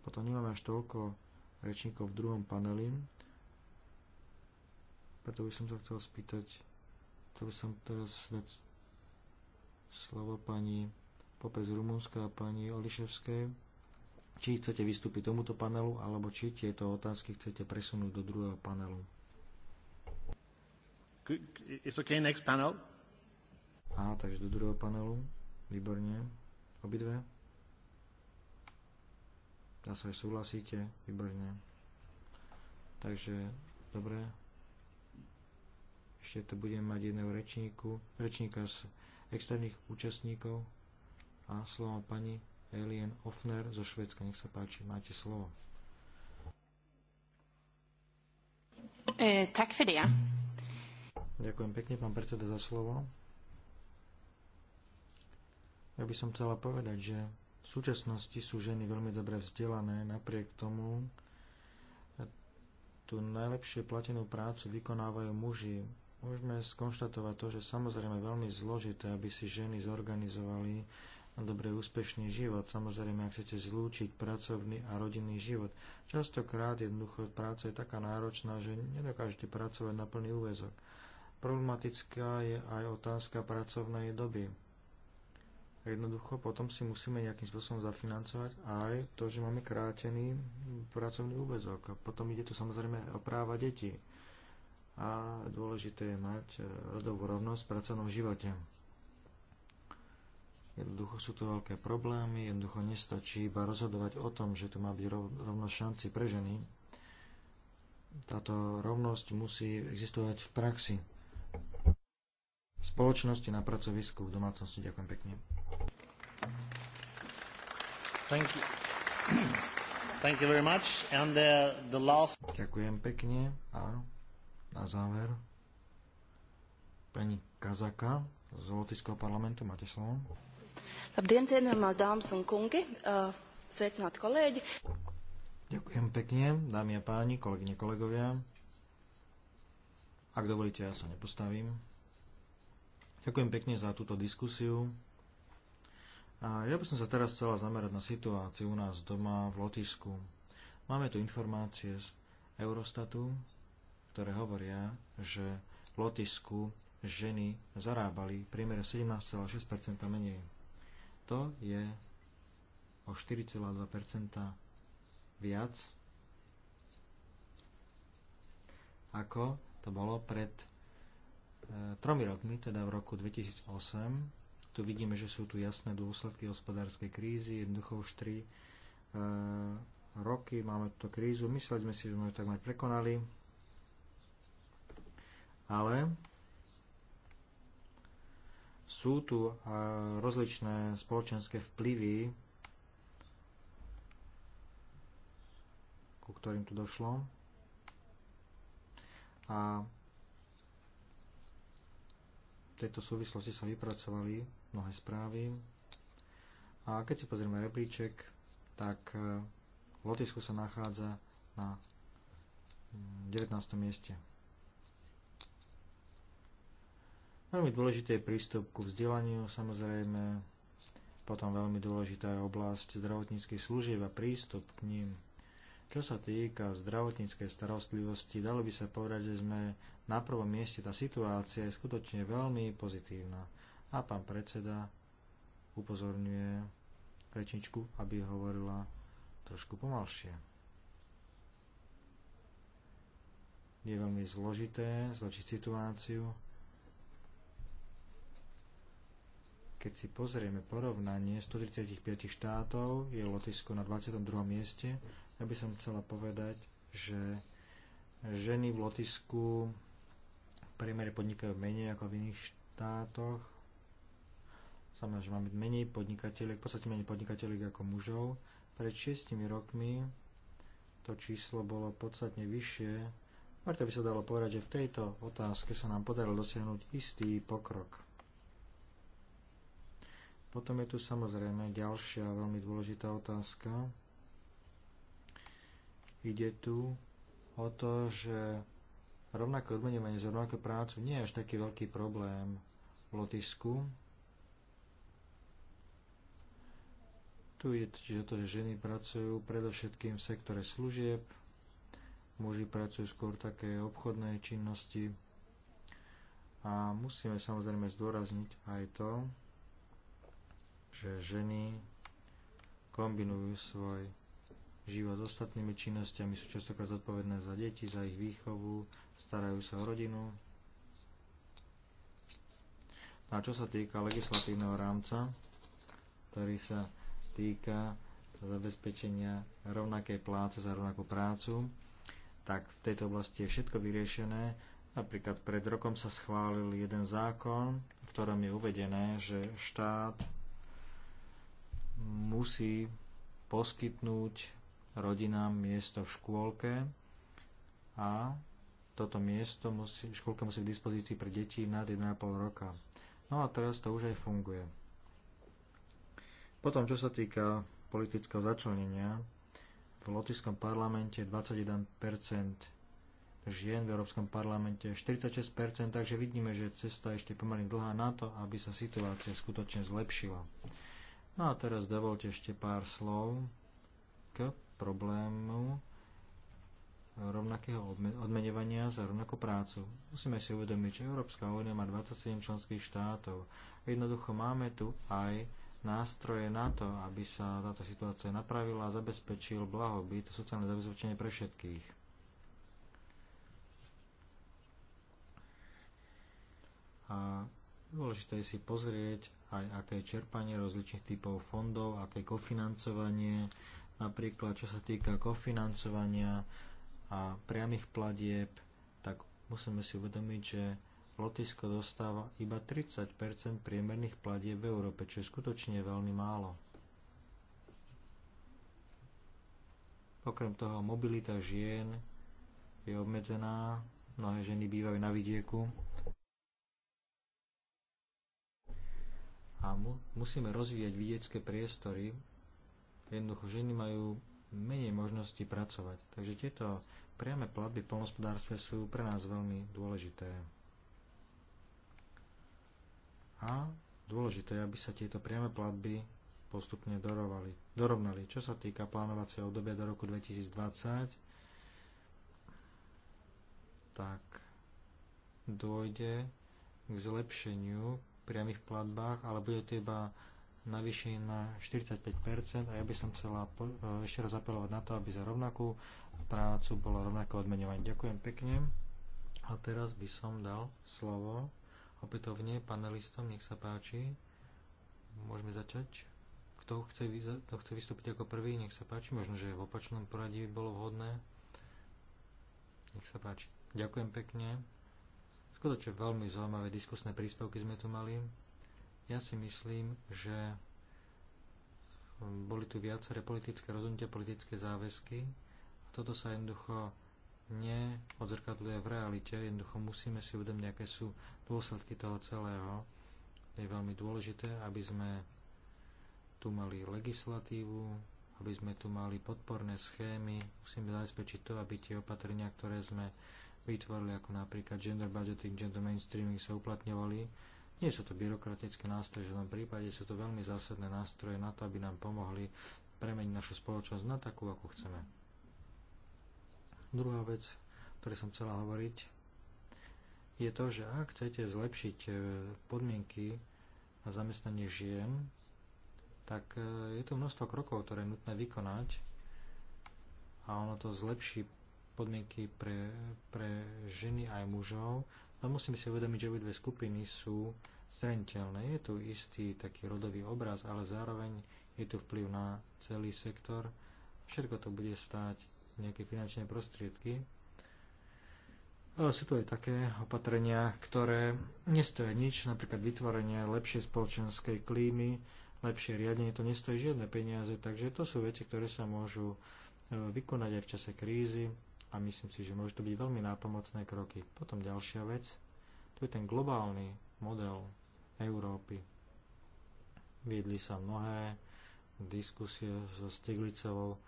Potom nemáme až toľko rečníkov v druhom paneli. Preto by som sa chcel spýtať, chcel by som teraz dať slovo pani Popec Rumunska a pani Oliševskej či chcete vystúpiť tomuto panelu, alebo či tieto otázky chcete presunúť do druhého panelu. It's okay, next panel. Á, takže do druhého panelu. Výborne. Obidve. Dá sa, že súhlasíte. Výborne. Takže, dobre. Ešte tu budem mať jedného rečníku, rečníka z externých účastníkov a slovo pani Elien Ofner zo Švedska. Nech sa páči, máte slovo. E, tak for Ďakujem pekne, pán predseda, za slovo. Ja by som chcela povedať, že v súčasnosti sú ženy veľmi dobre vzdelané, napriek tomu tú najlepšie platenú prácu vykonávajú muži. Môžeme skonštatovať to, že samozrejme veľmi zložité, aby si ženy zorganizovali dobre úspešný život. Samozrejme, ak chcete zlúčiť pracovný a rodinný život. Častokrát jednoducho práca je taká náročná, že nedokážete pracovať na plný úvezok. Problematická je aj otázka pracovnej doby. Jednoducho potom si musíme nejakým spôsobom zafinancovať aj to, že máme krátený pracovný úvezok. A potom ide tu samozrejme o práva detí. A dôležité je mať eh, rodovú rovnosť v pracovnom živote. Jednoducho sú tu veľké problémy, jednoducho nestačí iba rozhodovať o tom, že tu má byť rovnosť šanci pre ženy. Táto rovnosť musí existovať v praxi. V spoločnosti, na pracovisku, v domácnosti. Ďakujem pekne. Thank you. Thank you very much. And the, uh, the last... Ďakujem pekne. A na záver pani Kazaka z Lotyšského parlamentu. Máte slovo. Labdien, cienījamās dāmas un kungi! Sveicināti kolēģi! Ďakujem pekne, dámy a páni, kolegyne, kolegovia. Ak dovolíte, ja sa nepostavím. Ďakujem pekne za túto diskusiu. A ja by som sa teraz chcela zamerať na situáciu u nás doma v Lotyšsku. Máme tu informácie z Eurostatu, ktoré hovoria, že v Lotyšsku ženy zarábali priemer 17,6% menej to je o 4,2 viac ako to bolo pred e, tromi rokmi, teda v roku 2008. Tu vidíme, že sú tu jasné dôsledky hospodárskej krízy, jednoducho už 3 e, roky máme túto krízu. Mysleli sme si, že sme ju tak mať prekonali, ale sú tu e, rozličné spoločenské vplyvy, ku ktorým tu došlo. A v tejto súvislosti sa vypracovali mnohé správy. A keď si pozrieme replíček, tak e, v Lotisku sa nachádza na mm, 19. mieste. Veľmi dôležitý je prístup ku vzdelaniu, samozrejme. Potom veľmi dôležitá je oblasť zdravotníckých služieb a prístup k ním. Čo sa týka zdravotníckej starostlivosti, dalo by sa povedať, že sme na prvom mieste. Tá situácia je skutočne veľmi pozitívna. A pán predseda upozorňuje rečničku, aby hovorila trošku pomalšie. Je veľmi zložité zločiť situáciu, Keď si pozrieme porovnanie 135 štátov, je Lotisko na 22. mieste. Ja by som chcela povedať, že ženy v Lotisku v priemere podnikajú menej ako v iných štátoch. samozrejme, že máme menej podnikateľiek, v podstate menej podnikateľiek ako mužov. Pred 6 rokmi to číslo bolo podstatne vyššie, preto by sa dalo povedať, že v tejto otázke sa nám podarilo dosiahnuť istý pokrok. Potom je tu samozrejme ďalšia veľmi dôležitá otázka. Ide tu o to, že rovnaké odmenovanie za rovnakú prácu nie je až taký veľký problém v Lotisku. Tu je totiž o to, že ženy pracujú predovšetkým v sektore služieb, muži pracujú skôr také obchodné činnosti a musíme samozrejme zdôrazniť aj to, že ženy kombinujú svoj život s ostatnými činnosťami, sú častokrát zodpovedné za deti, za ich výchovu, starajú sa o rodinu. No a čo sa týka legislatívneho rámca, ktorý sa týka zabezpečenia rovnakej pláce za rovnakú prácu, tak v tejto oblasti je všetko vyriešené. Napríklad pred rokom sa schválil jeden zákon, v ktorom je uvedené, že štát musí poskytnúť rodinám miesto v škôlke a toto miesto musí, škôlka musí v dispozícii pre deti nad 1,5 roka. No a teraz to už aj funguje. Potom, čo sa týka politického začlenenia, v lotyšskom parlamente 21 žien v Európskom parlamente 46%, takže vidíme, že cesta je ešte pomerne dlhá na to, aby sa situácia skutočne zlepšila. No a teraz dovolte ešte pár slov k problému rovnakého odmenovania za rovnakú prácu. Musíme si uvedomiť, že Európska únia má 27 členských štátov. Jednoducho máme tu aj nástroje na to, aby sa táto situácia napravila a zabezpečil blahobyt a sociálne zabezpečenie pre všetkých. A Dôležité je si pozrieť aj aké je čerpanie rozličných typov fondov, aké je kofinancovanie, napríklad čo sa týka kofinancovania a priamých platieb, tak musíme si uvedomiť, že Lotisko dostáva iba 30 priemerných platieb v Európe, čo je skutočne veľmi málo. Okrem toho mobilita žien je obmedzená, mnohé ženy bývajú na vidieku, a mu, musíme rozvíjať vidiecké priestory. Jednoducho ženy majú menej možností pracovať. Takže tieto priame platby v polnospodárstve sú pre nás veľmi dôležité. A dôležité je, aby sa tieto priame platby postupne dorovali, dorovnali. Čo sa týka plánovacieho obdobia do roku 2020, tak dôjde k zlepšeniu priamých platbách, ale bude to iba navýšenie na 45 a ja by som chcela e, ešte raz apelovať na to, aby za rovnakú prácu bolo rovnaké odmenovanie. Ďakujem pekne. A teraz by som dal slovo opätovne panelistom, nech sa páči. Môžeme začať. Kto chce, kto chce vystúpiť ako prvý, nech sa páči. Možno, že v opačnom poradí by bolo vhodné. Nech sa páči. Ďakujem pekne. Skutočne veľmi zaujímavé diskusné príspevky sme tu mali. Ja si myslím, že hm, boli tu viaceré politické rozhodnutia, politické záväzky a toto sa jednoducho neodzrkadľuje v realite. Jednoducho musíme si uvedomiť, aké sú dôsledky toho celého. Je veľmi dôležité, aby sme tu mali legislatívu, aby sme tu mali podporné schémy, musíme zabezpečiť to, aby tie opatrenia, ktoré sme vytvorili, ako napríklad gender budgeting, gender mainstreaming sa uplatňovali. Nie sú to byrokratické nástroje, v tom prípade sú to veľmi zásadné nástroje na to, aby nám pomohli premeniť našu spoločnosť na takú, ako chceme. Druhá vec, o ktorej som chcela hovoriť, je to, že ak chcete zlepšiť e, podmienky na zamestnanie žien, tak e, je tu množstvo krokov, ktoré je nutné vykonať a ono to zlepší podmienky pre, pre ženy aj mužov, ale no musíme si uvedomiť, že obidve skupiny sú zraniteľné. Je tu istý taký rodový obraz, ale zároveň je tu vplyv na celý sektor. Všetko to bude stáť nejaké finančné prostriedky. Ale sú tu aj také opatrenia, ktoré nestoja nič, napríklad vytvorenie lepšej spoločenskej klímy, lepšie riadenie, to nestojí žiadne peniaze, takže to sú veci, ktoré sa môžu e, vykonať aj v čase krízy a myslím si, že môžu to byť veľmi nápomocné kroky. Potom ďalšia vec, to je ten globálny model Európy. Viedli sa mnohé diskusie so Stiglicovou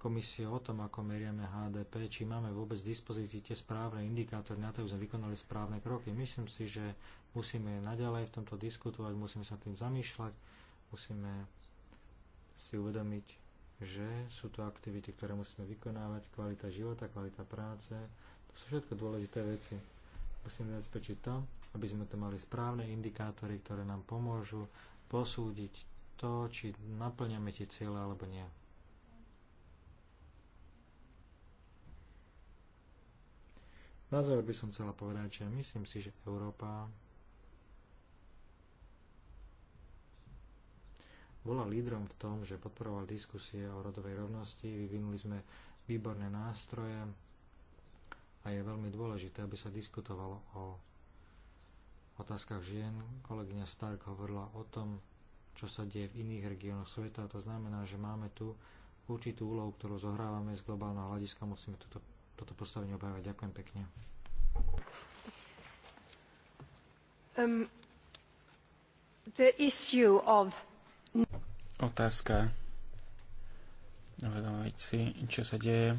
komisie o tom, ako meriame HDP, či máme vôbec v dispozícii tie správne indikátory na to, aby sme vykonali správne kroky. Myslím si, že musíme naďalej v tomto diskutovať, musíme sa tým zamýšľať, musíme si uvedomiť, že sú to aktivity, ktoré musíme vykonávať, kvalita života, kvalita práce, to sú všetko dôležité veci. Musíme zabezpečiť to, aby sme tu mali správne indikátory, ktoré nám pomôžu posúdiť to, či naplňame tie cieľe alebo nie. Na záver by som chcela povedať, že myslím si, že Európa bola lídrom v tom, že podporoval diskusie o rodovej rovnosti, vyvinuli sme výborné nástroje a je veľmi dôležité, aby sa diskutovalo o otázkach žien. Kolegyňa Stark hovorila o tom, čo sa deje v iných regiónoch sveta. To znamená, že máme tu určitú úlohu, ktorú zohrávame z globálneho hľadiska. Musíme toto, toto postavenie obhajovať. Ďakujem pekne. Um, the issue of Otázka. Uvedomiť si, čo sa deje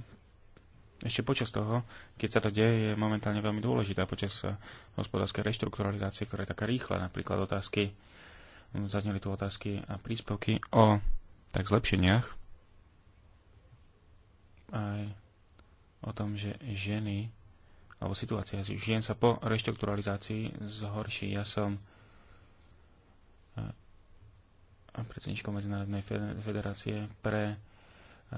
ešte počas toho, keď sa to deje, je momentálne veľmi dôležitá počas eh, hospodárskej reštrukturalizácie, ktorá je taká rýchla. Napríklad otázky, mm, zazneli tu otázky a príspevky o tak zlepšeniach. Aj o tom, že ženy alebo situácia žien sa po reštrukturalizácii zhorší. Ja som eh, predsedničkou Medzinárodnej federácie pre eh,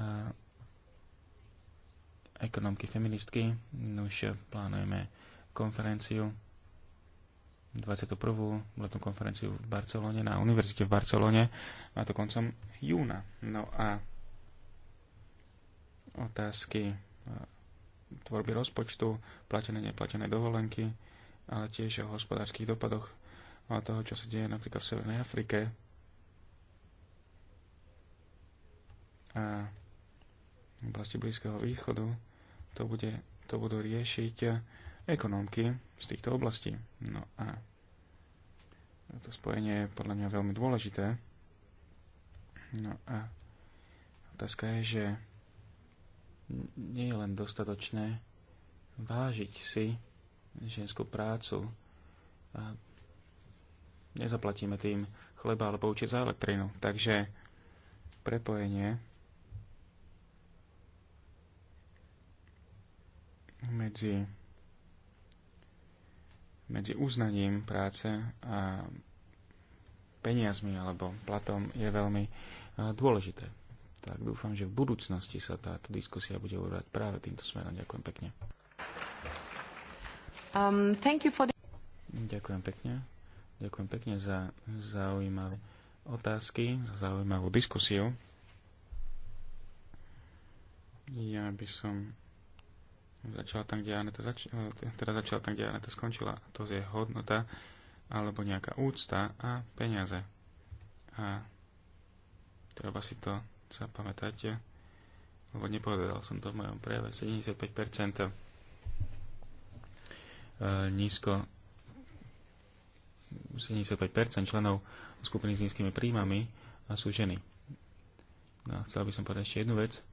ekonomky feministky. Už plánujeme konferenciu 21. letnú konferenciu v Barcelone na univerzite v Barcelone a to koncom júna. No a otázky eh, tvorby rozpočtu, platené, neplatené dovolenky, ale tiež o hospodárskych dopadoch toho, čo sa deje napríklad v Severnej Afrike, a v oblasti Blízkeho východu, to, bude, to budú riešiť ekonómky z týchto oblastí. No a to spojenie je podľa mňa veľmi dôležité. No a otázka je, že nie je len dostatočné vážiť si ženskú prácu a nezaplatíme tým chleba alebo účet za elektrinu. Takže prepojenie medzi, medzi uznaním práce a peniazmi alebo platom je veľmi eh, dôležité. Tak dúfam, že v budúcnosti sa táto diskusia bude urovať práve týmto smerom. Ďakujem pekne. Um, thank you for the... Ďakujem pekne. Ďakujem pekne za zaujímavé otázky, za zaujímavú diskusiu. Ja by som začala tam, kde Aneta zač- eh, teda začala tam, kde Aneta skončila. To je hodnota alebo nejaká úcta a peniaze. A treba si to zapamätať, lebo nepovedal som to v mojom prejave. 75% eh, nízko 75% členov skupiny s nízkymi príjmami sú ženy. No a chcel by som povedať ešte jednu vec.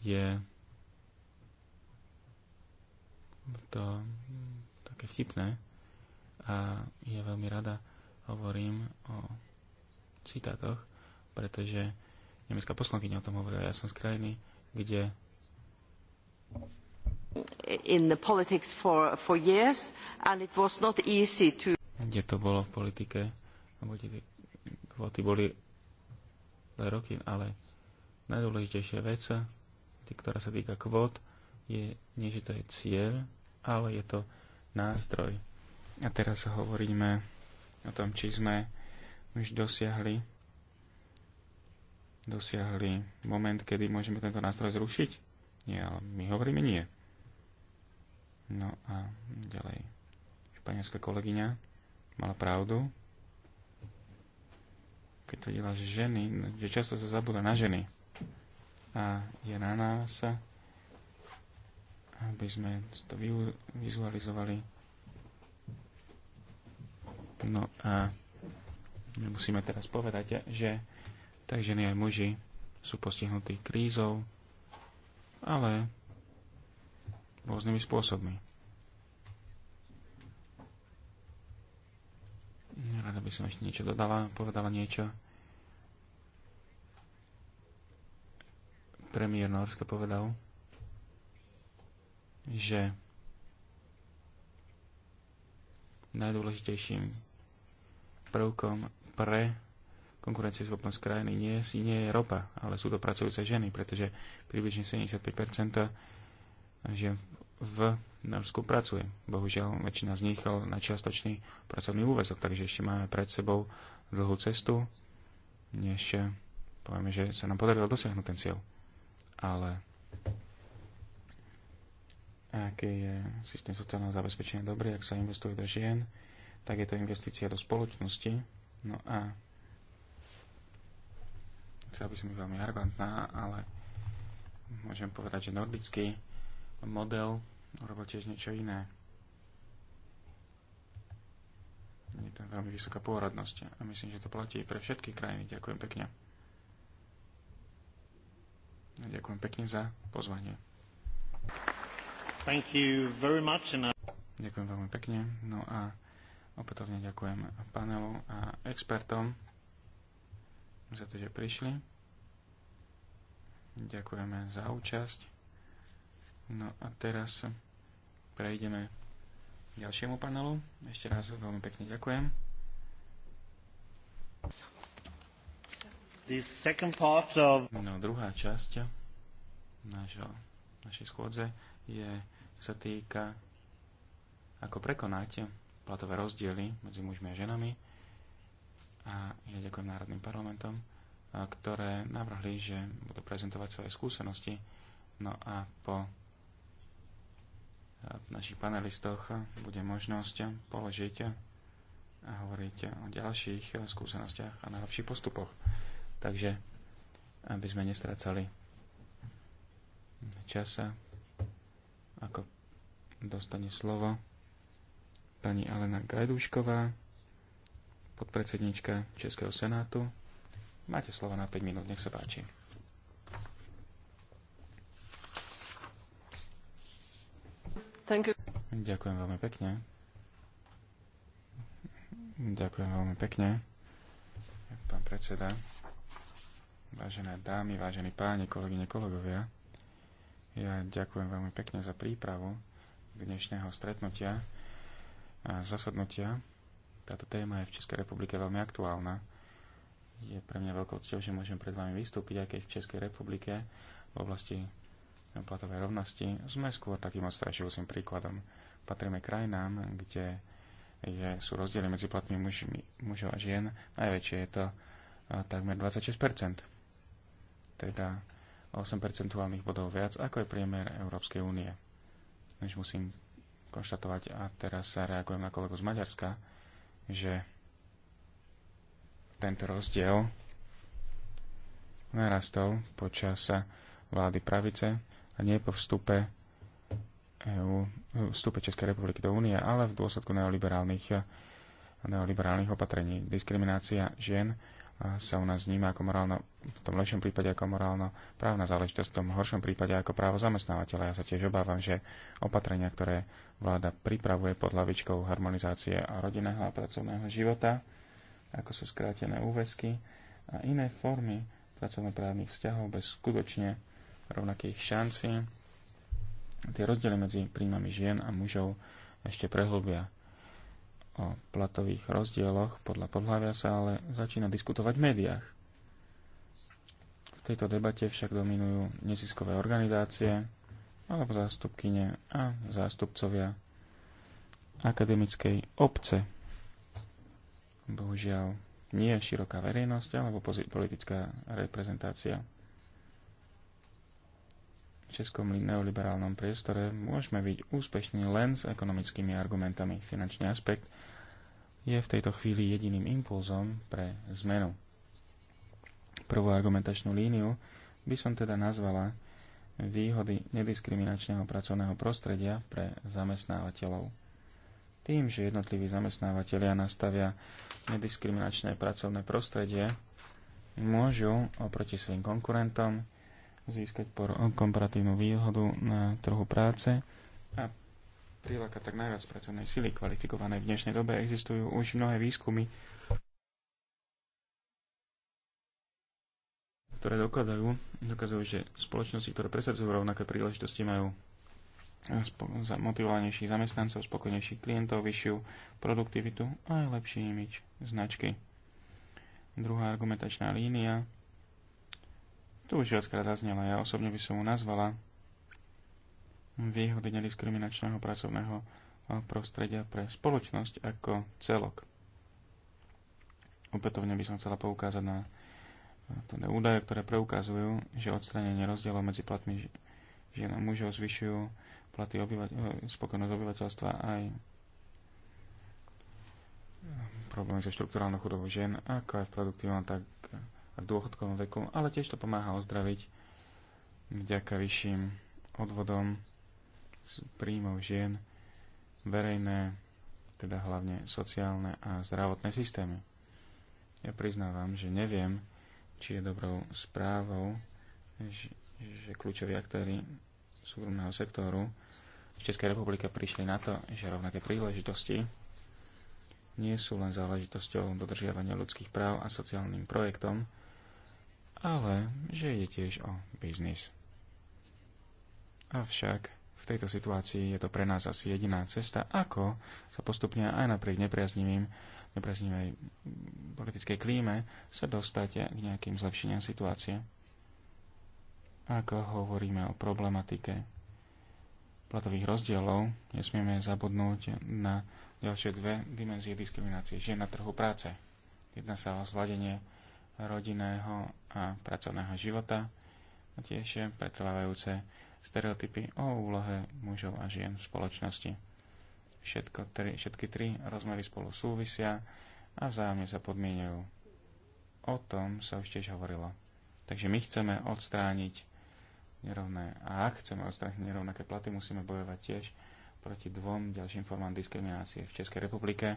Je to také vtipné a ja veľmi rada hovorím o citátoch, pretože nemecká poslankyňa o tom hovorila. Ja som z krajiny, kde in the politics for, for years and it was not easy to kde to bolo v politike, alebo kde kvóty boli roky, ale najdôležitejšia vec, ktorá sa týka kvót, je, nie že to je cieľ, ale je to nástroj. A teraz hovoríme o tom, či sme už dosiahli dosiahli moment, kedy môžeme tento nástroj zrušiť? Nie, ale my hovoríme nie. No a ďalej. Španielská kolegyňa mala pravdu, keď tvrdila, že ženy, že často sa zabúda na ženy. A je na nás, aby sme to vizualizovali. No a musíme teraz povedať, že tak ženy aj muži sú postihnutí krízou, ale rôznymi spôsobmi. Rada by som ešte niečo dodala, povedala niečo. Premiér Norska povedal, že najdôležitejším prvkom pre konkurencieschopnosť krajiny nie, nie je ropa, ale sú to pracujúce ženy, pretože približne 75% žien v Norsku pracuje. Bohužiaľ, väčšina z nich na čiastočný pracovný úvezok, takže ešte máme pred sebou dlhú cestu, než povieme, že sa nám podarilo dosiahnuť ten cieľ. Ale aký je systém sociálneho zabezpečenia dobrý, ak sa investuje do žien, tak je to investícia do spoločnosti. No a chcel by som byť veľmi arrogantná, ale môžem povedať, že nordický model robil tiež niečo iné. Je tam veľmi vysoká pôrodnosť a myslím, že to platí pre všetky krajiny. Ďakujem pekne. A ďakujem pekne za pozvanie. Thank you very much. And... Ďakujem veľmi pekne. No a opätovne ďakujem panelu a expertom za to, že prišli. Ďakujeme za účasť. No a teraz prejdeme k ďalšiemu panelu. Ešte raz veľmi pekne ďakujem. No, druhá časť nášho, našej schôdze je sa týka, ako prekonať platové rozdiely medzi mužmi a ženami. A ja ďakujem Národným parlamentom, ktoré navrhli, že budú prezentovať svoje skúsenosti. No a po našich panelistoch bude možnosť položiť a hovoriť o ďalších skúsenostiach a najlepších postupoch. Takže, aby sme nestracali časa, ako dostane slovo pani Alena Gajdušková, podpredsednička Českého senátu. Máte slovo na 5 minút, nech sa páči. Thank you. Ďakujem veľmi pekne. Ďakujem veľmi pekne. Pán predseda, vážené dámy, vážení páni, kolegyne, kolegovia. Ja ďakujem veľmi pekne za prípravu dnešného stretnutia a zasadnutia. Táto téma je v Českej republike veľmi aktuálna. Je pre mňa veľkou cťou, že môžem pred vami vystúpiť, aj keď v Českej republike v oblasti platovej rovnosti sme skôr takým odstrašujúcim príkladom. Patríme krajinám, kde je, sú rozdiely medzi platmi mužmi, mužov a žien. Najväčšie je to eh, takmer 26%. Teda 8 percentuálnych bodov viac, ako je priemer Európskej únie. Než musím konštatovať, a teraz sa reagujem na kolegu z Maďarska, že tento rozdiel narastol počas vlády pravice a nie po vstupe, EU, vstupe Českej republiky do únie, ale v dôsledku neoliberálnych, neoliberálnych opatrení. Diskriminácia žien sa u nás vníma ako morálno, v tom lepšom prípade ako morálno právna záležitosť, v tom horšom prípade ako právo zamestnávateľa. Ja sa tiež obávam, že opatrenia, ktoré vláda pripravuje pod hlavičkou harmonizácie a rodinného a pracovného života, ako sú skrátené úväzky a iné formy pracovnoprávnych vzťahov bez skutočne rovnakých šancí, tie rozdiely medzi príjmami žien a mužov ešte prehlbia o platových rozdieloch podľa podhlavia sa ale začína diskutovať v médiách. V tejto debate však dominujú neziskové organizácie alebo zástupkyne a zástupcovia akademickej obce. Bohužiaľ, nie široká verejnosť alebo politická reprezentácia českom neoliberálnom priestore môžeme byť úspešní len s ekonomickými argumentami. Finančný aspekt je v tejto chvíli jediným impulzom pre zmenu. Prvú argumentačnú líniu by som teda nazvala výhody nediskriminačného pracovného prostredia pre zamestnávateľov. Tým, že jednotliví zamestnávateľia nastavia nediskriminačné pracovné prostredie, môžu oproti svojim konkurentom získať komparatívnu výhodu na trhu práce a prilákať tak najviac pracovnej sily kvalifikovanej. V dnešnej dobe existujú už mnohé výskumy, ktoré dokladajú, dokazujú, že spoločnosti, ktoré presadzujú rovnaké príležitosti, majú motivovanejších zamestnancov, spokojnejších klientov, vyššiu produktivitu a aj lepší imič značky. Druhá argumentačná línia tu už viackrát zaznela, ja osobne by som mu nazvala výhody nediskriminačného pracovného eh, prostredia pre spoločnosť ako celok. Opätovne by som chcela poukázať na teda údaje, ktoré preukazujú, že odstranenie rozdielov medzi platmi žien a mužov zvyšujú platy obyvateľ, eh, spokojnosť obyvateľstva aj problémy so štruktúrálnou chudobou žien, ako aj v produktívnom, tak v dôchodkovom veku, ale tiež to pomáha ozdraviť vďaka vyšším odvodom z príjmov žien, verejné, teda hlavne sociálne a zdravotné systémy. Ja priznávam, že neviem, či je dobrou správou, že, že kľúčoví aktéry súkromného sektoru v Českej republike prišli na to, že rovnaké príležitosti nie sú len záležitosťou dodržiavania ľudských práv a sociálnym projektom, ale že ide tiež o biznis. Avšak v tejto situácii je to pre nás asi jediná cesta, ako sa postupne aj napriek nepriaznivým, nepriaznivej politickej klíme sa dostať k nejakým zlepšeniam situácie. Ako hovoríme o problematike platových rozdielov, nesmieme zabudnúť na ďalšie dve dimenzie diskriminácie žien na trhu práce. Jedná sa o zladenie rodinného a pracovného života a tiež pretrvávajúce stereotypy o úlohe mužov a žien v spoločnosti. Všetko tri, všetky tri rozmery spolu súvisia a vzájomne sa podmienujú. O tom sa už tiež hovorilo. Takže my chceme odstrániť nerovné, a ak chceme odstrániť nerovnaké platy, musíme bojovať tiež proti dvom ďalším formám diskriminácie v Českej republike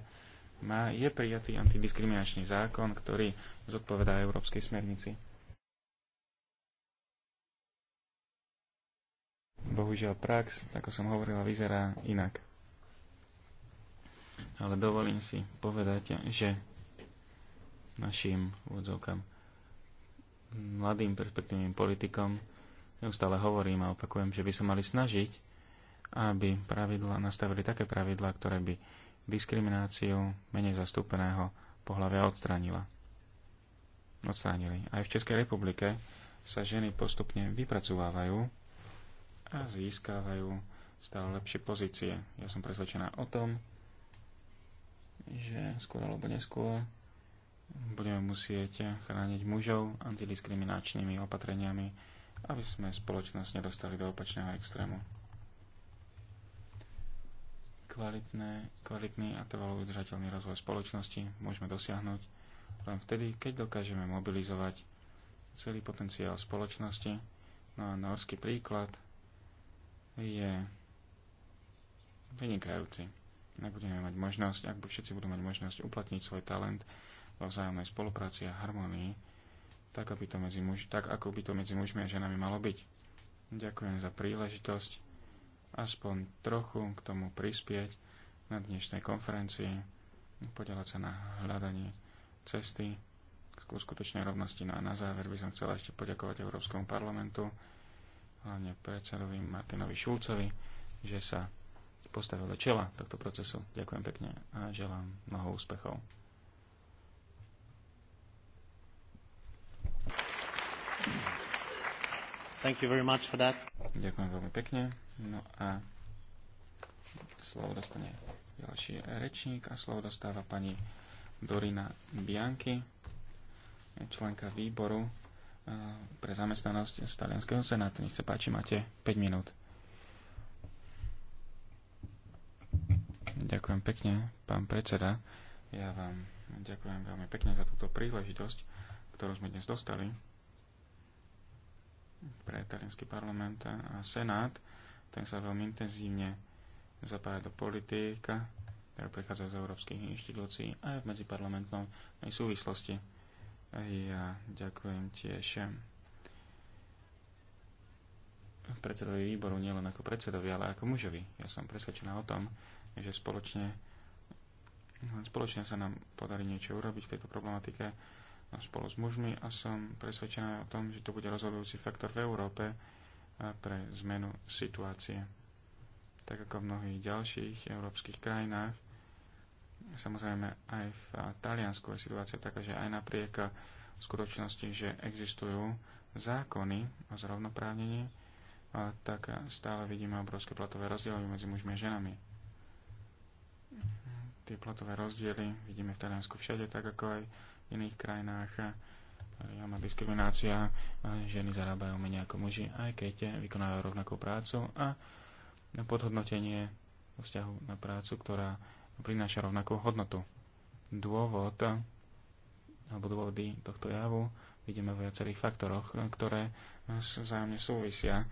má, je prijatý antidiskriminačný zákon, ktorý zodpovedá Európskej smernici. Bohužiaľ prax, ako som hovorila, vyzerá inak. Ale dovolím si povedať, že našim vodzovkám mladým perspektívnym politikom neustále hovorím a opakujem, že by sa mali snažiť, aby pravidla nastavili také pravidla, ktoré by diskrimináciu menej zastúpeného pohľavia odstránila. Odstránili. Aj v Českej republike sa ženy postupne vypracovávajú a získávajú stále lepšie pozície. Ja som presvedčená o tom, že skôr alebo neskôr budeme musieť chrániť mužov antidiskriminačnými opatreniami, aby sme spoločnosť nedostali do opačného extrému. Kvalitné, kvalitný a trvalo udržateľný rozvoj spoločnosti môžeme dosiahnuť len vtedy, keď dokážeme mobilizovať celý potenciál spoločnosti. No a norský príklad je vynikajúci. Ak budeme mať možnosť, ak všetci budú mať možnosť uplatniť svoj talent vo vzájomnej spolupráci a harmonii, tak, aby to medzi muž, tak ako by to medzi mužmi a ženami malo byť. Ďakujem za príležitosť aspoň trochu k tomu prispieť na dnešnej konferencii, podielať sa na hľadanie cesty k skutočnej rovnosti. No a na záver by som chcela ešte poďakovať Európskemu parlamentu, hlavne predsedovi Martinovi Šulcovi, že sa postavil do čela tohto procesu. Ďakujem pekne a želám mnoho úspechov. Thank you. Thank you very much for that. Ďakujem veľmi pekne. No a slovo dostane ďalší rečník a slovo dostáva pani Dorina Bianchi, členka výboru eh, pre zamestnanosť z Talianského senátu. Nech sa páči, máte 5 minút. Ďakujem pekne, pán predseda. Ja vám ďakujem veľmi pekne za túto príležitosť, ktorú sme dnes dostali pre italianský parlament a senát, ten sa veľmi intenzívne zapája do politika, ktoré prichádza z európskych inštitúcií aj v aj súvislosti. Ja ďakujem tiež predsedovi výboru nielen ako predsedovi, ale ako mužovi. Ja som presvedčená o tom, že spoločne, spoločne sa nám podarí niečo urobiť v tejto problematike spolu s mužmi a som presvedčená o tom, že to bude rozhodujúci faktor v Európe e, pre zmenu situácie. Tak ako v mnohých ďalších európskych krajinách, samozrejme aj v Taliansku je situácia taká, že aj napriek skutočnosti, že existujú zákony o zrovnoprávnení, e, tak stále vidíme obrovské platové rozdiely medzi mužmi a ženami. Tie platové rozdiely vidíme v Taliansku všade, tak ako aj iných krajinách má diskriminácia, ženy zarábajú menej ako muži, aj keď vykonávajú rovnakú prácu a podhodnotenie vzťahu na prácu, ktorá prináša rovnakú hodnotu. Dôvod alebo dôvody tohto javu vidíme v viacerých faktoroch, ktoré vzájomne súvisia,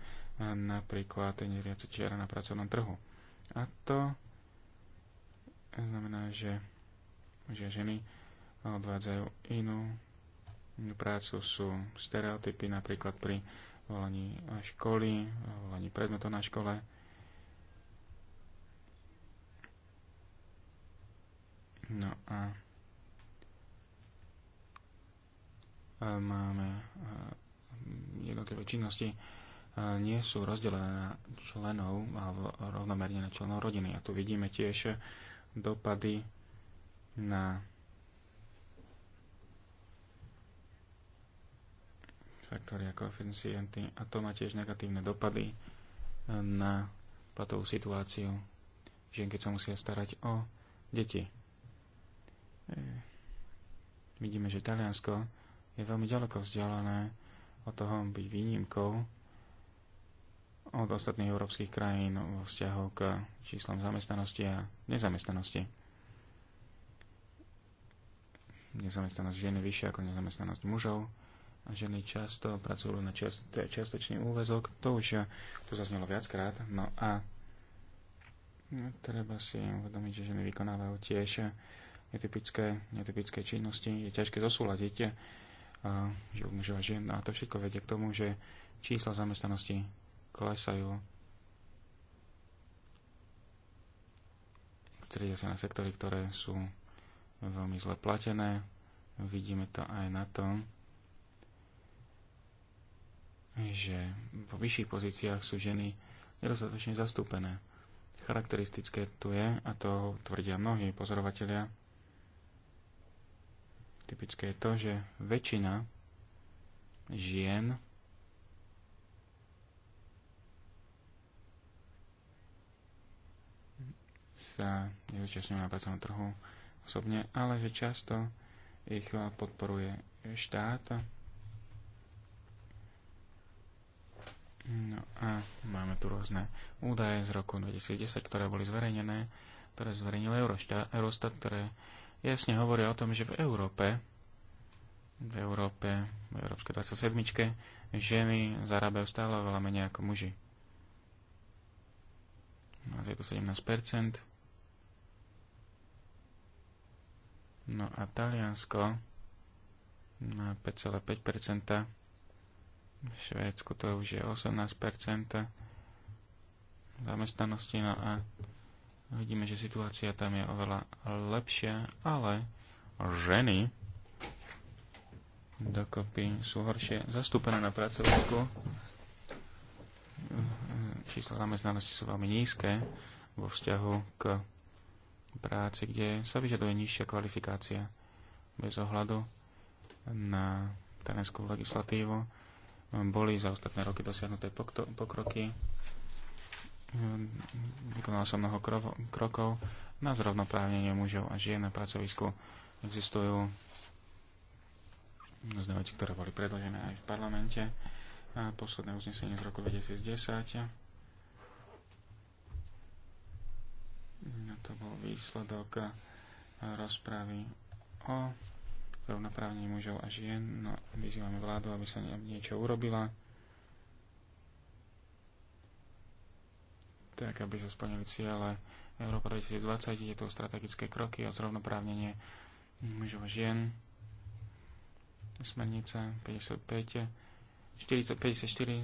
napríklad neriaci čiara na pracovnom trhu. A to znamená, že, že ženy a odvádzajú inú, inú prácu, sú stereotypy napríklad pri volaní školy, volaní predmetov na škole. No a máme jednotlivé činnosti nie sú rozdelené na členov alebo rovnomerne na členov rodiny. A tu vidíme tiež dopady na faktory ako eficienty a to má tiež negatívne dopady eh, na platovú situáciu žien, keď sa musia starať o deti. Eh, vidíme, že Taliansko je veľmi ďaleko vzdialené od toho byť výnimkou od ostatných európskych krajín vo vzťahu k číslom zamestnanosti a nezamestnanosti. Nezamestnanosť žien je vyššia ako nezamestnanosť mužov ženy často pracujú na čiastočný úvezok. To už tu zaznelo viackrát. No a no, treba si uvedomiť, že ženy vykonávajú tiež netypické, netypické činnosti. Je ťažké zosúľadiť eh, život mužov a žien. No a to všetko vedie k tomu, že čísla zamestnanosti klesajú. Stredia sa na sektory, ktoré sú veľmi zle platené. Vidíme to aj na tom, že vo vyšších pozíciách sú ženy nedostatočne zastúpené. Charakteristické tu je, a to tvrdia mnohí pozorovatelia, typické je to, že väčšina žien sa nezúčastňujú na pracovnom trhu osobne, ale že často ich podporuje štát No a máme tu rôzne údaje z roku 2010, ktoré boli zverejnené, ktoré zverejnil Eurostat, ktoré jasne hovoria o tom, že v Európe, v Európe, v Európskej 27 ženy zarábajú stále veľa menej ako muži. No, je to 17%. No a Taliansko na v Švédsku to už je 18% zamestnanosti. No a vidíme, že situácia tam je oveľa lepšia, ale ženy dokopy sú horšie zastúpené na pracovisku. Čísla zamestnanosti sú veľmi nízke vo vzťahu k práci, kde sa vyžaduje nižšia kvalifikácia bez ohľadu na tenenskú legislatívu boli za ostatné roky dosiahnuté pokroky. Ehm, Vykonal som mnoho krokov na zrovnoprávnenie mužov a žien na pracovisku. Existujú rôzne veci, ktoré boli predložené aj v parlamente. A posledné uznesenie z roku 2010. No to bol výsledok rozpravy o rovnoprávne mužov a žien. No, vyzývame vládu, aby sa niečo urobila. Tak, aby sa splnili ciele Európa 2020, je to strategické kroky a zrovnoprávnenie mužov a žien. Smernica 55, 54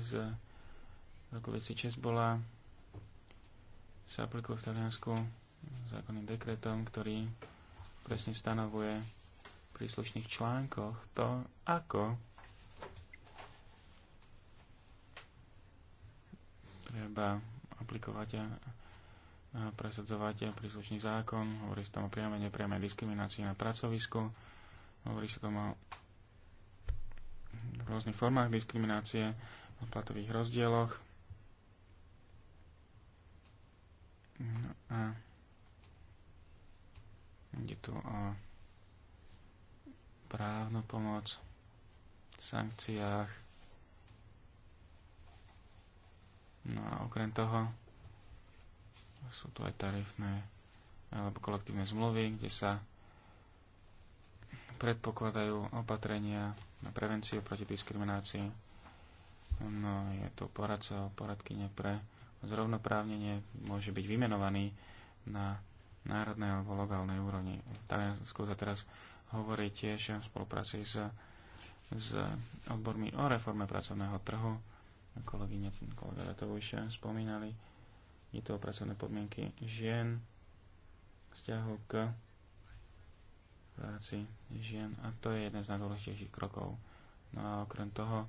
z roku 2006 bola sa aplikuje v Taliansku zákonným dekretom, ktorý presne stanovuje príslušných článkoch to, ako treba aplikovať a presadzovať príslušný zákon. Hovorí sa tam o priamej nepriamej diskriminácii na pracovisku. Hovorí sa tam o rôznych formách diskriminácie, o platových rozdieloch. No a ide tu o právnu pomoc, sankciách. No a okrem toho sú tu aj tarifné alebo kolektívne zmluvy, kde sa predpokladajú opatrenia na prevenciu proti diskriminácii. No, je tu poradca o poradkyne pre zrovnoprávnenie, môže byť vymenovaný na národnej alebo lokálnej úrovni. V teraz hovorí tiež v spolupráci s, s odbormi o reforme pracovného trhu. Kolegyňa, kolega to už spomínali, je to o pracovné podmienky žien, vzťahu k práci žien a to je jeden z najdôležitejších krokov. No a okrem toho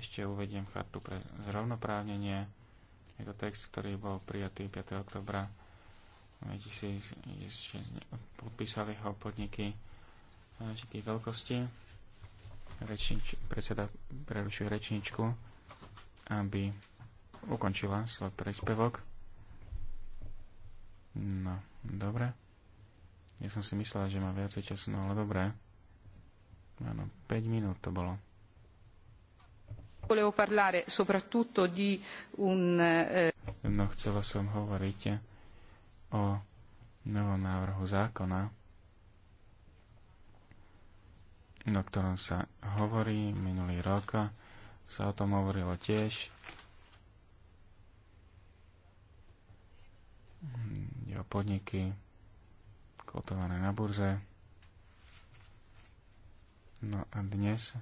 ešte uvediem chartu pre zrovnoprávnenie. Je to text, ktorý bol prijatý 5. oktobra 2000, podpísali ho podniky všetkých veľkosti. Rečnič, predseda prerušuje rečničku, aby ukončila svoj príspevok. No, dobre. Ja som si myslela, že má viacej času, no ale dobré. Áno, 5 minút to bolo. Volevo parlare soprattutto di un... Eh, no, chcela som hovoriť o novom návrhu zákona, o ktorom sa hovorí minulý rok, sa o tom hovorilo tiež. Je o podniky kotované na burze. No a dnes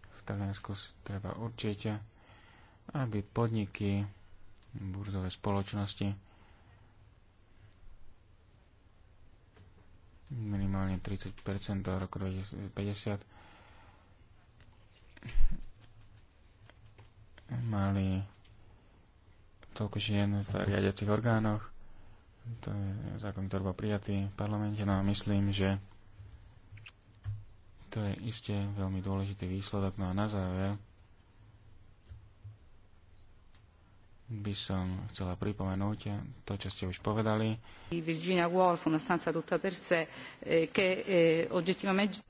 v Taliansku treba určite, aby podniky, burzové spoločnosti minimálne 30 do roku 2050 mali toľko žien v riadiacich orgánoch. To je zákon, ktorý bol prijatý v parlamente. No a myslím, že to je iste veľmi dôležitý výsledok. No a na záver, by som chcela pripomenúť to, čo ste už povedali. Virginia Woolf, una stanza tutta per sé, eh, che eh, oggettivamente...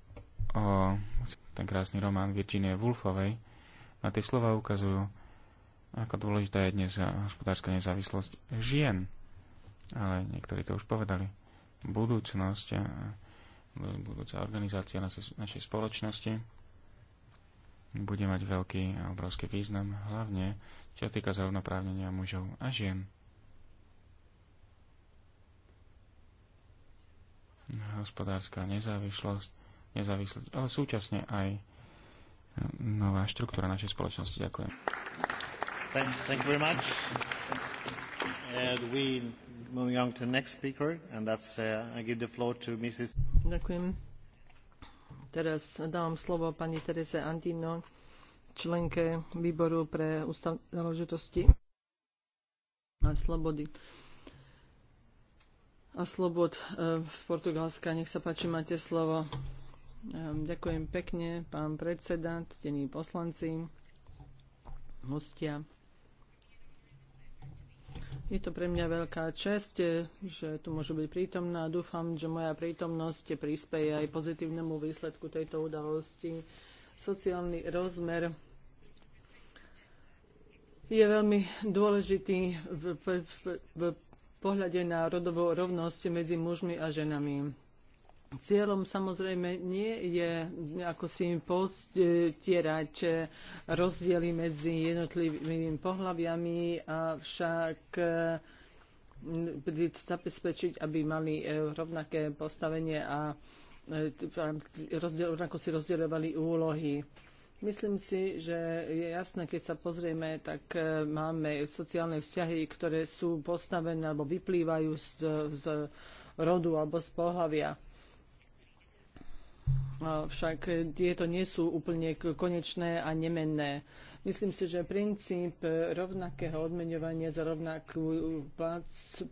O ten krásny román Virginie Woolfovej. A tie slova ukazujú, ako dôležitá je dnes hospodárska nezávislosť žien. Ale niektorí to už povedali. Budúcnosť, eh, budúca organizácia našej spoločnosti bude mať veľký a obrovský význam, hlavne čo týka zrovnoprávnenia mužov a žien. Hospodárska nezávislosť, nezávislosť, ale súčasne aj nová štruktúra našej spoločnosti. Ďakujem. Thank, thank you very much. And we moving on to the next speaker, and that's uh, I give the floor to Mrs. Ďakujem. Teraz dávam slovo pani Terese Andino, členke výboru pre ústavné záležitosti a slobody a slobod v e, Portugalska. Nech sa páči, máte slovo. E, ďakujem pekne, pán predseda, ctení poslanci, hostia. Je to pre mňa veľká čest, e, že tu môžu byť prítomná. Dúfam, že moja prítomnosť prispieje aj pozitívnemu výsledku tejto udalosti. Sociálny rozmer je veľmi dôležitý v, v, v, v pohľade na rodovú rovnosť medzi mužmi a ženami Cieľom samozrejme nie je ako si im postierať e, rozdiely medzi jednotlivými pohľaviami, avšak e, zabezpečiť, aby mali e, rovnaké postavenie a rozdiel, rovnako si rozdeľovali úlohy. Myslím si, že je jasné, keď sa pozrieme, tak máme sociálne vzťahy, ktoré sú postavené alebo vyplývajú z, z rodu alebo z pohľavia. Však tieto nie sú úplne konečné a nemenné. Myslím si, že princíp rovnakého odmeňovania za rovnakú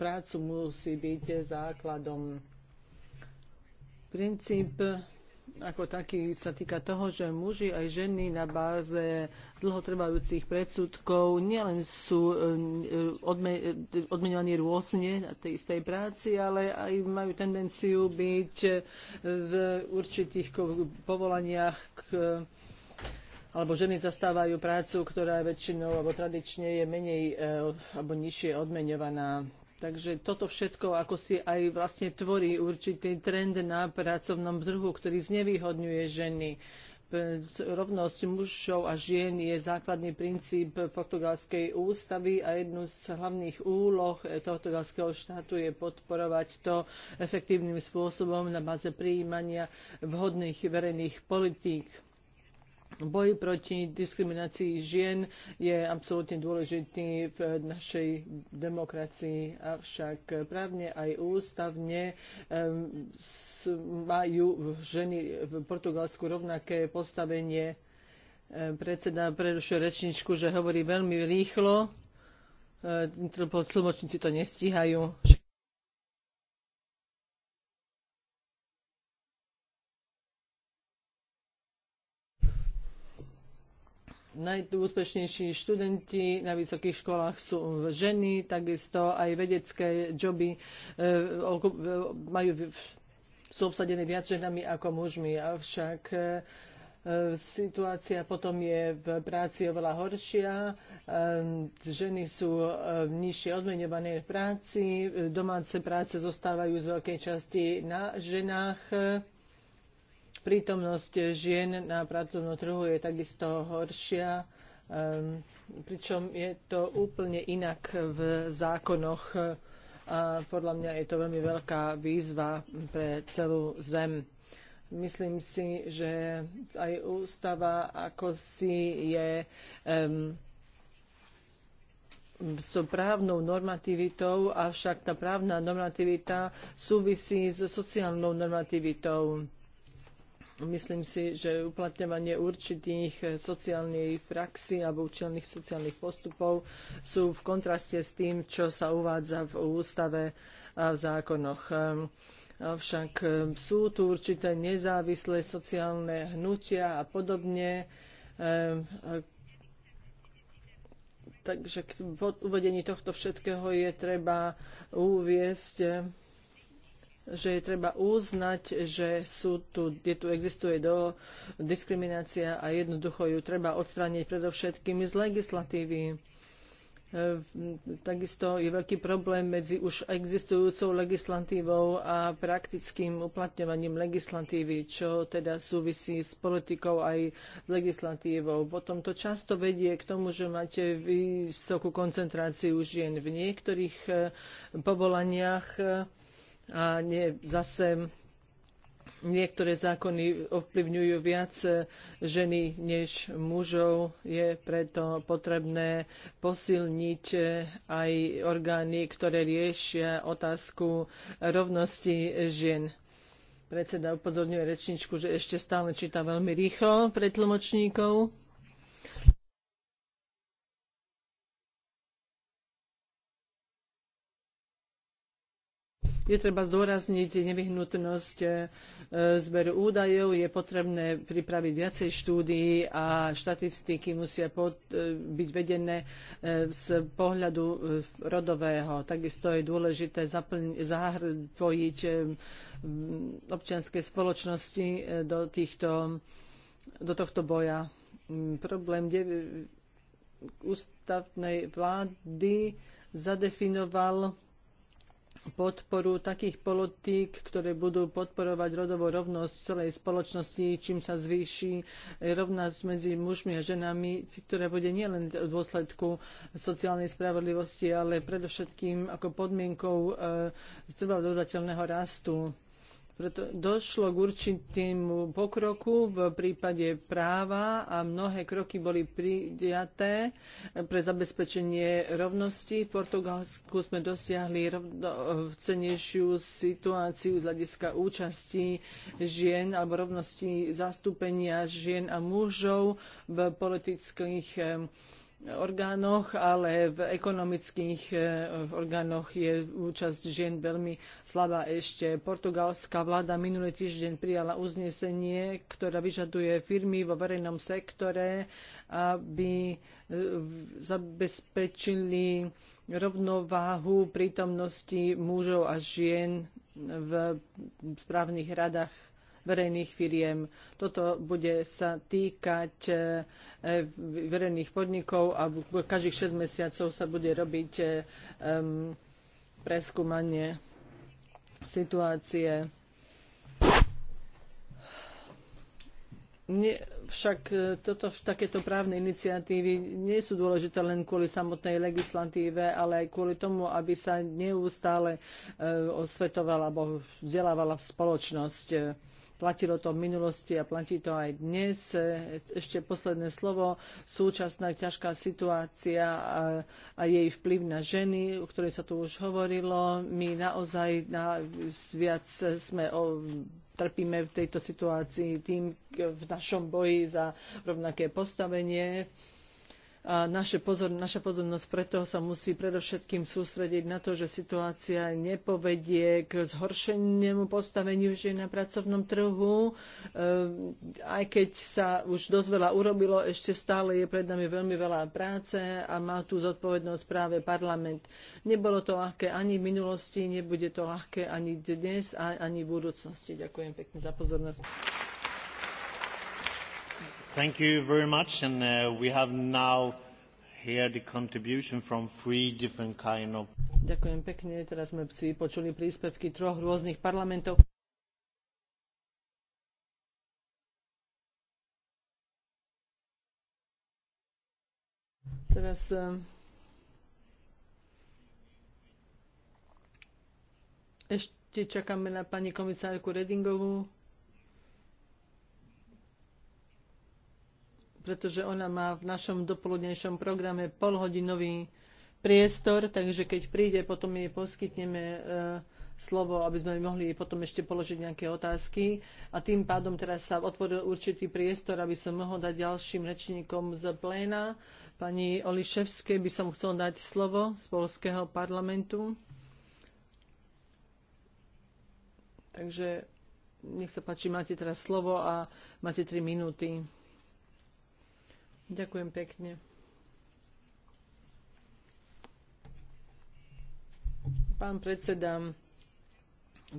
prácu musí byť základom. Princíp ako taký sa týka toho, že muži aj ženy na báze dlhotrvajúcich predsudkov nielen sú eh, odmenovaní eh, rôzne na tej istej práci, ale aj majú tendenciu byť eh, v určitých povolaniach k alebo ženy zastávajú prácu, ktorá väčšinou alebo tradične je menej alebo nižšie odmeňovaná Takže toto všetko ako si aj vlastne tvorí určitý trend na pracovnom trhu, ktorý znevýhodňuje ženy. Rovnosť mužov a žien je základný princíp portugalskej ústavy a jednu z hlavných úloh portugalského štátu je podporovať to efektívnym spôsobom na báze prijímania vhodných verejných politík Boj proti diskriminácii žien je absolútne dôležitý v našej demokracii, avšak právne aj ústavne majú ženy v Portugalsku rovnaké postavenie. Predseda prerušuje rečničku, že hovorí veľmi rýchlo, tlmočníci to nestíhajú. najúspešnejší študenti na vysokých školách sú ženy, takisto aj vedecké joby e, e, majú, sú obsadené viac ženami ako mužmi. Avšak e, situácia potom je v práci oveľa horšia. Ženy sú nižšie odmenované v práci, domáce práce zostávajú z veľkej časti na ženách prítomnosť žien na pracovnom trhu je takisto horšia, ehm, pričom je to úplne inak v zákonoch a podľa mňa je to veľmi veľká výzva pre celú zem. Myslím si, že aj ústava ako si je um, so právnou normativitou, avšak tá právna normativita súvisí so sociálnou normativitou Myslím si, že uplatňovanie určitých eh, sociálnych praxí alebo účelných sociálnych postupov sú v kontraste s tým, čo sa uvádza v ústave a v zákonoch. Ehm, avšak ehm, sú tu určité nezávislé sociálne hnutia a podobne. Ehm, takže k uvedení tohto všetkého je treba uviesť že je treba uznať, že sú tu, kde tu existuje do diskriminácia a jednoducho ju treba odstrániť predovšetkým z legislatívy. E, takisto je veľký problém medzi už existujúcou legislatívou a praktickým uplatňovaním legislatívy, čo teda súvisí s politikou aj s legislatívou. Potom to často vedie k tomu, že máte vysokú koncentráciu žien v niektorých e, povolaniach a nie zase niektoré zákony ovplyvňujú viac e, ženy než mužov. Je preto potrebné posilniť e, aj orgány, ktoré riešia otázku rovnosti žien. Predseda upozorňuje rečničku, že ešte stále číta veľmi rýchlo pre tlmočníkov. Je treba zdôrazniť nevyhnutnosť e, zberu údajov, je potrebné pripraviť viacej štúdií a štatistiky musia e, byť vedené e, z pohľadu rodového. Takisto je dôležité zaplň, zahrpojiť občianske spoločnosti do, týchto, do tohto boja. Problém ústavnej vlády zadefinoval podporu takých politík, ktoré budú podporovať rodovú rovnosť celej spoločnosti, čím sa zvýši rovnosť medzi mužmi a ženami, ktorá bude nielen v dôsledku sociálnej spravodlivosti, ale predovšetkým ako podmienkou e, trvalo rastu preto došlo k určitému pokroku v prípade práva a mnohé kroky boli prijaté pre zabezpečenie rovnosti. V Portugalsku sme dosiahli cenejšiu situáciu z hľadiska účasti žien alebo rovnosti zastúpenia žien a mužov v politických orgánoch, ale v ekonomických e, orgánoch je účasť žien veľmi slabá ešte. Portugalská vláda minulý týždeň prijala uznesenie, ktorá vyžaduje firmy vo verejnom sektore, aby e, zabezpečili rovnováhu prítomnosti mužov a žien v správnych radách verejných firiem. Toto bude sa týkať e, e, verejných podnikov a každých 6 mesiacov sa bude robiť e, preskúmanie situácie. Nie, však toto, takéto právne iniciatívy nie sú dôležité len kvôli samotnej legislatíve, ale aj kvôli tomu, aby sa neustále e, osvetovala alebo vzdelávala spoločnosť. Platilo to v minulosti a platí to aj dnes. Ešte posledné slovo. Súčasná ťažká situácia a, a jej vplyv na ženy, o ktorej sa tu už hovorilo. My naozaj na, viac sme o, trpíme v tejto situácii tým v našom boji za rovnaké postavenie naše pozor, naša pozornosť preto sa musí predovšetkým sústrediť na to, že situácia nepovedie k zhoršenému postaveniu žien na pracovnom trhu. Ehm, aj keď sa už dosť veľa urobilo, ešte stále je pred nami veľmi veľa práce a má tu zodpovednosť práve parlament. Nebolo to ľahké ani v minulosti, nebude to ľahké ani dnes, ani v budúcnosti. Ďakujem pekne za pozornosť. Thank you very much. And uh, we have now here the contribution from three different kind of... Ďakujem pekne. Teraz sme si počuli príspevky troch rôznych parlamentov. Teraz eh, ešte čakáme na pani komisárku Redingovú. pretože ona má v našom dopoludnejšom programe polhodinový priestor, takže keď príde, potom jej poskytneme e, slovo, aby sme mohli potom ešte položiť nejaké otázky. A tým pádom teraz sa otvoril určitý priestor, aby som mohol dať ďalším rečníkom z pléna. Pani Oliševskej by som chcel dať slovo z Polského parlamentu. Takže nech sa páči, máte teraz slovo a máte 3 minúty. Ďakujem pekne. Pán predseda,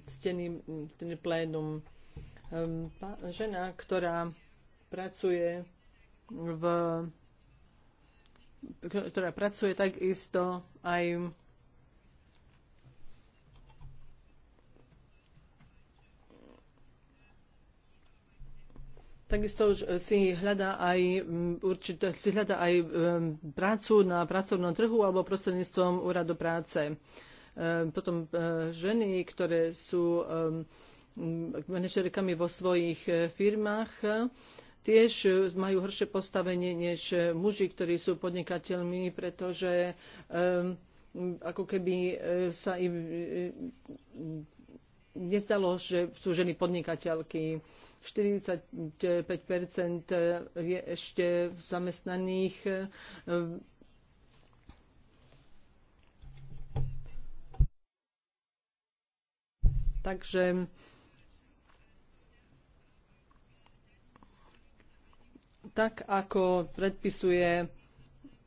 ctený, ctený plénum, ehm, žena, ktorá pracuje v ktorá pracuje takisto aj Takisto si hľada aj, mm, určite, si hľada aj mm, prácu na pracovnom trhu alebo prostredníctvom úradu práce. E, potom e, ženy, ktoré sú e, manažerkami vo svojich firmách, tiež majú horšie postavenie než muži, ktorí sú podnikateľmi, pretože um, ako keby sa im nezdalo, že sú ženy podnikateľky. 45 je ešte zamestnaných. Takže tak ako predpisuje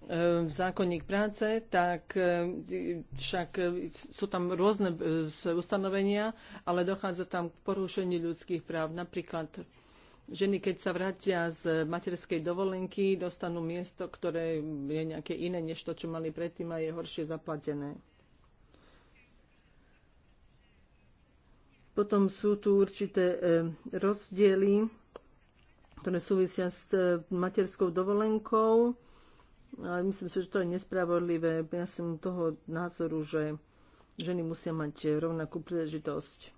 E, zákonník práce, tak e, však e, sú tam rôzne ustanovenia, ale dochádza tam k porušeniu ľudských práv. Napríklad ženy, keď sa vrátia z materskej dovolenky, dostanú miesto, ktoré je nejaké iné než to, čo mali predtým a je horšie zaplatené. Potom sú tu určité rozdiely, ktoré súvisia s materskou dovolenkou ale myslím si, že to je nespravodlivé. Ja som toho názoru, že ženy musia mať rovnakú príležitosť.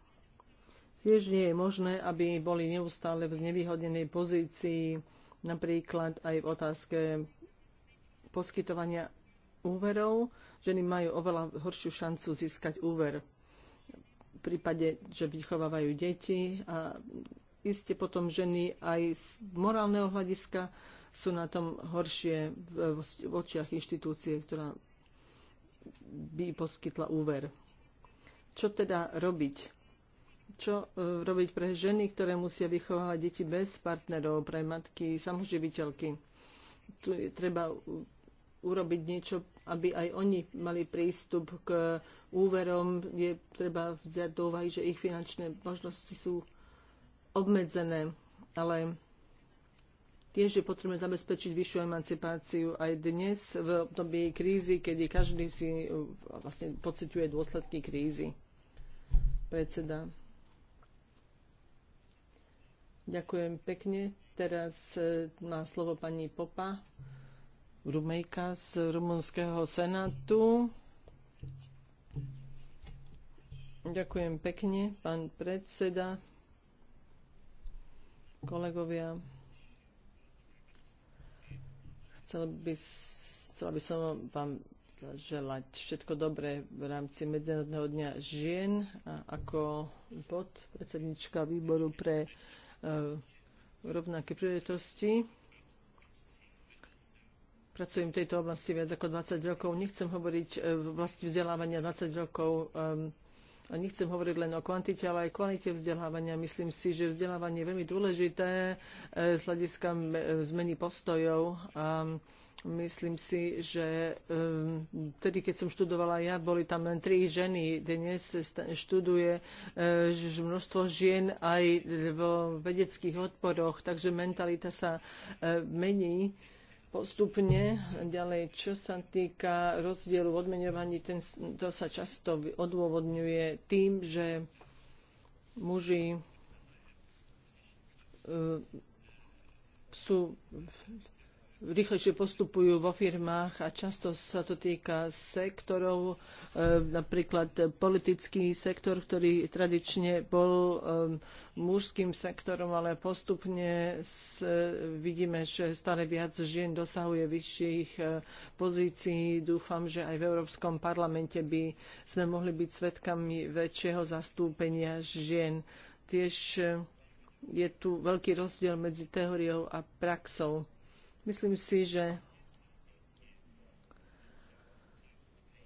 Tiež nie je možné, aby boli neustále v znevýhodnenej pozícii, napríklad aj v otázke poskytovania úverov. Ženy majú oveľa horšiu šancu získať úver v prípade, že vychovávajú deti a iste potom ženy aj z morálneho hľadiska sú na tom horšie v očiach inštitúcie, ktorá by poskytla úver. Čo teda robiť? Čo e, robiť pre ženy, ktoré musia vychovávať deti bez partnerov, pre matky, samoživiteľky? Tu je treba urobiť niečo, aby aj oni mali prístup k úverom. Je treba vziať do úvahy, že ich finančné možnosti sú obmedzené, ale Tiež je potrebné zabezpečiť vyššiu emancipáciu aj dnes v období krízy, kedy každý si e, vlastne pociťuje dôsledky krízy. Predseda. Ďakujem pekne. Teraz e, má slovo pani Popa, rumejka z Rumunského senátu. Ďakujem pekne, pán predseda, kolegovia. Chcel by, chcela by som vám želať všetko dobré v rámci Medzinárodného dňa žien a ako podpredsednička výboru pre uh, rovnaké príležitosti. Pracujem v tejto oblasti viac ako 20 rokov. Nechcem hovoriť uh, vlastne vzdelávania 20 rokov. Um, a nechcem hovoriť len o kvantite, ale aj kvalite vzdelávania. Myslím si, že vzdelávanie je veľmi dôležité e, z hľadiska e, zmeny postojov. A myslím si, že vtedy, e, keď som študovala ja, boli tam len tri ženy. Dnes študuje množstvo žien aj vo vedeckých odporoch, takže mentalita sa mení postupne. Ďalej, čo sa týka rozdielu v odmeňovaní, ten, to sa často odôvodňuje tým, že muži uh, sú rýchlejšie postupujú vo firmách a často sa to týka sektorov, e, napríklad politický sektor, ktorý tradične bol e, mužským sektorom, ale postupne e, vidíme, že stále viac žien dosahuje vyšších pozícií. Dúfam, že aj v Európskom parlamente by sme mohli byť svedkami väčšieho zastúpenia žien. Tiež je tu veľký rozdiel medzi teóriou a praxou Myslím si, že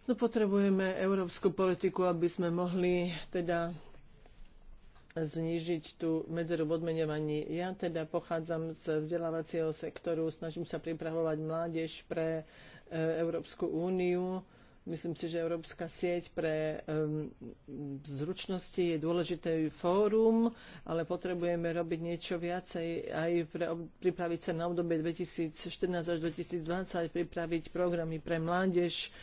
no potrebujeme európsku politiku, aby sme mohli teda znižiť tú medzeru v odmenovaní. Ja teda pochádzam z vzdelávacieho sektoru, snažím sa pripravovať mládež pre e, Európsku úniu. Myslím si, že Európska sieť pre um, zručnosti je dôležité fórum, ale potrebujeme robiť niečo viacej aj pre, pripraviť sa na obdobie 2014 až 2020, pripraviť programy pre mládež,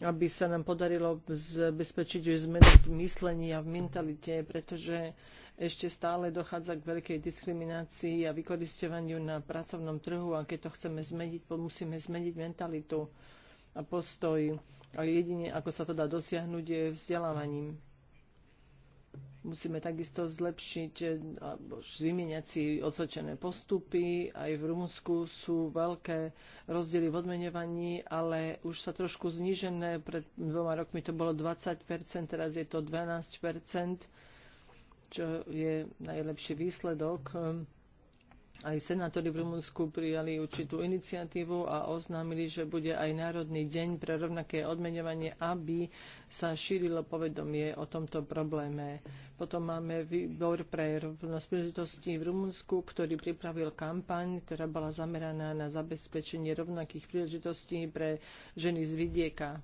aby sa nám podarilo zabezpečiť zmenu v myslení a v mentalite, pretože ešte stále dochádza k veľkej diskriminácii a vykoristovaniu na pracovnom trhu a keď to chceme zmeniť, musíme zmeniť mentalitu a postoj a jedine, ako sa to dá dosiahnuť, je vzdelávaním. Musíme takisto zlepšiť eh, alebo vymieňať si odsočené postupy. Aj v Rumunsku sú veľké rozdiely v odmenovaní, ale už sa trošku znížené. Pred dvoma rokmi to bolo 20%, teraz je to 12%, čo je najlepší výsledok aj senátori v Rumunsku prijali určitú iniciatívu a oznámili, že bude aj Národný deň pre rovnaké odmeňovanie, aby sa šírilo povedomie o tomto probléme. Potom máme výbor pre rovnosť príležitostí v Rumunsku, ktorý pripravil kampaň, ktorá bola zameraná na zabezpečenie rovnakých príležitostí pre ženy z vidieka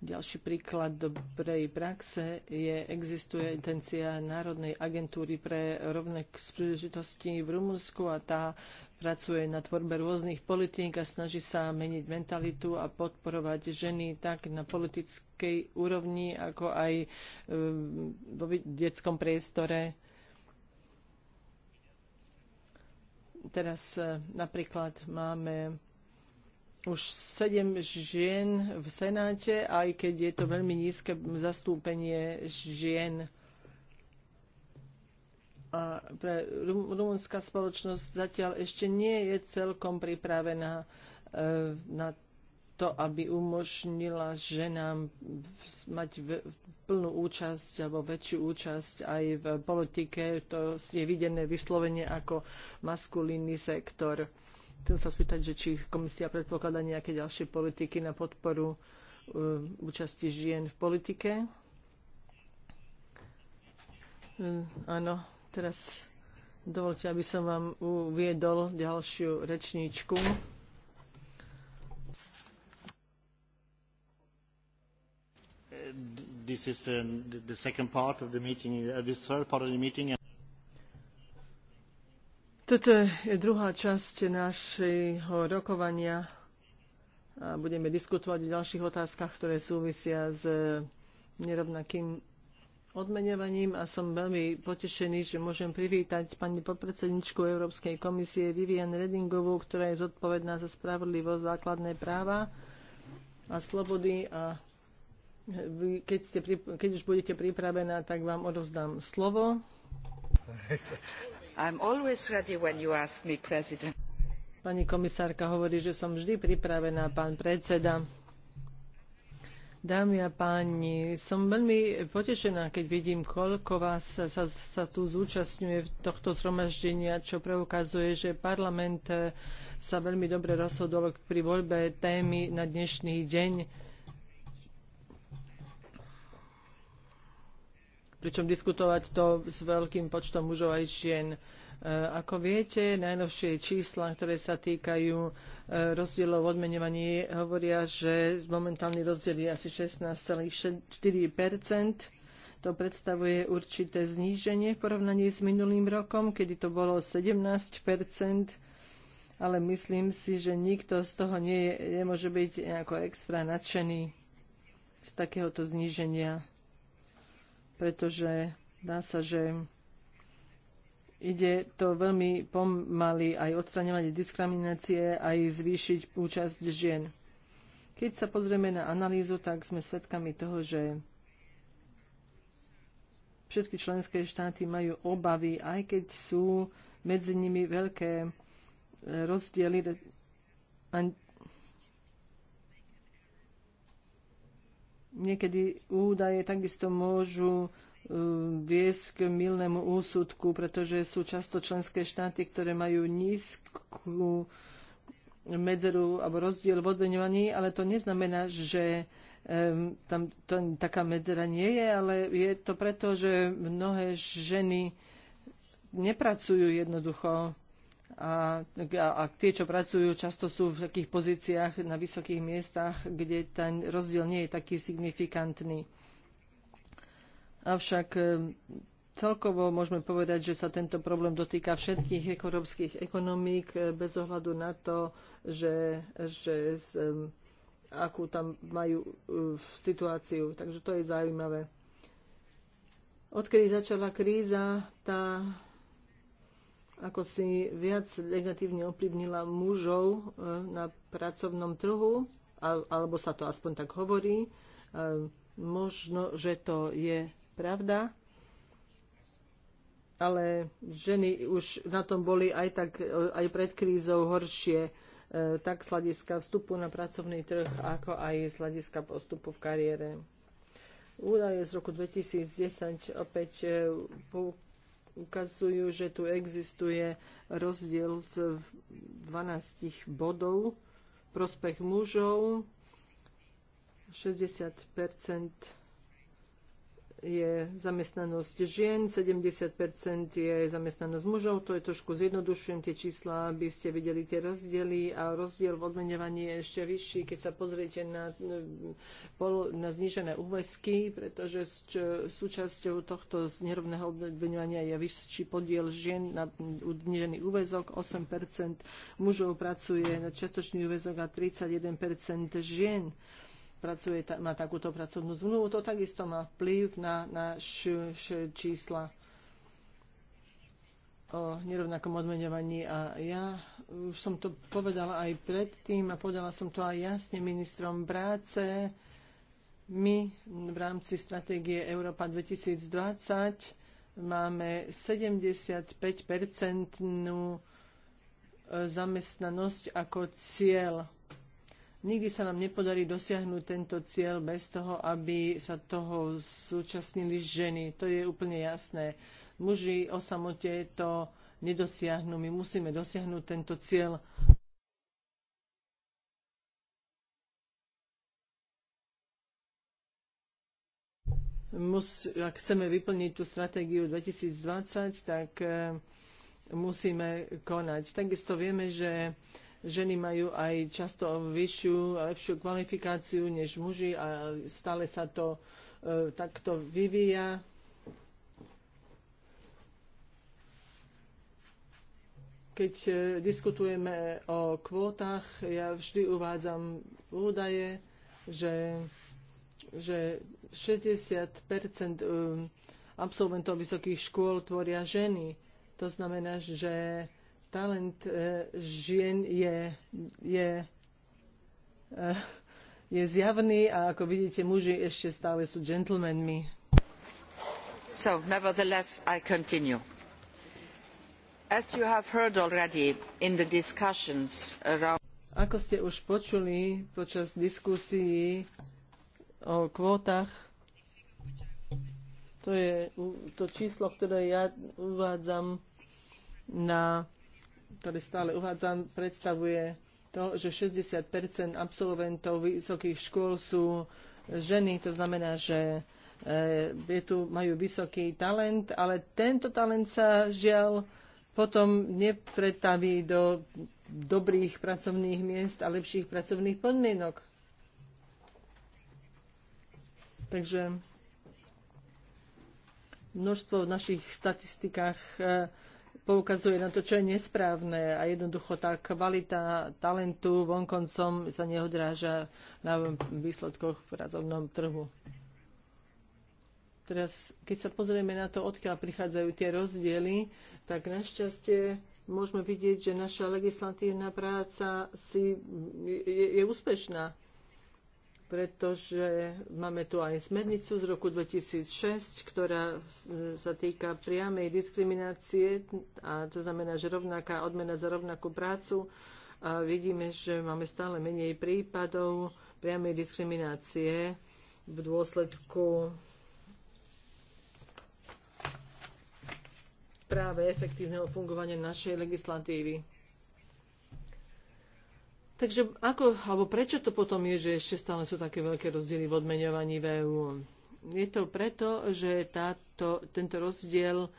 ďalší príklad dobrej praxe je, existuje intencia Národnej agentúry pre rovné spríležitosti v Rumunsku a tá pracuje na tvorbe rôznych politík a snaží sa meniť mentalitu a podporovať ženy tak na politickej úrovni, ako aj e, vo detskom priestore. Teraz e, napríklad máme už sedem žien v Senáte, aj keď je to veľmi nízke zastúpenie žien. A pre rumúnska spoločnosť zatiaľ ešte nie je celkom pripravená e, na to, aby umožnila ženám mať plnú účasť alebo väčšiu účasť aj v politike. To je videné vyslovene ako maskulínny sektor Chcem sa spýtať, že či komisia predpokladá nejaké ďalšie politiky na podporu uh, účasti žien v politike. E, áno, teraz dovolte, aby som vám uviedol ďalšiu rečníčku. This is um, the second part of the meeting, uh, this third part of the meeting. Toto je druhá časť našeho rokovania a budeme diskutovať o ďalších otázkach, ktoré súvisia s nerovnakým odmenovaním a som veľmi potešený, že môžem privítať pani podpredsedničku Európskej komisie Vivian Redingovú, ktorá je zodpovedná za spravodlivosť základné práva a slobody a keď, ste, keď už budete pripravená, tak vám odozdám slovo. always ready when you ask me, President. Pani komisárka hovorí, že som vždy pripravená, pán predseda. Dámy a páni, som veľmi potešená, keď vidím, koľko vás sa, tu zúčastňuje v tohto zhromaždenia, čo preukazuje, že parlament sa veľmi dobre rozhodol pri voľbe témy na dnešný deň pričom diskutovať to s veľkým počtom mužov aj žien. E, ako viete, najnovšie čísla, ktoré sa týkajú e, rozdielov v odmenovaní, hovoria, že momentálny rozdiel je asi 16,4 To predstavuje určité zníženie v porovnaní s minulým rokom, kedy to bolo 17 ale myslím si, že nikto z toho nie nemôže byť nejako extra nadšený z takéhoto zníženia pretože dá sa, že ide to veľmi pomaly aj odstraňovanie diskriminácie, aj zvýšiť účasť žien. Keď sa pozrieme na analýzu, tak sme svedkami toho, že všetky členské štáty majú obavy, aj keď sú medzi nimi veľké eh, rozdiely a niekedy údaje takisto môžu e, viesť k milnému úsudku, pretože sú často členské štáty, ktoré majú nízku medzeru alebo rozdiel v odmeňovaní, ale to neznamená, že um, tam to, taká medzera nie je, ale je to preto, že mnohé ženy nepracujú jednoducho a, a, a tie, čo pracujú, často sú v takých pozíciách na vysokých miestach, kde ten rozdiel nie je taký signifikantný. Avšak e, celkovo môžeme povedať, že sa tento problém dotýka všetkých európskych ekonomík e, bez ohľadu na to, že, že z, e, akú tam majú situáciu. Takže to je zaujímavé. Odkedy začala kríza, tá ako si viac negatívne ovplyvnila mužov e, na pracovnom trhu, alebo sa to aspoň tak hovorí. E, možno, že to je pravda, ale ženy už na tom boli aj tak e, aj pred krízou horšie, tak z hľadiska vstupu na pracovný trh, ako aj z hľadiska postupu v kariére. Údaje z roku 2010 opäť ukazujú, že tu existuje rozdiel z 12 bodov prospech mužov, 60 je zamestnanosť žien, 70% je zamestnanosť mužov. To je trošku zjednodušujem tie čísla, aby ste videli tie rozdiely a rozdiel v odmenovaní je ešte vyšší, keď sa pozriete na, na znížené úvesky, pretože súčasťou tohto nerovného odmenovania je vyšší podiel žien na udnížený úvezok, 8% mužov pracuje na čiastočný úvezok a 31% žien pracuje, má takúto pracovnú zmluvu, to takisto má vplyv na naše čísla o nerovnakom odmeňovaní a ja už som to povedala aj predtým a povedala som to aj jasne ministrom práce. My v rámci stratégie Európa 2020 máme 75-percentnú e, zamestnanosť ako cieľ Nikdy sa nám nepodarí dosiahnuť tento cieľ bez toho, aby sa toho súčasnili ženy. To je úplne jasné. Muži o samote to nedosiahnu. My musíme dosiahnuť tento cieľ. Mus, ak chceme vyplniť tú stratégiu 2020, tak eh, musíme konať. Takisto vieme, že ženy majú aj často vyššiu a lepšiu kvalifikáciu než muži a stále sa to e, takto vyvíja. Keď e, diskutujeme o kvótach, ja vždy uvádzam údaje, že, že 60 e, absolventov vysokých škôl tvoria ženy. To znamená, že talent eh, žien je, je, eh, je zjavný a ako vidíte, muži ešte stále sú gentlemanmi. So, nevertheless, I continue. As you have heard already in the discussions around... Ako ste už počuli počas diskusii o kvótach, to je to číslo, ktoré ja uvádzam na ktoré stále uvádzam, predstavuje to, že 60 absolventov vysokých škôl sú ženy. To znamená, že eh, je tu, majú vysoký talent, ale tento talent sa žiaľ potom nepretaví do dobrých pracovných miest a lepších pracovných podmienok. Takže množstvo v našich statistikách eh, poukazuje na to, čo je nesprávne a jednoducho tá kvalita talentu vonkoncom sa neodráža na výsledkoch v pracovnom trhu. Teraz, keď sa pozrieme na to, odkiaľ prichádzajú tie rozdiely, tak našťastie môžeme vidieť, že naša legislatívna práca si je, je úspešná pretože máme tu aj smernicu z roku 2006, ktorá sa týka priamej diskriminácie a to znamená, že rovnaká odmena za rovnakú prácu a vidíme, že máme stále menej prípadov priamej diskriminácie v dôsledku práve efektívneho fungovania našej legislatívy. Takže ako, alebo prečo to potom je, že ešte stále sú také veľké rozdiely v odmeňovaní v EÚ? Je to preto, že táto, tento rozdiel um,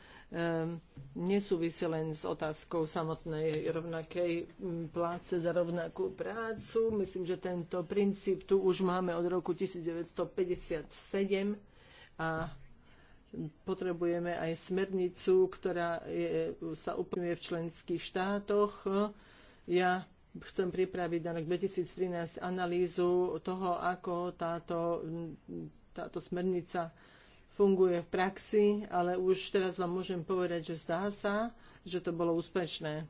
nesúvisí len s otázkou samotnej rovnakej mm, pláce za rovnakú prácu. Myslím, že tento princíp tu už máme od roku 1957 a potrebujeme aj smernicu, ktorá je, sa uplňuje v členských štátoch. Ja chcem pripraviť na rok 2013 analýzu toho, ako táto, táto smernica funguje v praxi, ale už teraz vám môžem povedať, že zdá sa, že to bolo úspešné.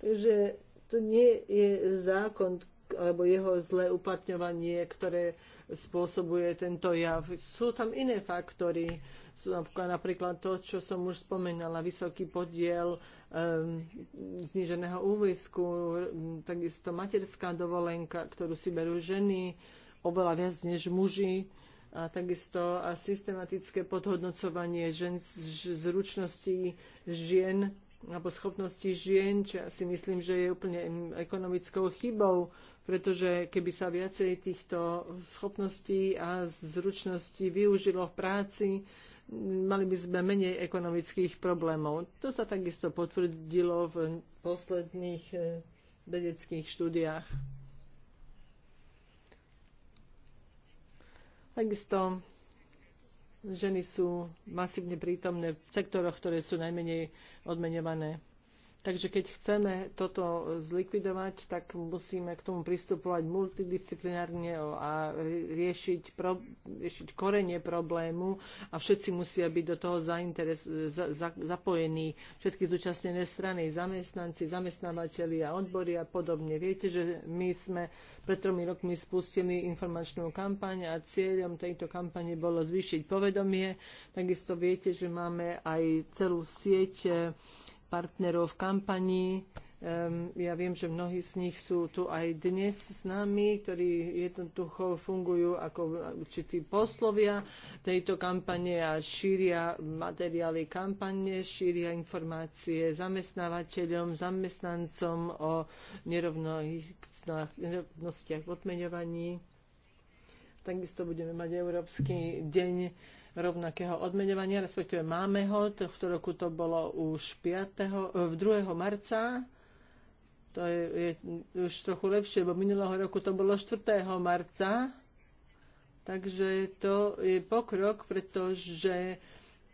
Takže to nie je zákon alebo jeho zlé uplatňovanie, ktoré spôsobuje tento jav. Sú tam iné faktory, sú napríklad napríklad to, čo som už spomenala, vysoký podiel um, zníženého úvisku, takisto materská dovolenka, ktorú si berú ženy oveľa viac než muži a takisto a systematické podhodnocovanie žen, zručností žien alebo schopnosti žien, čo ja si myslím, že je úplne ekonomickou chybou, pretože keby sa viacej týchto schopností a zručností využilo v práci, mali by sme menej ekonomických problémov. To sa takisto potvrdilo v posledných eh, vedeckých štúdiách. Takisto ženy sú masívne prítomné v sektoroch, ktoré sú najmenej odmeňované. Takže keď chceme toto zlikvidovať, tak musíme k tomu pristupovať multidisciplinárne a riešiť, pro, riešiť korenie problému a všetci musia byť do toho zainteres, za, za, zapojení, všetky zúčastnené strany, zamestnanci, zamestnávateľi a odbory a podobne. Viete, že my sme pred tromi rokmi spustili informačnú kampaň a cieľom tejto kampane bolo zvýšiť povedomie. Takisto viete, že máme aj celú sieť partnerov v kampani. Ja viem, že mnohí z nich sú tu aj dnes s nami, ktorí jednoducho fungujú ako určití poslovia tejto kampane a šíria materiály kampane, šíria informácie zamestnávateľom, zamestnancom o nerovnostiach v odmeňovaní. Takisto budeme mať Európsky deň rovnakého odmeňovania, respektíve máme ho, tohto roku to bolo už 5. 2. E, marca, to je, je už trochu lepšie, bo minulého roku to bolo 4. marca, takže to je pokrok, pretože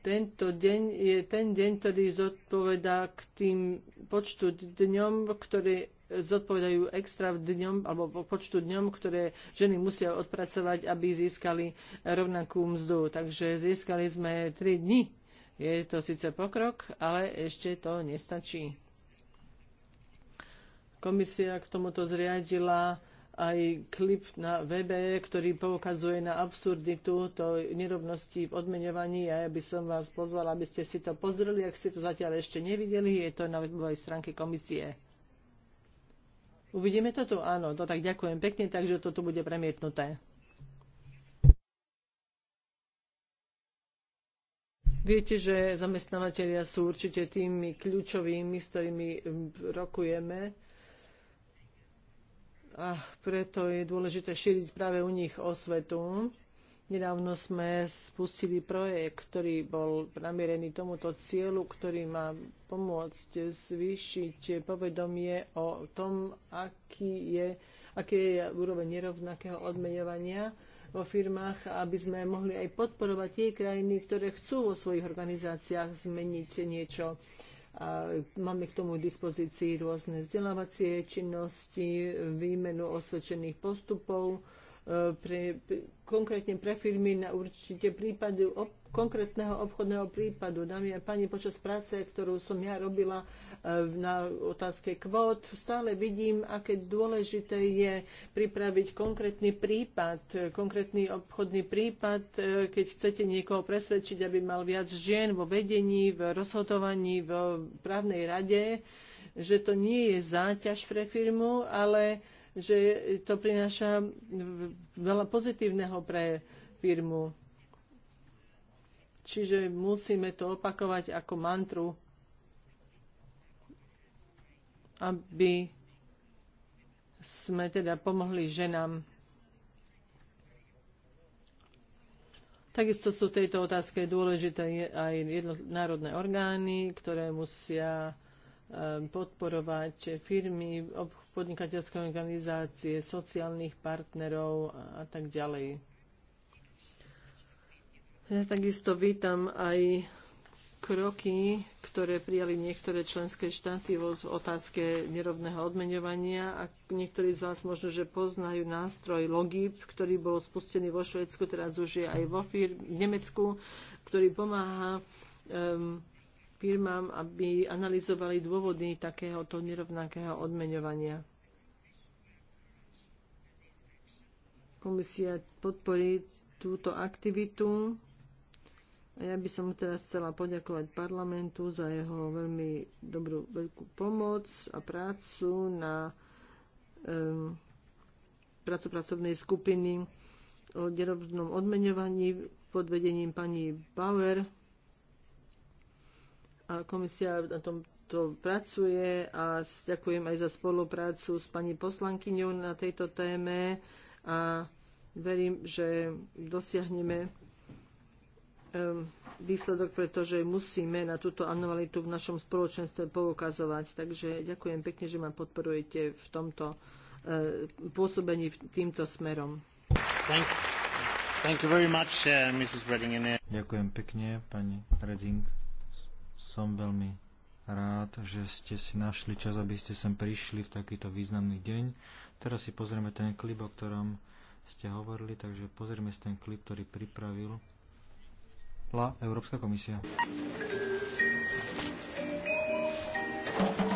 tento deň je ten deň, ktorý zodpovedá k tým počtu dňom, ktoré zodpovedajú extra dňom alebo počtu dňom, ktoré ženy musia odpracovať, aby získali rovnakú mzdu. Takže získali sme 3 dni. Je to síce pokrok, ale ešte to nestačí. Komisia k tomuto zriadila aj klip na webe, ktorý poukazuje na absurditu to nerovnosti v odmeňovaní. A ja by som vás pozvala, aby ste si to pozreli, ak ste to zatiaľ ešte nevideli. Je to na webovej stránke komisie. Uvidíme to tu? Áno, to no tak ďakujem pekne, takže toto bude premietnuté. Viete, že zamestnávateľia sú určite tými kľúčovými, s ktorými rokujeme a preto je dôležité šíriť práve u nich osvetu. Nedávno sme spustili projekt, ktorý bol namierený tomuto cieľu, ktorý má pomôcť zvýšiť povedomie o tom, aký je, aký je úroveň nerovnakého odmeňovania vo firmách, aby sme mohli aj podporovať tie krajiny, ktoré chcú vo svojich organizáciách zmeniť niečo. A máme k tomu dispozícii rôzne vzdelávacie činnosti, výmenu osvedčených postupov, E, pre, konkrétne pre firmy na určite prípady ob, konkrétneho obchodného prípadu. Dámy a páni, počas práce, ktorú som ja robila e, na otázke kvót, stále vidím, aké dôležité je pripraviť konkrétny prípad, e, konkrétny obchodný prípad, keď chcete niekoho presvedčiť, aby mal viac žien vo vedení, v rozhodovaní, v právnej rade, že to nie je záťaž pre firmu, ale že to prináša veľa pozitívneho pre firmu. Čiže musíme to opakovať ako mantru, aby sme teda pomohli ženám. Takisto sú v tejto otázke dôležité aj národné orgány, ktoré musia Um, podporovať firmy, podnikateľské organizácie, sociálnych partnerov a tak ďalej. Ja takisto vítam aj kroky, ktoré prijali niektoré členské štáty v otázke nerovného odmeňovania a niektorí z vás možno, že poznajú nástroj Logip, ktorý bol spustený vo Švedsku, teraz už je aj vo firm, v Nemecku, ktorý pomáha um, firmám, aby analyzovali dôvody takéhoto nerovnakého odmeňovania. Komisia podporí túto aktivitu a ja by som teraz chcela poďakovať parlamentu za jeho veľmi dobrú veľkú pomoc a prácu na um, prácu pracovnej skupiny o nerovnom odmeňovaní pod vedením pani Bauer a komisia na tomto pracuje a ďakujem aj za spoluprácu s pani poslankyňou na tejto téme a verím, že dosiahneme výsledok, pretože musíme na túto anomalitu v našom spoločenstve poukazovať. Takže ďakujem pekne, že ma podporujete v tomto eh, pôsobení týmto smerom. Thank, thank much, uh, Ďakujem pekne, pani Reding. Som veľmi rád, že ste si našli čas, aby ste sem prišli v takýto významný deň. Teraz si pozrieme ten klip, o ktorom ste hovorili, takže pozrieme si ten klip, ktorý pripravil La Európska komisia. Thank you.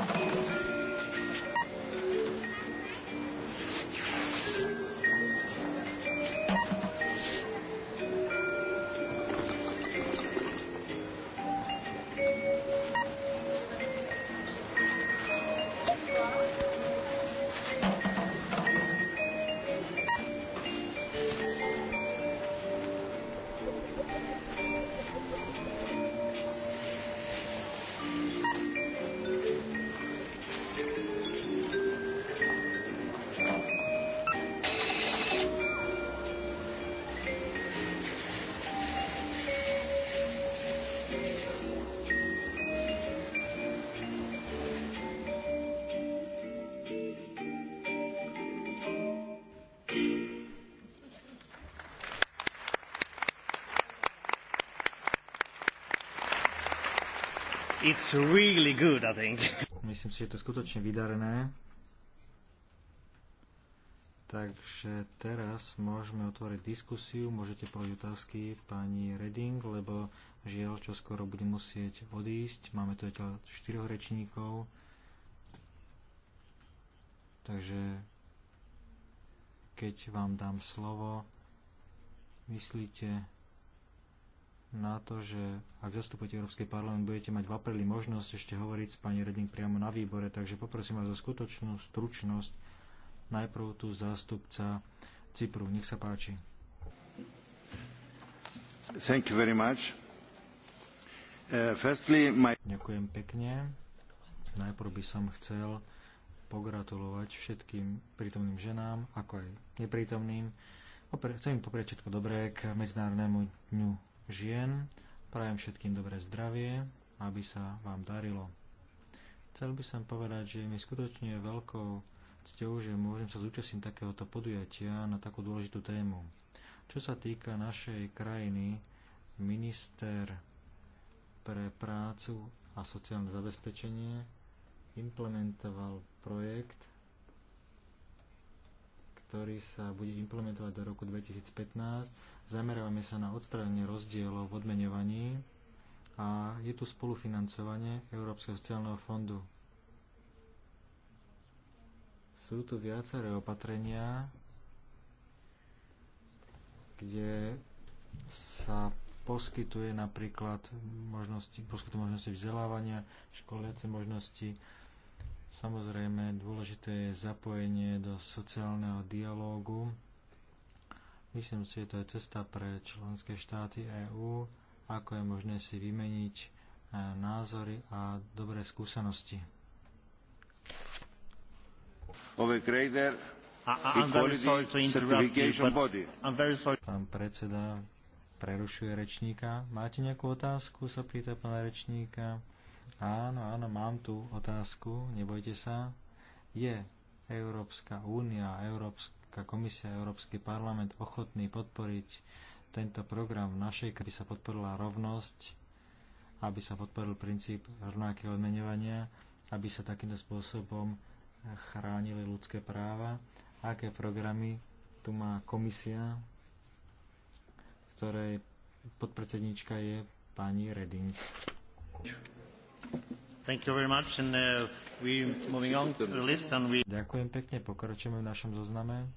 it's really good, I think. Myslím si, že to je skutočne vydarené. Takže teraz môžeme otvoriť diskusiu, môžete položiť otázky pani Reding, lebo žiaľ, čo skoro bude musieť odísť. Máme tu teda štyroch rečníkov. Takže keď vám dám slovo, myslíte na to, že ak zastupujete Európsky parlament, budete mať v apríli možnosť ešte hovoriť s pani Reding priamo na výbore, takže poprosím vás o skutočnú stručnosť. Najprv tu zástupca Cypru. Nech sa páči. Thank you very much. Uh, firstly, my... Ďakujem pekne. Najprv by som chcel pogratulovať všetkým prítomným ženám, ako aj neprítomným. Chcem im poprieť všetko dobré k Medzinárodnému dňu žien. Prajem všetkým dobré zdravie, aby sa vám darilo. Chcel by som povedať, že mi skutočne veľkou cťou, že môžem sa zúčastniť takéhoto podujatia na takú dôležitú tému. Čo sa týka našej krajiny, minister pre prácu a sociálne zabezpečenie implementoval projekt ktorý sa bude implementovať do roku 2015. Zamerávame sa na odstránenie rozdielov v odmeňovaní a je tu spolufinancovanie Európskeho sociálneho fondu. Sú tu viaceré opatrenia, kde sa poskytuje napríklad možnosti, poskytuje možnosti vzdelávania, školiace možnosti, Samozrejme, dôležité je zapojenie do sociálneho dialógu. Myslím si, že to je cesta pre členské štáty EÚ, ako je možné si vymeniť e, názory a dobré skúsenosti. Pán predseda prerušuje rečníka. Máte nejakú otázku? Sa pýta pána rečníka. Áno, áno, mám tu otázku, nebojte sa. Je Európska únia, Európska komisia, Európsky parlament ochotný podporiť tento program v našej, aby sa podporila rovnosť, aby sa podporil princíp rovnakého odmenovania, aby sa takýmto spôsobom chránili ľudské práva, aké programy tu má komisia, ktorej podpredsednička je pani Reding. Uh, Ďakujem pekne, pokračujeme v našom zozname.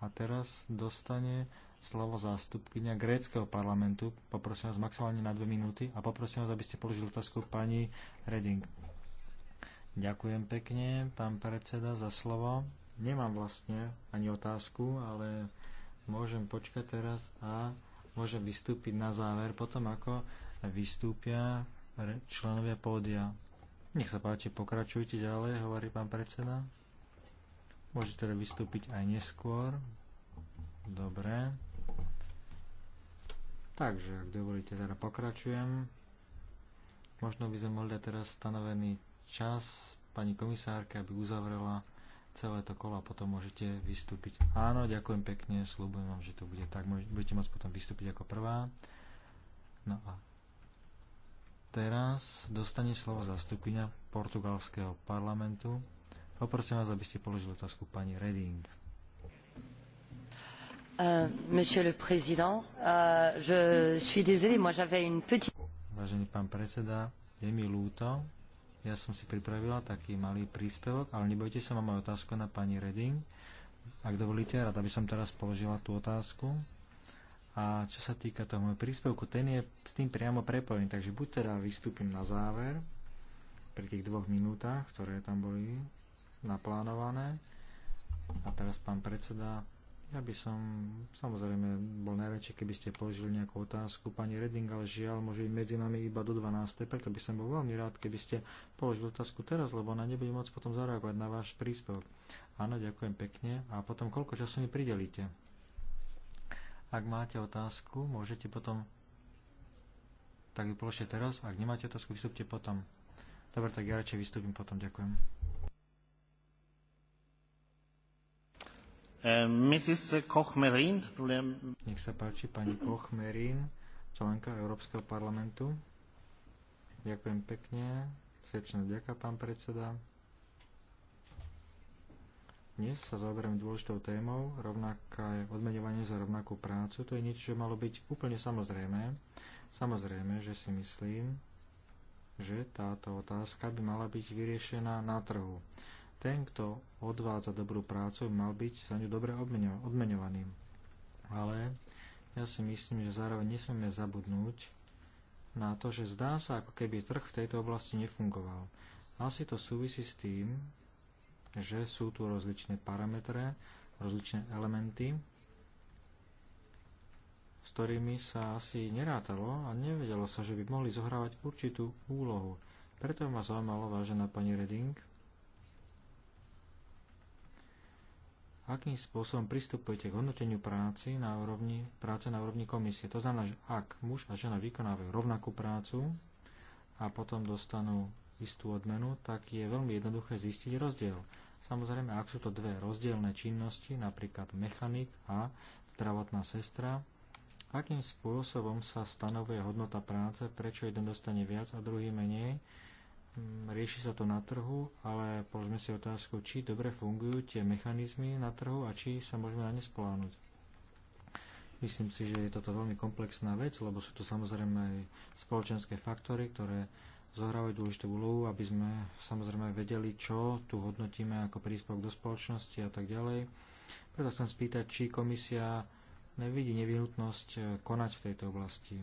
A teraz dostane slovo zástupkynia gréckého parlamentu. Poprosím vás maximálne na dve minúty a poprosím vás, aby ste položili otázku pani Reding. Ďakujem pekne, pán predseda, za slovo. Nemám vlastne ani otázku, ale môžem počkať teraz a môžem vystúpiť na záver potom, ako vystúpia členovia pódia. Nech sa páči, pokračujte ďalej, hovorí pán predseda. Môžete teda vystúpiť aj neskôr. Dobre. Takže, ak dovolíte, teda pokračujem. Možno by sme mohli teraz stanovený čas pani komisárke, aby uzavrela celé to kolo a potom môžete vystúpiť. Áno, ďakujem pekne, slúbujem vám, že to bude tak. Budete môcť potom vystúpiť ako prvá. No a Teraz dostane slovo zastupňa portugalského parlamentu. Poprosím vás, aby ste položili otázku pani Reding. Euh, euh, Vážený pán predseda, je mi ľúto, ja som si pripravila taký malý príspevok, ale nebojte sa, mám aj otázku na pani Reding. Ak dovolíte, rada by som teraz položila tú otázku. A čo sa týka toho môjho príspevku, ten je s tým priamo prepojený. Takže buď teda vystúpim na záver, pri tých dvoch minútach, ktoré tam boli naplánované. A teraz pán predseda, ja by som samozrejme bol najradšej, keby ste položili nejakú otázku. Pani Redding, ale žiaľ, môže byť medzi nami iba do 12. Preto by som bol veľmi rád, keby ste položili otázku teraz, lebo ona nebude môcť potom zareagovať na váš príspevok. Áno, ďakujem pekne. A potom koľko času mi pridelíte? Ak máte otázku, môžete potom tak ju položte teraz. Ak nemáte otázku, vystúpte potom. Dobre, tak ja radšej vystúpim potom. Ďakujem. Eh, Mrs. Koch-Merin. Nech sa páči, pani Koch-Merin, členka Európskeho parlamentu. Ďakujem pekne. Srdečná ďaká, pán predseda. Dnes sa zaoberáme dôležitou témou, rovnaká je odmeňovanie za rovnakú prácu. To je niečo, čo malo byť úplne samozrejme. Samozrejme, že si myslím, že táto otázka by mala byť vyriešená na trhu. Ten, kto odvádza dobrú prácu, by mal byť za ňu dobre odmeňovaný. Ale ja si myslím, že zároveň nesmieme zabudnúť na to, že zdá sa, ako keby trh v tejto oblasti nefungoval. Asi to súvisí s tým, že sú tu rozličné parametre, rozličné elementy, s ktorými sa asi nerátalo a nevedelo sa, že by mohli zohrávať určitú úlohu. Preto ma zaujímalo, vážená pani Reding, akým spôsobom pristupujete k hodnoteniu práci na úrovni, práce na úrovni komisie. To znamená, že ak muž a žena vykonávajú rovnakú prácu a potom dostanú istú odmenu, tak je veľmi jednoduché zistiť rozdiel. Samozrejme, ak sú to dve rozdielne činnosti, napríklad mechanik a zdravotná sestra, akým spôsobom sa stanovuje hodnota práce, prečo jeden dostane viac a druhý menej. Mm, rieši sa to na trhu, ale položme si otázku, či dobre fungujú tie mechanizmy na trhu a či sa môžeme na ne spolánuť. Myslím si, že je toto veľmi komplexná vec, lebo sú to samozrejme aj spoločenské faktory, ktoré zohrávajú dôležitú úlohu, aby sme samozrejme vedeli, čo tu hodnotíme ako príspevok do spoločnosti a tak ďalej. Preto chcem spýtať, či komisia nevidí nevyhnutnosť eh, konať v tejto oblasti.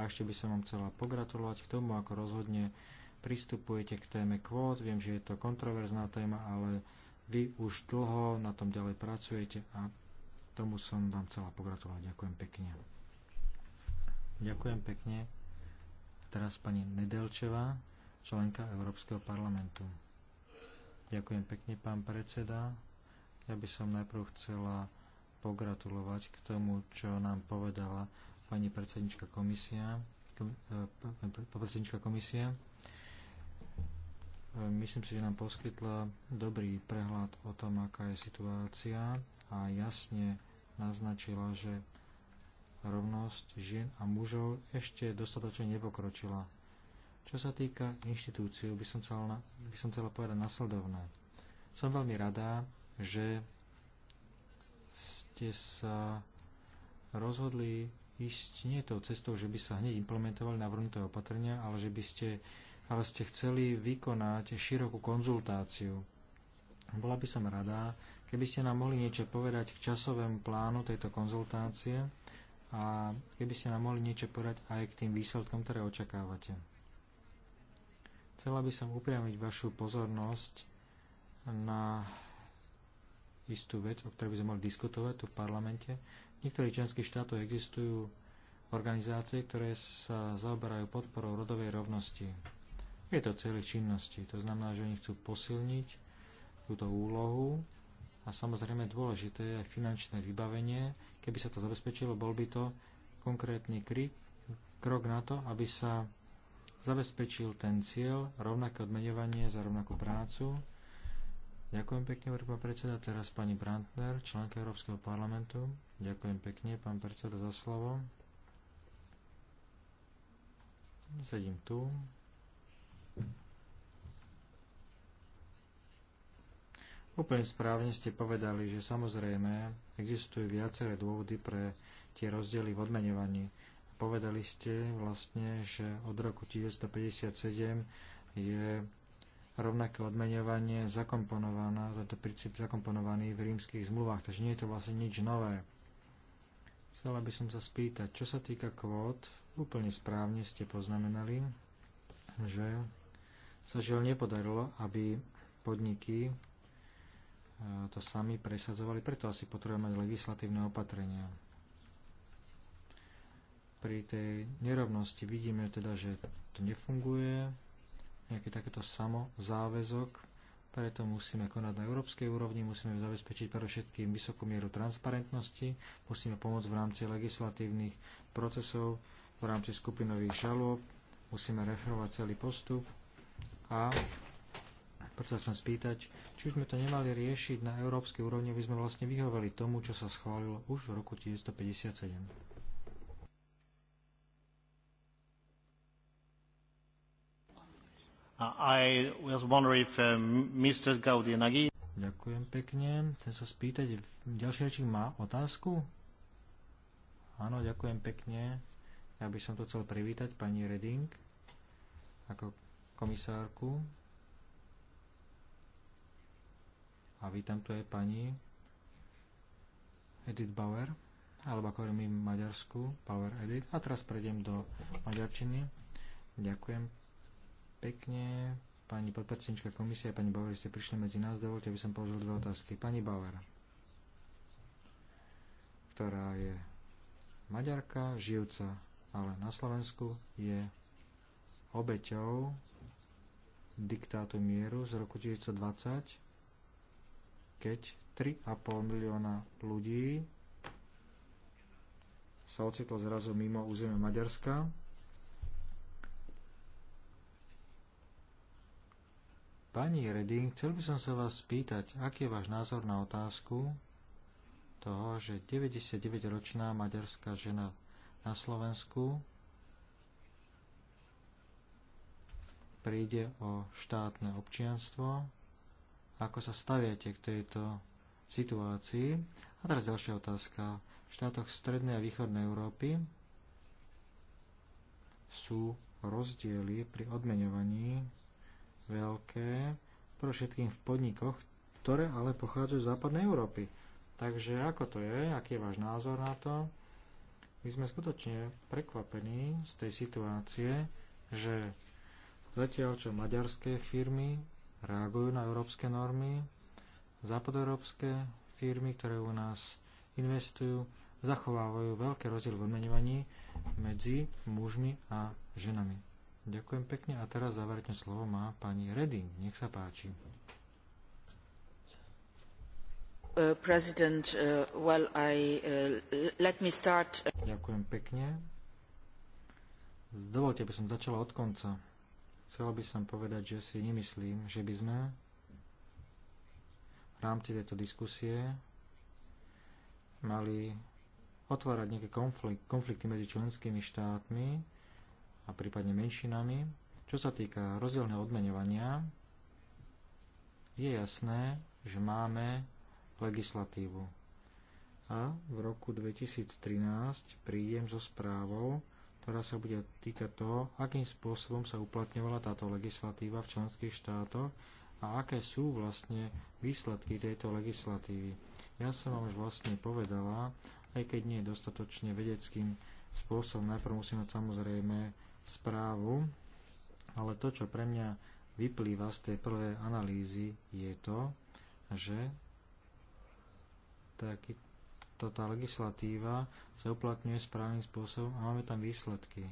A ešte by som vám chcela pogratulovať k tomu, ako rozhodne pristupujete k téme kvót. Viem, že je to kontroverzná téma, ale vy už dlho na tom ďalej pracujete a tomu som vám chcela pogratulovať. Ďakujem pekne. Ďakujem pekne teraz pani Nedelčeva, členka Európskeho parlamentu. Ďakujem pekne, pán predseda. Ja by som najprv chcela pogratulovať k tomu, čo nám povedala pani predsednička komisia. Kom, eh, predsednička komisie. Eh, myslím si, že nám poskytla dobrý prehľad o tom, aká je situácia a jasne naznačila, že rovnosť žien a mužov ešte dostatočne nepokročila. Čo sa týka inštitúcií, by som chcela, by som chcela povedať nasledovné. Som veľmi rada, že ste sa rozhodli ísť nie tou cestou, že by sa hneď implementovali navrhnuté opatrenia, ale že by ste, ale ste chceli vykonať širokú konzultáciu. Bola by som rada, keby ste nám mohli niečo povedať k časovému plánu tejto konzultácie a keby ste nám mohli niečo povedať aj k tým výsledkom, ktoré očakávate. Chcela by som upriamiť vašu pozornosť na istú vec, o ktorej by sme mohli diskutovať tu v parlamente. V niektorých členských štátoch existujú organizácie, ktoré sa zaoberajú podporou rodovej rovnosti. Je to celých činností. To znamená, že oni chcú posilniť túto úlohu a samozrejme dôležité je aj finančné vybavenie. Keby sa to zabezpečilo, bol by to konkrétny krik, krok na to, aby sa zabezpečil ten cieľ, rovnaké odmeňovanie za rovnakú prácu. Ďakujem pekne, pán predseda. Teraz pani Brandner, členka Európskeho parlamentu. Ďakujem pekne, pán predseda, za slovo. Sedím tu. Úplne správne ste povedali, že samozrejme existujú viaceré dôvody pre tie rozdiely v odmenovaní. Povedali ste vlastne, že od roku 1957 je rovnaké odmenovanie zakomponovaná, tento princíp zakomponovaný v rímskych zmluvách, takže nie je to vlastne nič nové. Chcela by som sa spýtať, čo sa týka kvót, úplne správne ste poznamenali, že sa žiaľ nepodarilo, aby podniky to sami presadzovali, preto asi potrebujeme mať legislatívne opatrenia. Pri tej nerovnosti vidíme teda, že to nefunguje, nejaký takéto samozáväzok, preto musíme konať na európskej úrovni, musíme zabezpečiť všetkým vysokú mieru transparentnosti, musíme pomôcť v rámci legislatívnych procesov, v rámci skupinových žalob, musíme referovať celý postup a preto chcem spýtať, či už sme to nemali riešiť na európskej úrovni, aby sme vlastne vyhoveli tomu, čo sa schválilo už v roku 1957. Uh, if, uh, Ďakujem pekne. Chcem sa spýtať, ďalší rečník má otázku? Áno, ďakujem pekne. Ja by som to chcel privítať pani Reding ako komisárku a vítam tu aj pani Edith Bauer, alebo ako hovorím v Maďarsku, Bauer Edith. A teraz prejdem do Maďarčiny. Ďakujem pekne. Pani podpredsednička komisie a pani Bauer, ste prišli medzi nás. Dovolte, aby som položil dve otázky. Pani Bauer, ktorá je Maďarka, žijúca ale na Slovensku, je obeťou diktátu mieru z roku 1920 keď 3,5 milióna ľudí sa ocitlo zrazu mimo územia Maďarska. Pani Reding, chcel by som sa vás spýtať, aký je váš názor na otázku toho, že 99-ročná maďarská žena na Slovensku príde o štátne občianstvo ako sa staviate k tejto situácii. A teraz ďalšia otázka. V štátoch strednej a východnej Európy sú rozdiely pri odmeňovaní veľké, pro všetkým v podnikoch, ktoré ale pochádzajú z západnej Európy. Takže ako to je, aký je váš názor na to? My sme skutočne prekvapení z tej situácie, že zatiaľ čo maďarské firmy reagujú na európske normy, západoeurópske firmy, ktoré u nás investujú, zachovávajú veľký rozdiel v odmenovaní medzi mužmi a ženami. Ďakujem pekne a teraz záverečné slovo má pani Reding. Nech sa páči. Uh, uh, uh, Ďakujem pekne. Dovolte, by som začala od konca. Chcela by som povedať, že si nemyslím, že by sme v rámci tejto diskusie mali otvárať nejaké konflikt, konflikty medzi členskými štátmi a prípadne menšinami. Čo sa týka rozdielného odmenovania, je jasné, že máme legislatívu. A v roku 2013 príjem so správou, ktorá sa bude týkať toho, akým spôsobom sa uplatňovala táto legislatíva v členských štátoch a aké sú vlastne výsledky tejto legislatívy. Ja som vám už vlastne povedala, aj keď nie je dostatočne vedeckým spôsobom, najprv musím mať samozrejme správu, ale to, čo pre mňa vyplýva z tej prvej analýzy, je to, že taký, tá legislatíva sa uplatňuje správnym spôsobom a máme tam výsledky.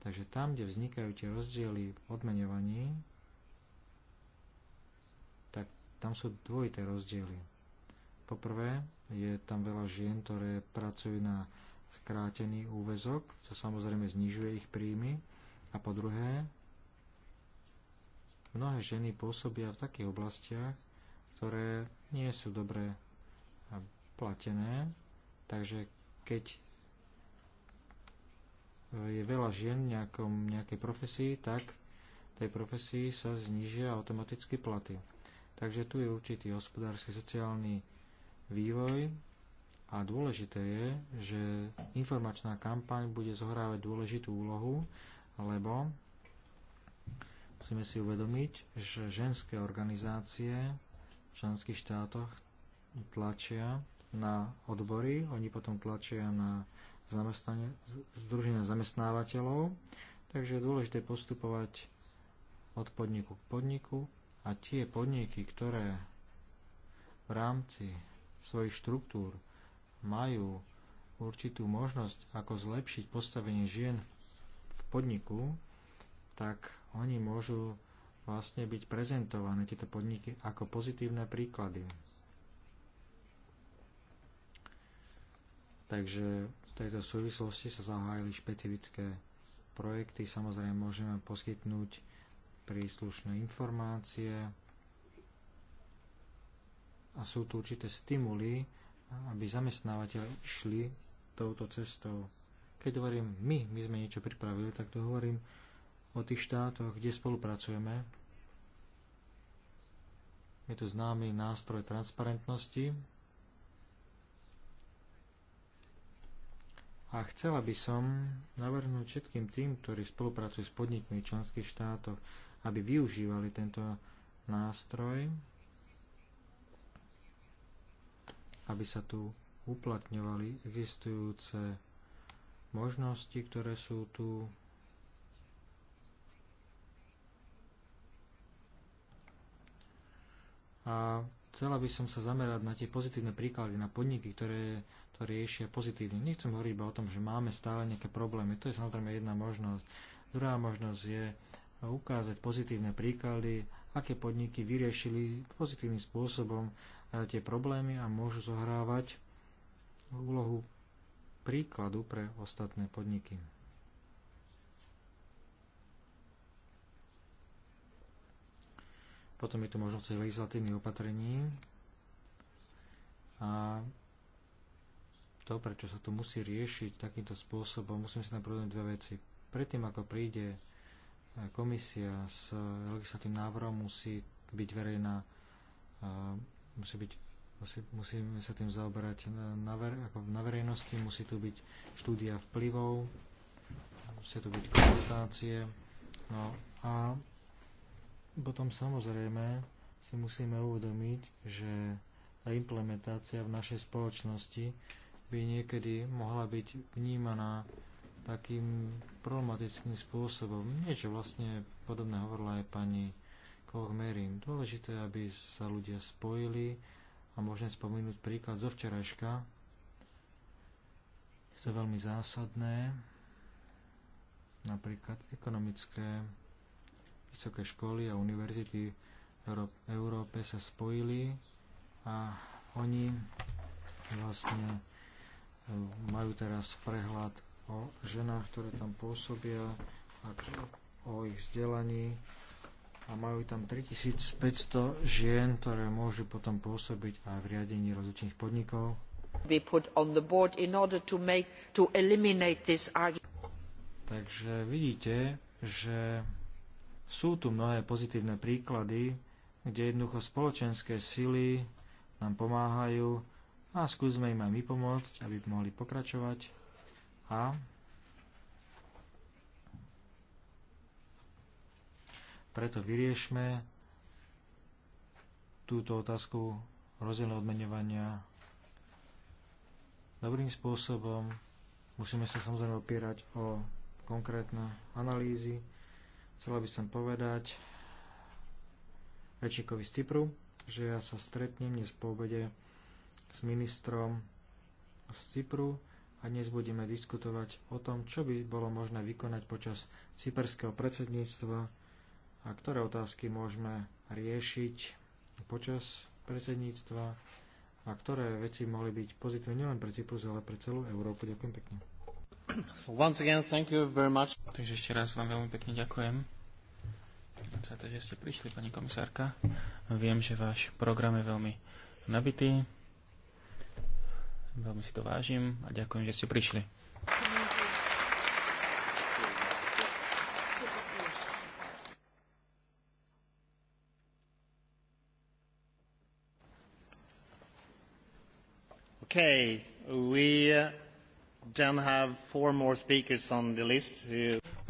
Takže tam, kde vznikajú tie rozdiely v odmeňovaní, tak tam sú dvojité rozdiely. Poprvé, je tam veľa žien, ktoré pracujú na skrátený úvezok, čo samozrejme znižuje ich príjmy. A po druhé, mnohé ženy pôsobia v takých oblastiach, ktoré nie sú dobre platené, takže keď je veľa žien v nejakom, nejakej profesii, tak tej profesii sa znižia automaticky platy. Takže tu je určitý hospodársky, sociálny vývoj a dôležité je, že informačná kampaň bude zohrávať dôležitú úlohu, lebo musíme si uvedomiť, že ženské organizácie v členských štátoch tlačia na odbory, oni potom tlačia na združenia zamestnávateľov, takže je dôležité postupovať od podniku k podniku a tie podniky, ktoré v rámci svojich štruktúr majú určitú možnosť, ako zlepšiť postavenie žien v podniku, tak oni môžu vlastne byť prezentované tieto podniky ako pozitívne príklady. Takže v tejto súvislosti sa zahájili špecifické projekty. Samozrejme, môžeme poskytnúť príslušné informácie a sú tu určité stimuly, aby zamestnávateľe išli touto cestou. Keď hovorím my, my sme niečo pripravili, tak to hovorím o tých štátoch, kde spolupracujeme. Je tu známy nástroj transparentnosti, a chcela by som navrhnúť všetkým tým, ktorí spolupracujú s podnikmi v členských štátoch, aby využívali tento nástroj, aby sa tu uplatňovali existujúce možnosti, ktoré sú tu. A chcela by som sa zamerať na tie pozitívne príklady, na podniky, ktoré to riešia pozitívne. Nechcem hovoriť iba o tom, že máme stále nejaké problémy. To je samozrejme jedna možnosť. Druhá možnosť je ukázať pozitívne príklady, aké podniky vyriešili pozitívnym spôsobom eh, tie problémy a môžu zohrávať úlohu príkladu pre ostatné podniky. Potom je tu možnosť legislatívnych opatrení a to, prečo sa to musí riešiť takýmto spôsobom, musíme si naprvodnúť dve veci. Predtým, ako príde e, komisia s e, legislatívnym návrhom, musí byť verejná, e, musí byť musí, musíme sa tým zaoberať na, ver, ako na verejnosti, musí tu byť štúdia vplyvov, musia tu byť konzultácie. No a potom samozrejme si musíme uvedomiť, že tá implementácia v našej spoločnosti by niekedy mohla byť vnímaná takým problematickým spôsobom. Niečo vlastne podobné hovorila aj pani Koch-Merin. Dôležité, aby sa ľudia spojili a môžem spomenúť príklad zo včerajška. To veľmi zásadné. Napríklad ekonomické vysoké školy a univerzity v Európe sa spojili a oni vlastne majú teraz prehľad o ženách, ktoré tam pôsobia, o ich vzdelaní a majú tam 3500 žien, ktoré môžu potom pôsobiť aj v riadení rozličných podnikov. Takže vidíte, že sú tu mnohé pozitívne príklady, kde jednoducho spoločenské sily nám pomáhajú a skúsme im aj my pomôcť, aby mohli pokračovať a preto vyriešme túto otázku rozdielne odmenovania dobrým spôsobom. Musíme sa samozrejme opierať o konkrétne analýzy. Chcela by som povedať rečníkovi z Typru, že ja sa stretnem dnes po obede s ministrom z Cypru a dnes budeme diskutovať o tom, čo by bolo možné vykonať počas cyperského predsedníctva a ktoré otázky môžeme riešiť počas predsedníctva a ktoré veci mohli byť pozitívne nielen pre Cyprus, ale pre celú Európu. Ďakujem pekne. So once again, thank you very much. Takže ešte raz vám veľmi pekne ďakujem za to, že ste prišli, pani komisárka. Viem, že váš program je veľmi nabitý. Veľmi si to vážim a ďakujem, že ste prišli. Okay, we uh, then have four more speakers on the list.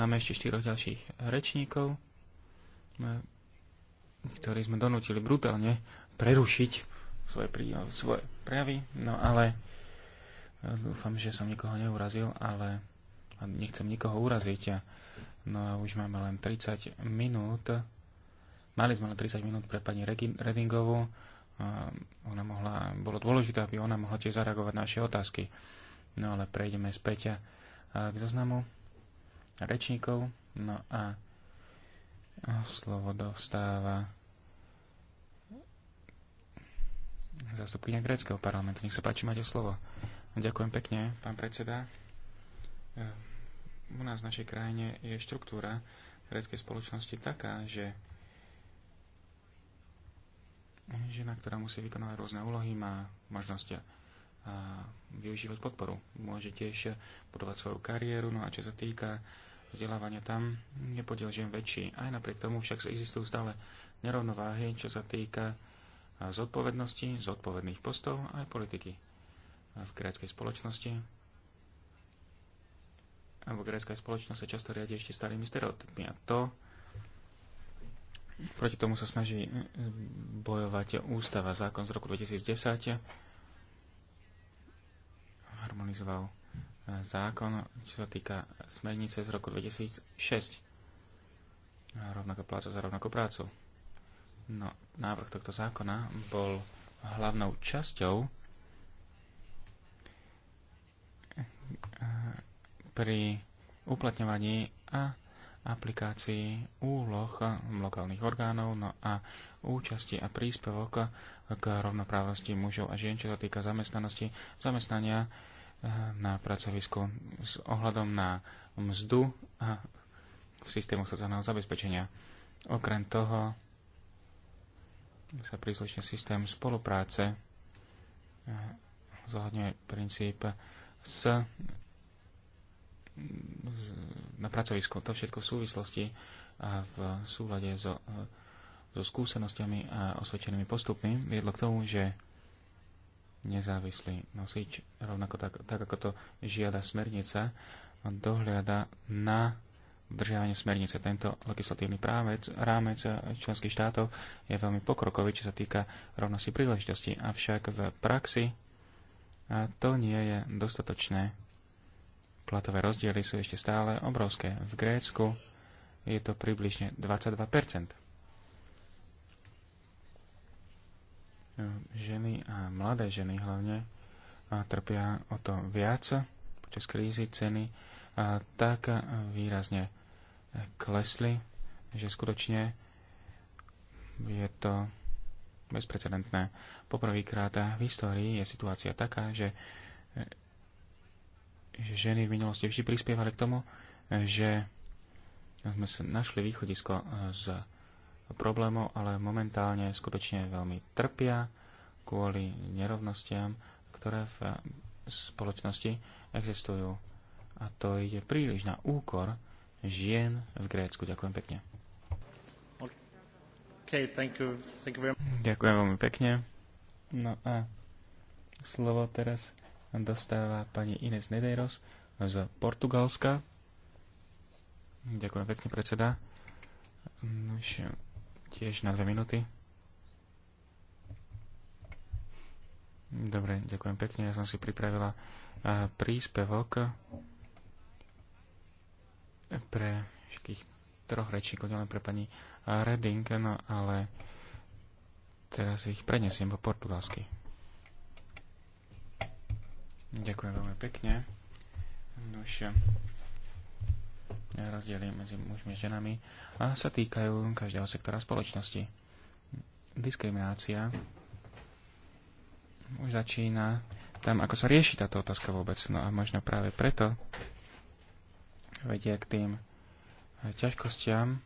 Máme ešte štyroch ďalších rečníkov, uh, ktorí sme donútili brutálne prerušiť svoje, svoje prejavy, no ale ja dúfam, že som nikoho neurazil, ale nechcem nikoho uraziť. No a už máme len 30 minút. Mali sme len 30 minút pre pani Redingovú. Ona mohla, bolo dôležité, aby ona mohla tiež zareagovať naše otázky. No ale prejdeme späť k zoznamu rečníkov. No a slovo dostáva zastupkynia gréckého parlamentu. Nech sa páči, máte slovo. Ďakujem pekne, pán predseda. Ehm, u nás v našej krajine je štruktúra hereckej spoločnosti taká, že žena, ktorá musí vykonávať rôzne úlohy, má možnosť využívať podporu. Môže tiež budovať svoju kariéru, no a čo sa týka vzdelávania tam, je podiel žien väčší. Aj napriek tomu však existujú stále nerovnováhy, čo sa týka zodpovednosti, zodpovedných postov a aj politiky v gréckej spoločnosti. Alebo grécka spoločnosť sa často riadi ešte starými stereotypmi. A to proti tomu sa snaží e, bojovať ústava, zákon z roku 2010 harmonizoval e, zákon, čo sa týka smernice z roku 2006. Rovnako pláca za rovnakú prácu. No, návrh tohto zákona bol hlavnou časťou pri uplatňovaní a aplikácii úloh lokálnych orgánov no a účasti a príspevok k rovnoprávnosti mužov a žien, čo sa týka zamestnanosti, zamestnania eh, na pracovisku s ohľadom na mzdu a v systému sociálneho zabezpečenia. Okrem toho sa príslušne systém spolupráce eh, zohľadňuje princíp s, s, na pracovisko To všetko v súvislosti a v súlade so, so skúsenostiami a osvedčenými postupmi viedlo k tomu, že nezávislý nosič, rovnako tak, tak ako to žiada smernica, dohliada na držiavanie smernice. Tento legislatívny právec, rámec členských štátov je veľmi pokrokový, čo sa týka rovnosti príležitosti, avšak v praxi a to nie je dostatočné. Platové rozdiely sú ešte stále obrovské. V Grécku je to približne 22 no, Ženy a mladé ženy hlavne trpia o to viac počas krízy ceny a tak výrazne klesli, že skutočne je to bezprecedentné. Poprvýkrát v histórii je situácia taká, že, že ženy v minulosti vždy prispievali k tomu, že sme našli východisko z problémov, ale momentálne skutočne veľmi trpia kvôli nerovnostiam, ktoré v spoločnosti existujú. A to ide príliš na úkor žien v Grécku. Ďakujem pekne. Okay, thank you. Thank you Ďakujem veľmi pekne. No a slovo teraz dostáva pani Ines Nedeiros z Portugalska. Ďakujem pekne, predseda. Už tiež na dve minúty. Dobre, ďakujem pekne. Ja som si pripravila príspevok pre všetkých troch rečníkov, nielen pre pani Reding, no ale teraz ich prenesiem po portugalsky. Ďakujem veľmi pekne. Nož, rozdiely medzi mužmi a ženami a sa týkajú každého sektora spoločnosti. Diskriminácia už začína tam, ako sa rieši táto otázka vôbec. No a možno práve preto vedia k tým ťažkostiam,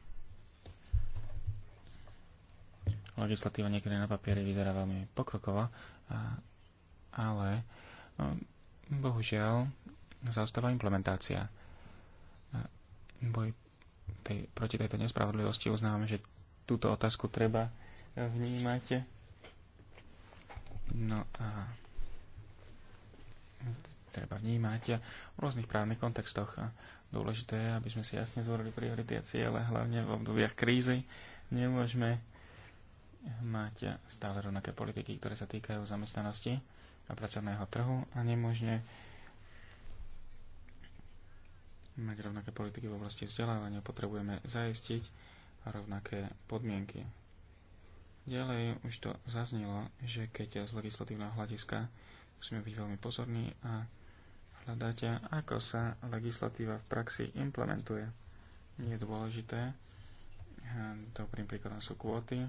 legislatíva niekedy na papieri vyzerá veľmi pokrokovo, ale no, bohužiaľ zaostáva implementácia. Boj tej, proti tejto nespravodlivosti uznávame, že túto otázku treba vnímať. No a treba vnímať v rôznych právnych kontextoch. Dôležité je, aby sme si jasne zvorili priority a ciele, hlavne v obdobiach krízy. Nemôžeme máte stále rovnaké politiky, ktoré sa týkajú zamestnanosti a pracovného trhu a nemôžne mať rovnaké politiky v oblasti vzdelávania. Potrebujeme zaistiť rovnaké podmienky. Ďalej už to zaznilo, že keď z legislatívneho hľadiska musíme byť veľmi pozorní a hľadať, ako sa legislatíva v praxi implementuje. Je dôležité, dobrým príkladom sú kvóty,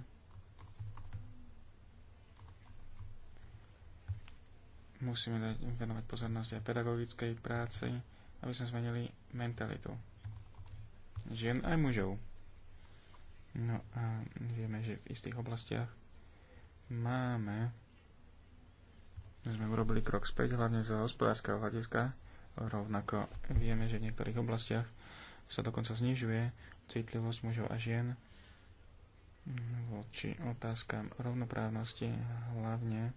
Musíme dať, venovať pozornosť aj pedagogickej práci, aby sme zmenili mentalitu žien aj mužov. No a vieme, že v istých oblastiach máme sme urobili krok späť, hlavne z hospodárskeho hľadiska. Rovnako vieme, že v niektorých oblastiach sa dokonca znižuje citlivosť mužov a žien voči otázkam rovnoprávnosti, hlavne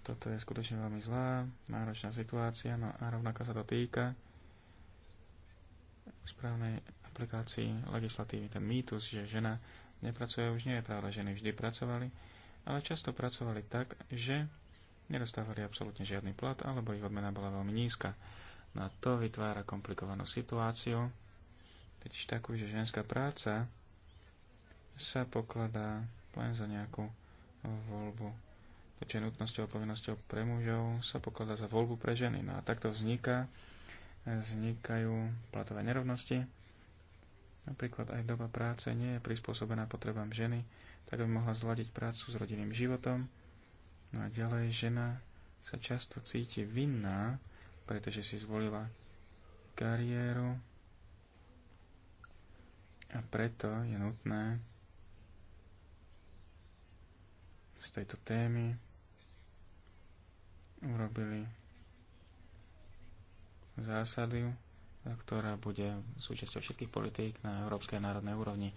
Toto je skutočne veľmi zlá, náročná situácia, no a rovnako sa to týka správnej aplikácii legislatívy. Ten mýtus, že žena nepracuje, už nie je pravda. Ženy vždy pracovali, ale často pracovali tak, že nedostávali absolútne žiadny plat, alebo ich odmena bola veľmi nízka. No a to vytvára komplikovanú situáciu, totiž takú, že ženská práca sa pokladá len za nejakú voľbu čo je nutnosťou a povinnosťou pre mužov, sa pokladá za voľbu pre ženy. No a takto vzniká, vznikajú platové nerovnosti. Napríklad aj doba práce nie je prispôsobená potrebám ženy, tak aby mohla zladiť prácu s rodinným životom. No a ďalej žena sa často cíti vinná, pretože si zvolila kariéru a preto je nutné z tejto témy urobili zásady, ktorá bude súčasťou všetkých politík na európskej a národnej úrovni.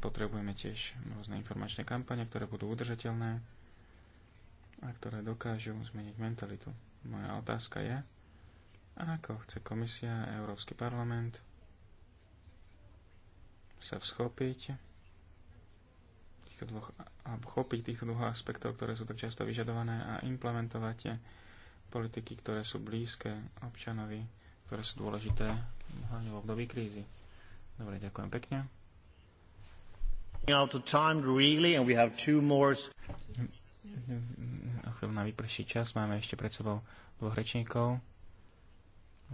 Potrebujeme tiež rôzne informačné kampane, ktoré budú udržateľné a ktoré dokážu zmeniť mentalitu. Moja otázka je, ako chce komisia Európsky parlament sa vschopiť týchto dvoch, chopiť týchto dvoch aspektov, ktoré sú tak často vyžadované a implementovať politiky, ktoré sú blízke občanovi, ktoré sú dôležité hlavne v období krízy. Dobre, ďakujem pekne. O chvíľu na vyprší čas, máme ešte pred sebou dvoch rečníkov.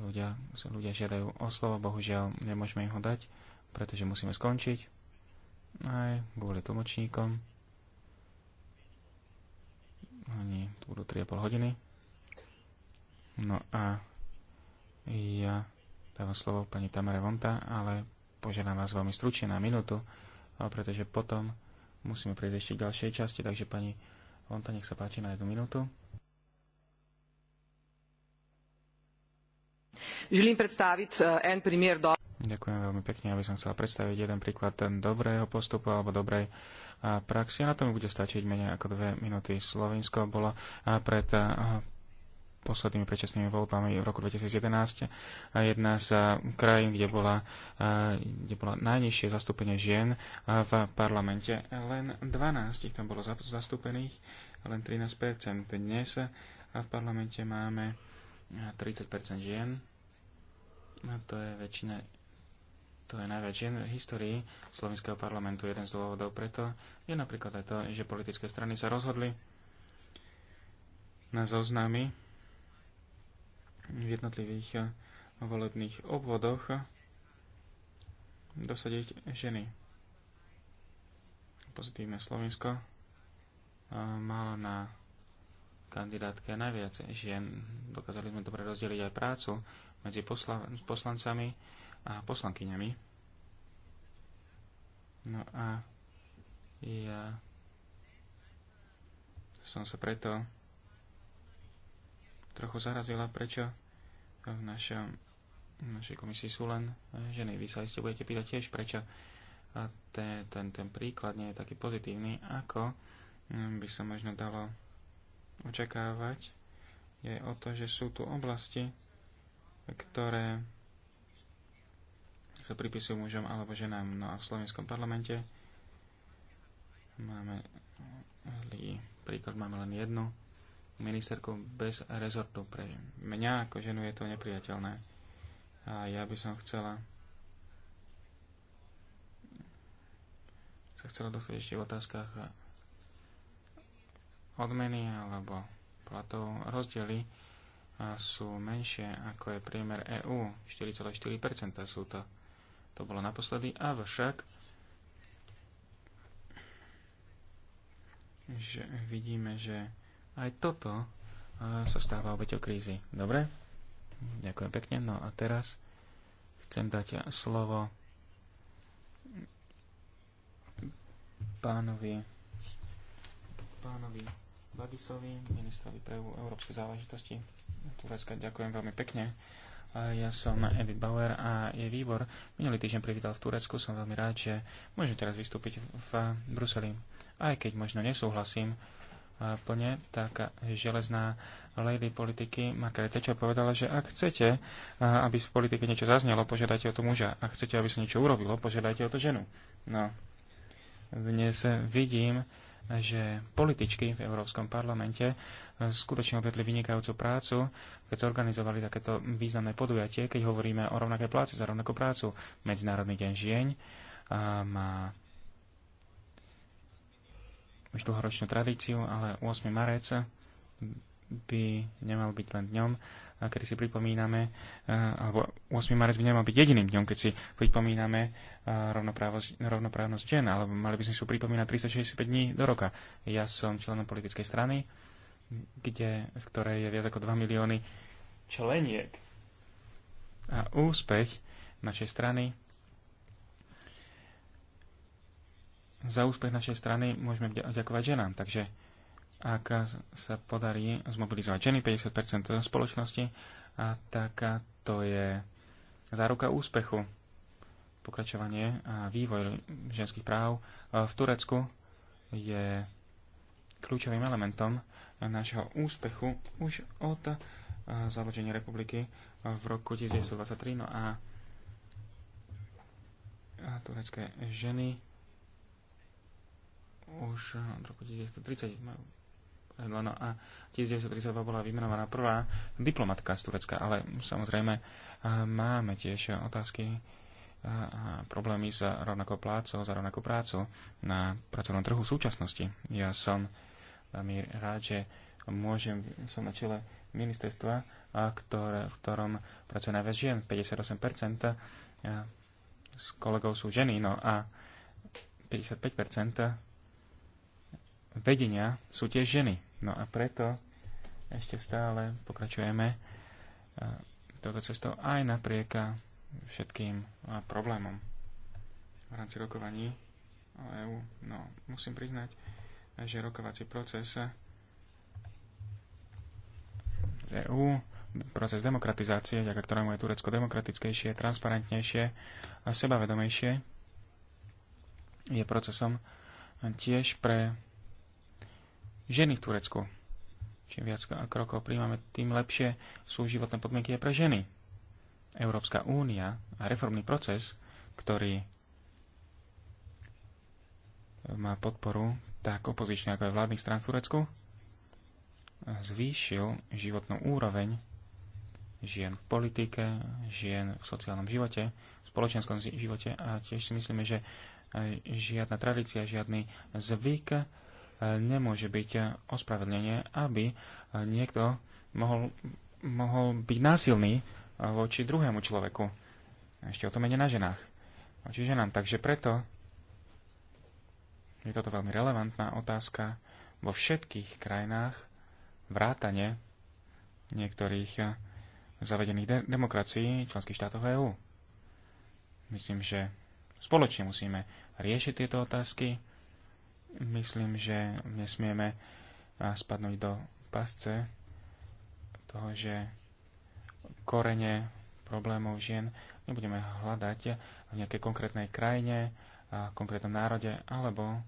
Ľudia, ľudia žiadajú o slovo, bohužiaľ nemôžeme im ho dať, pretože musíme skončiť aj kvôli tlmočníkom. Oni tu budú 3,5 hodiny. No a ja dávam slovo pani Tamare Vonta, ale požiadam vás veľmi stručne na minútu, pretože potom musíme prejsť ešte k ďalšej časti, takže pani Vonta, nech sa páči na jednu minútu. Želím predstaviť eh, en primer do... Ďakujem veľmi pekne, aby som chcela predstaviť jeden príklad ten dobrého postupu alebo dobrej praxi. Na tom bude stačiť menej ako dve minúty. Slovinsko bolo pred poslednými predčasnými voľbami v roku 2011 a jedna z krajín, kde bola, kde bola najnižšie zastúpenie žien v parlamente. Len 12 ich tam bolo zastúpených, len 13 Dnes v parlamente máme 30 žien. A to je väčšina to je najviac žien v histórii slovenského parlamentu. Jeden z dôvodov preto je napríklad aj to, že politické strany sa rozhodli na zoznamy v jednotlivých eh, volebných obvodoch dosadiť ženy. Pozitívne Slovensko eh, malo na kandidátke najviac žien. Dokázali sme dobre rozdeliť aj prácu medzi poslancami a poslankyňami. No a ja som sa preto trochu zarazila, prečo v, našom, v našej komisii sú len ženy. Vy sa iste budete pýtať tiež, prečo a ten, ten, ten príklad nie je taký pozitívny, ako by sa možno dalo očakávať. Je o to, že sú tu oblasti, ktoré sa pripisujú mužom alebo ženám. No a v slovenskom parlamente máme eh, príklad, máme len jednu ministerku bez rezortu. Pre mňa ako ženu je to nepriateľné. A ja by som chcela sa chcela dostať ešte v otázkach odmeny alebo platov rozdiely eh, sú menšie ako je priemer EÚ 4,4% sú to to bolo naposledy, avšak že vidíme, že aj toto e, sa stáva obeťou krízy. Dobre? Ďakujem pekne. No a teraz chcem dať slovo pánovi pánovi Babisovi, ministrovi pre európske záležitosti Turecka. Ďakujem veľmi pekne ja som Edith Bauer a je výbor. Minulý týždeň privítal v Turecku. Som veľmi rád, že môžem teraz vystúpiť v Bruseli. Aj keď možno nesúhlasím plne, tak železná lady politiky Margaret Thatcher povedala, že ak chcete, aby v politike niečo zaznelo, požiadajte o to muža. Ak chcete, aby sa niečo urobilo, požiadajte o to ženu. No, dnes vidím, že političky v Európskom parlamente e, skutočne odvedli vynikajúcu prácu, keď organizovali takéto významné podujatie, keď hovoríme o rovnaké pláci za rovnakú prácu. Medzinárodný deň žien má už dlhoročnú tradíciu, ale 8. marec by nemal byť len dňom, kedy si pripomíname, eh, alebo 8. marec by nemal byť jediným dňom, keď si pripomíname eh, rovnoprávnosť, rovnoprávnosť žien, alebo mali by sme si pripomínať 365 dní do roka. Ja som členom politickej strany, kde, v ktorej je viac ako 2 milióny členiek. A úspech našej strany za úspech našej strany môžeme ďakovať ženám. Takže ak sa podarí zmobilizovať ženy, 50% spoločnosti, a tak to je záruka úspechu. Pokračovanie a vývoj ženských práv v Turecku je kľúčovým elementom našeho úspechu už od založenia republiky v roku 1923. No a turecké ženy už od roku 1930 majú No, no a 1932 bola vymenovaná prvá diplomatka z Turecka, ale samozrejme máme tiež otázky a problémy s rovnakou plácou, za rovnakú prácu na pracovnom trhu v súčasnosti. Ja som veľmi rád, že môžem, som na čele ministerstva, ktoré, v ktorom pracuje najviac žien, 58%, s kolegov sú ženy, no a 55% vedenia sú tiež ženy. No a preto ešte stále pokračujeme e, toto cestou aj napriek všetkým e, problémom v rámci rokovaní o EU. No, musím priznať, že rokovací proces z EÚ, proces demokratizácie, ďaká ktorému je Turecko demokratickejšie, transparentnejšie a sebavedomejšie, je procesom tiež pre ženy v Turecku. Čím viac krokov príjmame, tým lepšie sú životné podmienky aj pre ženy. Európska únia a reformný proces, ktorý má podporu tak opozične ako aj vládnych strán v Turecku, zvýšil životnú úroveň žien v politike, žien v sociálnom živote, v spoločenskom živote a tiež si myslíme, že žiadna tradícia, žiadny zvyk nemôže byť ospravedlnenie, aby niekto mohol, mohol byť násilný voči druhému človeku. Ešte o tom menej na ženách. Voči ženám. Takže preto je toto veľmi relevantná otázka vo všetkých krajinách vrátane niektorých zavedených de- demokracií členských štátov EÚ. Myslím, že spoločne musíme riešiť tieto otázky myslím, že nesmieme spadnúť do pasce toho, že korene problémov žien nebudeme hľadať v nejakej konkrétnej krajine, v konkrétnom národe alebo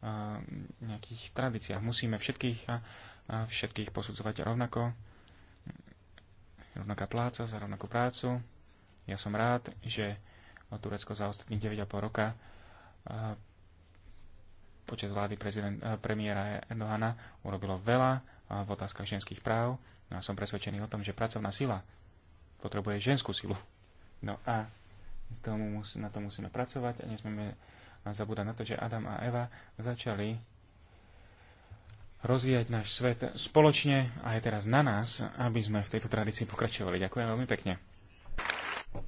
v nejakých tradíciách. Musíme všetkých, všetkých posudzovať rovnako. Rovnaká pláca za rovnakú prácu. Ja som rád, že Turecko za ostatných 9,5 roka počas vlády prezident, eh, premiéra Erdogana urobilo veľa eh, v otázkach ženských práv. No a som presvedčený o tom, že pracovná sila potrebuje ženskú silu. No a tomu, na to musíme pracovať a nesmieme eh, zabúdať na to, že Adam a Eva začali rozvíjať náš svet spoločne a je teraz na nás, aby sme v tejto tradícii pokračovali. Ďakujem veľmi pekne.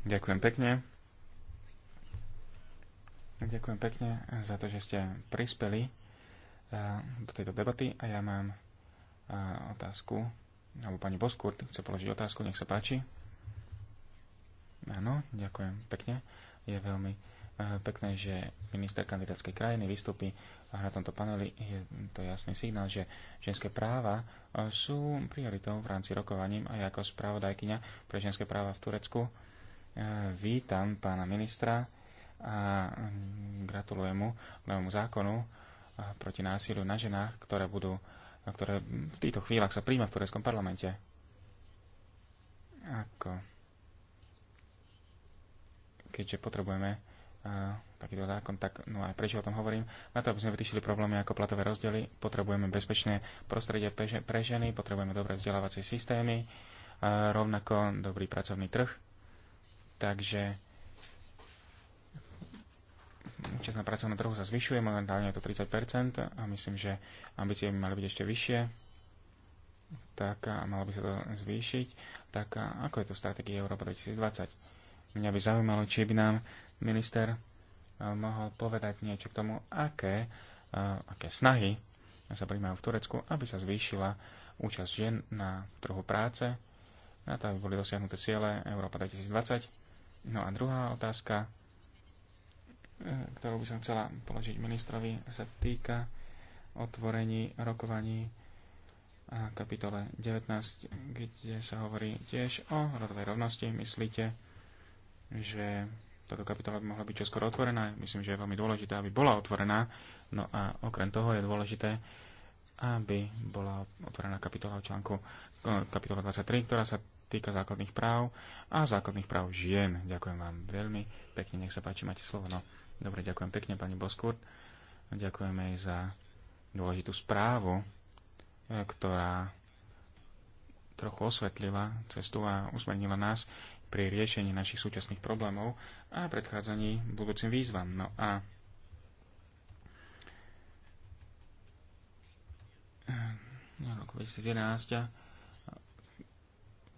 Ďakujem pekne. Tak ďakujem pekne za to, že ste prispeli eh, do tejto debaty a ja mám eh, otázku, alebo pani Boskurt chce položiť otázku, nech sa páči. Áno, ďakujem pekne. Je veľmi eh, pekné, že minister kandidátskej krajiny vystúpi na tomto paneli. Je to jasný signál, že ženské práva sú prioritou v rámci rokovaním a ja ako spravodajkyňa pre ženské práva v Turecku vítam pána ministra a mm, gratulujem mu novému zákonu proti násiliu na ženách, ktoré budú, ktoré v týchto chvíľach sa príjma v tureckom parlamente. Ako? Keďže potrebujeme takýto zákon, tak no aj prečo o tom hovorím? Na to, aby sme vyriešili problémy ako platové rozdiely, potrebujeme bezpečné prostredie pre ženy, potrebujeme dobré vzdelávacie systémy, rovnako dobrý pracovný trh. Takže účasť na pracovnom trhu sa zvyšuje, momentálne je to 30% a myslím, že ambície by mali byť ešte vyššie, tak a malo by sa to zvýšiť, tak a ako je to stratégia Európa 2020. Mňa by zaujímalo, či by nám minister e, mohol povedať niečo k tomu, aké, e, aké snahy sa príjmajú v Turecku, aby sa zvýšila účasť žien na trhu práce, na to, aby boli dosiahnuté ciele Európa 2020. No a druhá otázka, Eh, ktorú by som chcela položiť ministrovi, sa týka otvorení rokovaní a kapitole 19, kde sa hovorí tiež o rodovej rovnosti. Myslíte, že táto kapitola by mohla byť čoskoro otvorená? Myslím, že je veľmi dôležité, aby bola otvorená. No a okrem toho je dôležité, aby bola otvorená kapitola v článku eh, kapitola 23, ktorá sa týka základných práv a základných práv žien. Ďakujem vám veľmi pekne, nech sa páči, máte slovo. No. Dobre, ďakujem pekne pani Boskurt. Ďakujem aj za dôležitú správu, e, ktorá trochu osvetlila cestu a usmernila nás pri riešení našich súčasných problémov a predchádzaní budúcim výzvam. No a v roku 2011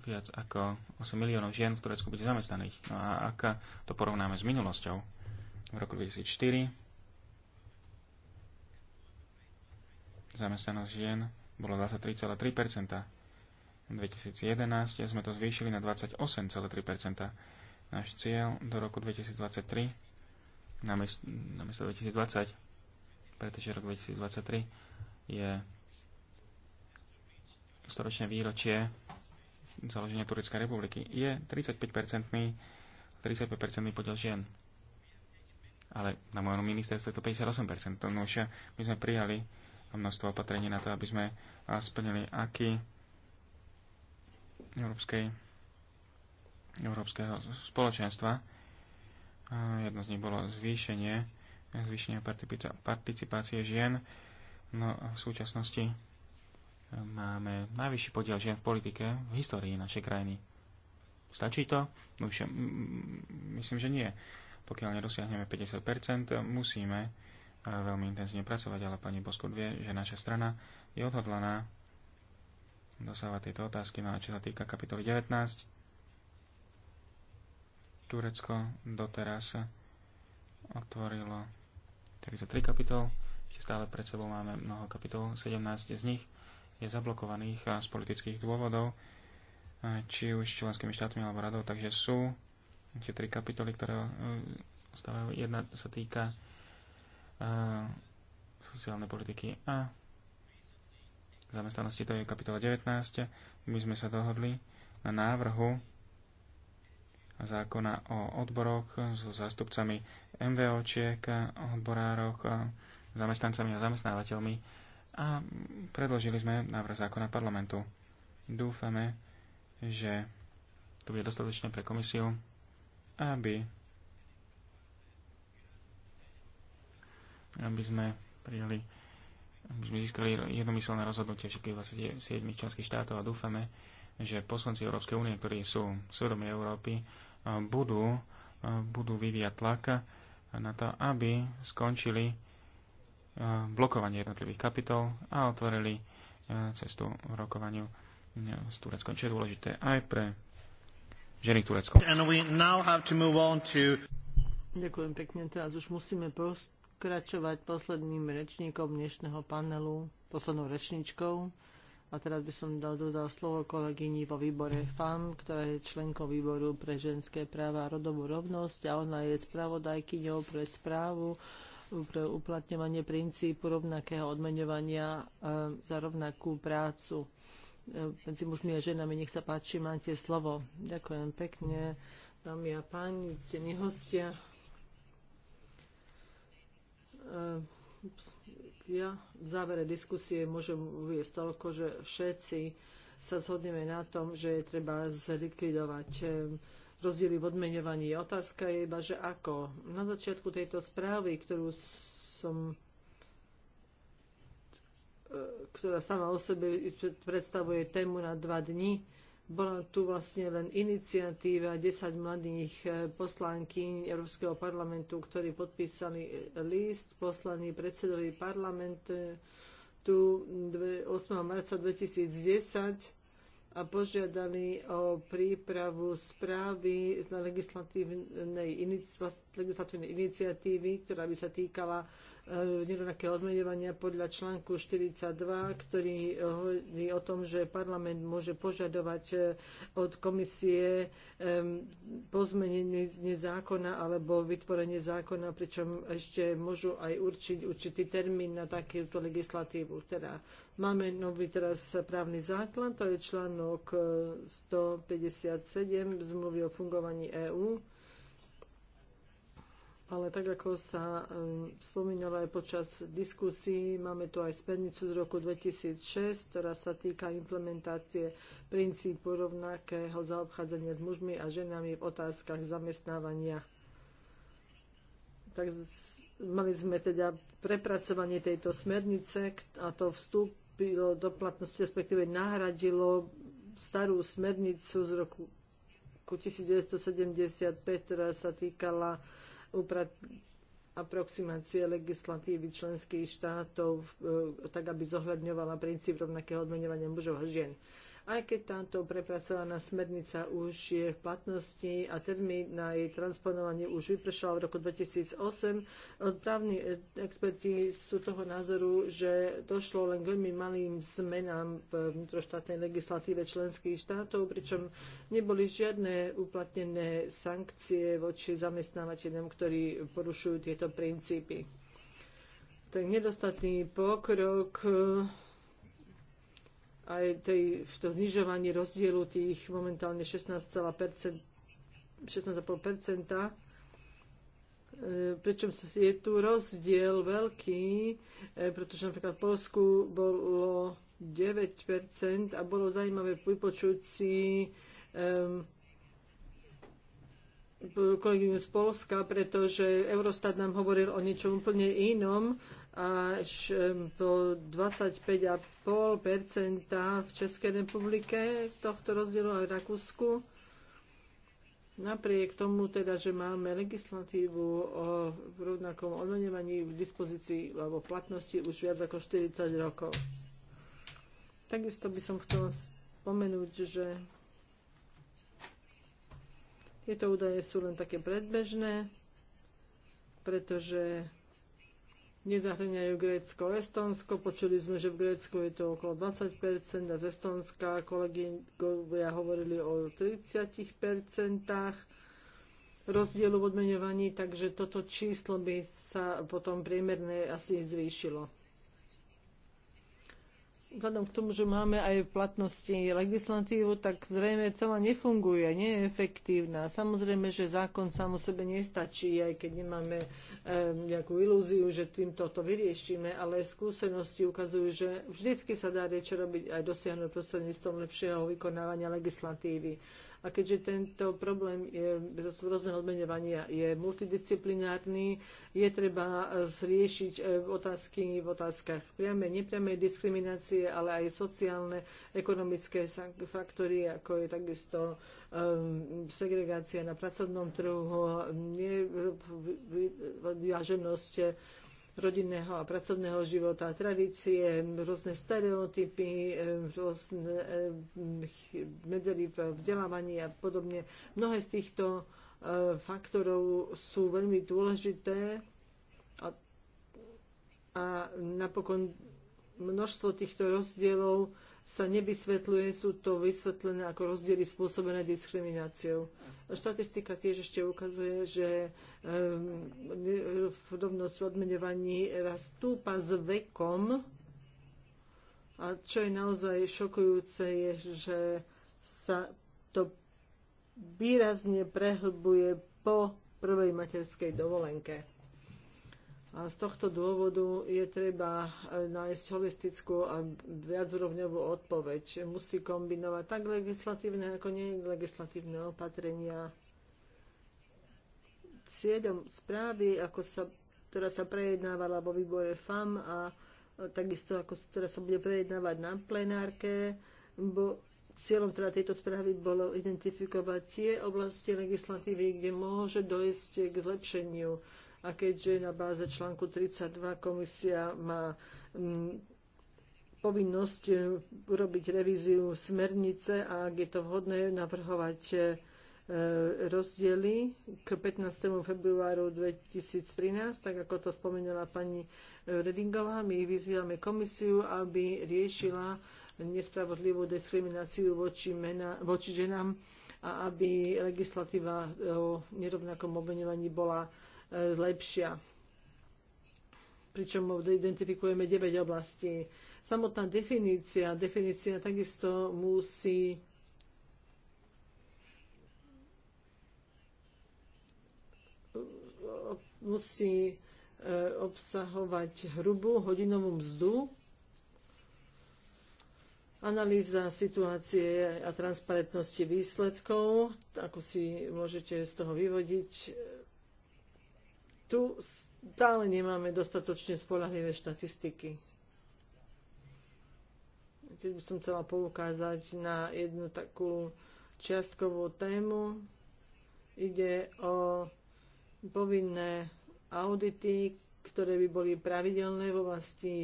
viac ako 8 miliónov žien v Turecku bude zamestnaných. No a ak to porovnáme s minulosťou, v roku 2004 zamestnanosť žien bolo 23,3%. V 2011 sme to zvýšili na 28,3%. Náš cieľ do roku 2023 mesto 2020, pretože rok 2023 je storočné výročie založenia Tureckej republiky, je 35-percentný 35, 35 podiel žien ale na mojom ministerstve je to 58%. To nožia, my sme prijali množstvo opatrení na to, aby sme splnili aký Európskej, Európskeho spoločenstva. Jedno z nich bolo zvýšenie, zvýšenie participácie žien. No v súčasnosti máme najvyšší podiel žien v politike v histórii našej krajiny. Stačí to? No myslím, že nie. Pokiaľ nedosiahneme 50%, musíme e, veľmi intenzívne pracovať, ale pani Boskut vie, že naša strana je odhodlaná dosávať tieto otázky. No a čo sa týka kapitoly 19, Turecko doteraz otvorilo 33 kapitol, ešte stále pred sebou máme mnoho kapitol, 17 z nich je zablokovaných z politických dôvodov, e, či už členskými štátmi alebo radou, takže sú tie tri kapitoly, ktoré e, ostávajú. Jedna sa týka uh, sociálnej politiky a zamestnanosti, to je kapitola 19. My sme sa dohodli na návrhu zákona o odboroch so zástupcami MVOčiek, odborároch, zamestnancami a zamestnávateľmi a predložili sme návrh zákona parlamentu. Dúfame, že to bude dostatočné pre komisiu aby, aby sme prijali aby sme získali jednomyselné rozhodnutie všetkých 27 členských štátov a dúfame, že poslanci Európskej únie, ktorí sú svedomí Európy, budú, budú vyvíjať tlak na to, aby skončili blokovanie jednotlivých kapitol a otvorili cestu rokovaniu s Tureckom, čo je dôležité aj pre ženy v Turecku. Ďakujem pekne. Teraz už musíme pokračovať posledným rečníkom dnešného panelu, poslednou rečníčkou. A teraz by som dal, dodal slovo kolegyni vo výbore FAM, ktorá je členkou výboru pre ženské práva a rodovú rovnosť a ona je spravodajkyňou pre správu pre uplatňovanie princípu rovnakého odmeňovania eh, za rovnakú prácu medzi mužmi a ženami. Nech sa páči, máte slovo. Ďakujem pekne, dámy a páni, ctení hostia. E, ja v závere diskusie môžem uvieť toľko, že všetci sa zhodneme na tom, že je treba zlikvidovať e, rozdiely v odmeňovaní. Otázka je iba, že ako. Na začiatku tejto správy, ktorú som ktorá sama o sebe predstavuje tému na dva dni. Bola tu vlastne len iniciatíva 10 mladých eh, poslanky Európskeho parlamentu, ktorí podpísali eh, list poslaný predsedovi parlamentu 8. marca 2010 a požiadali o prípravu správy na legislatívnej, legislatívnej iniciatívy, ktorá by sa týkala E, nerovnaké odmenovania podľa článku 42, ktorý hovorí o tom, že parlament môže požadovať e, od komisie pozmenenie zákona alebo vytvorenie zákona, pričom ešte môžu aj určiť určitý termín na takúto legislatívu. Teda máme nový teraz právny základ, to je článok 157 e, zmluvy o fungovaní EÚ ale tak ako sa um, spomínalo aj počas diskusí, máme tu aj smernicu z roku 2006, ktorá sa týka implementácie princípu rovnakého zaobchádzania s mužmi a ženami v otázkach zamestnávania. Tak mali sme teda prepracovanie tejto smernice a to vstúpilo do platnosti, respektíve nahradilo starú smernicu z roku 1975, ktorá sa týkala aproximácie legislatívy členských štátov, e, tak aby zohľadňovala princíp rovnakého odmenovania mužov a žien. Aj keď táto prepracovaná smernica už je v platnosti a termín na jej transponovanie už vypršal v roku 2008, eh, právni eh, experti sú toho názoru, že došlo len veľmi malým zmenám v vnútroštátnej legislatíve členských štátov, pričom neboli žiadne uplatnené sankcie voči zamestnávateľom, ktorí porušujú tieto princípy. Ten nedostatný pokrok eh, aj tej, to znižovanie rozdielu tých momentálne 16,5%, 16,5%, e, pričom je tu rozdiel veľký, e, pretože napríklad v Polsku bolo 9% a bolo zaujímavé vypočuť si um, kolegyňu z Polska, pretože Eurostat nám hovoril o niečom úplne inom až ehm, po 25,5 v Českej republike tohto rozdielu aj v Rakúsku. Napriek tomu teda, že máme legislatívu o rovnakom odmenovaní v dispozícii alebo platnosti už viac ako 40 rokov. Takisto by som chcela spomenúť, že tieto údaje sú len také predbežné, pretože nezahrňajú Grécko, Estonsko. Počuli sme, že v Grécku je to okolo 20% a z Estonska kolegovia hovorili o 30% rozdielu v odmeňovaní, takže toto číslo by sa potom priemerne asi zvýšilo vzhľadom k tomu, že máme aj v platnosti legislatívu, tak zrejme celá nefunguje, nie je efektívna. Samozrejme, že zákon sám o sebe nestačí, aj keď nemáme um, nejakú ilúziu, že týmto to vyriešime, ale skúsenosti ukazujú, že vždycky sa dá niečo robiť aj dosiahnuť prostredníctvom lepšieho vykonávania legislatívy. A keďže tento problém je rôzneho odmenovania je multidisciplinárny, je treba zriešiť otázky v otázkach priamej, nepriamej diskriminácie, ale aj sociálne, ekonomické faktory, ako je takisto segregácia na pracovnom trhu, nevyváženosť rodinného a pracovného života, tradície, rôzne stereotypy, eh, rôzne eh, medzery v vzdelávaní a podobne. Mnohé z týchto eh, faktorov sú veľmi dôležité a, a napokon množstvo týchto rozdielov sa nevysvetľuje, sú to vysvetlené ako rozdiely spôsobené diskrimináciou. Štatistika tiež ešte ukazuje, že rovnosť v odmenovaní stúpa s vekom a čo je naozaj šokujúce je, že sa to výrazne prehlbuje po prvej materskej dovolenke. A z tohto dôvodu je treba e, nájsť holistickú a viacúrovňovú odpoveď. Musí kombinovať tak legislatívne, ako nelegislatívne opatrenia. Cieľom správy, ako sa, ktorá sa prejednávala vo výbore FAM a takisto, ako, ktorá sa bude prejednávať na plenárke, bo Cieľom teda tejto správy bolo identifikovať tie oblasti legislatívy, kde môže dojsť k zlepšeniu a keďže na báze článku 32 komisia má povinnosť e, urobiť revíziu smernice a ak je to vhodné, navrhovať e, rozdiely k 15. februáru 2013, tak ako to spomenula pani Redingová. My vyzývame komisiu, aby riešila nespravodlivú diskrimináciu voči, mena, voči ženám a aby legislatíva o nerovnakom obmenovaní bola zlepšia. Pričom identifikujeme 9 oblastí. Samotná definícia, definícia takisto musí musí e, obsahovať hrubú hodinovú mzdu, analýza situácie a transparentnosti výsledkov, ako si môžete z toho vyvodiť, tu stále nemáme dostatočne spolahlivé štatistiky. Teď by som chcela poukázať na jednu takú čiastkovú tému. Ide o povinné audity, ktoré by boli pravidelné v oblasti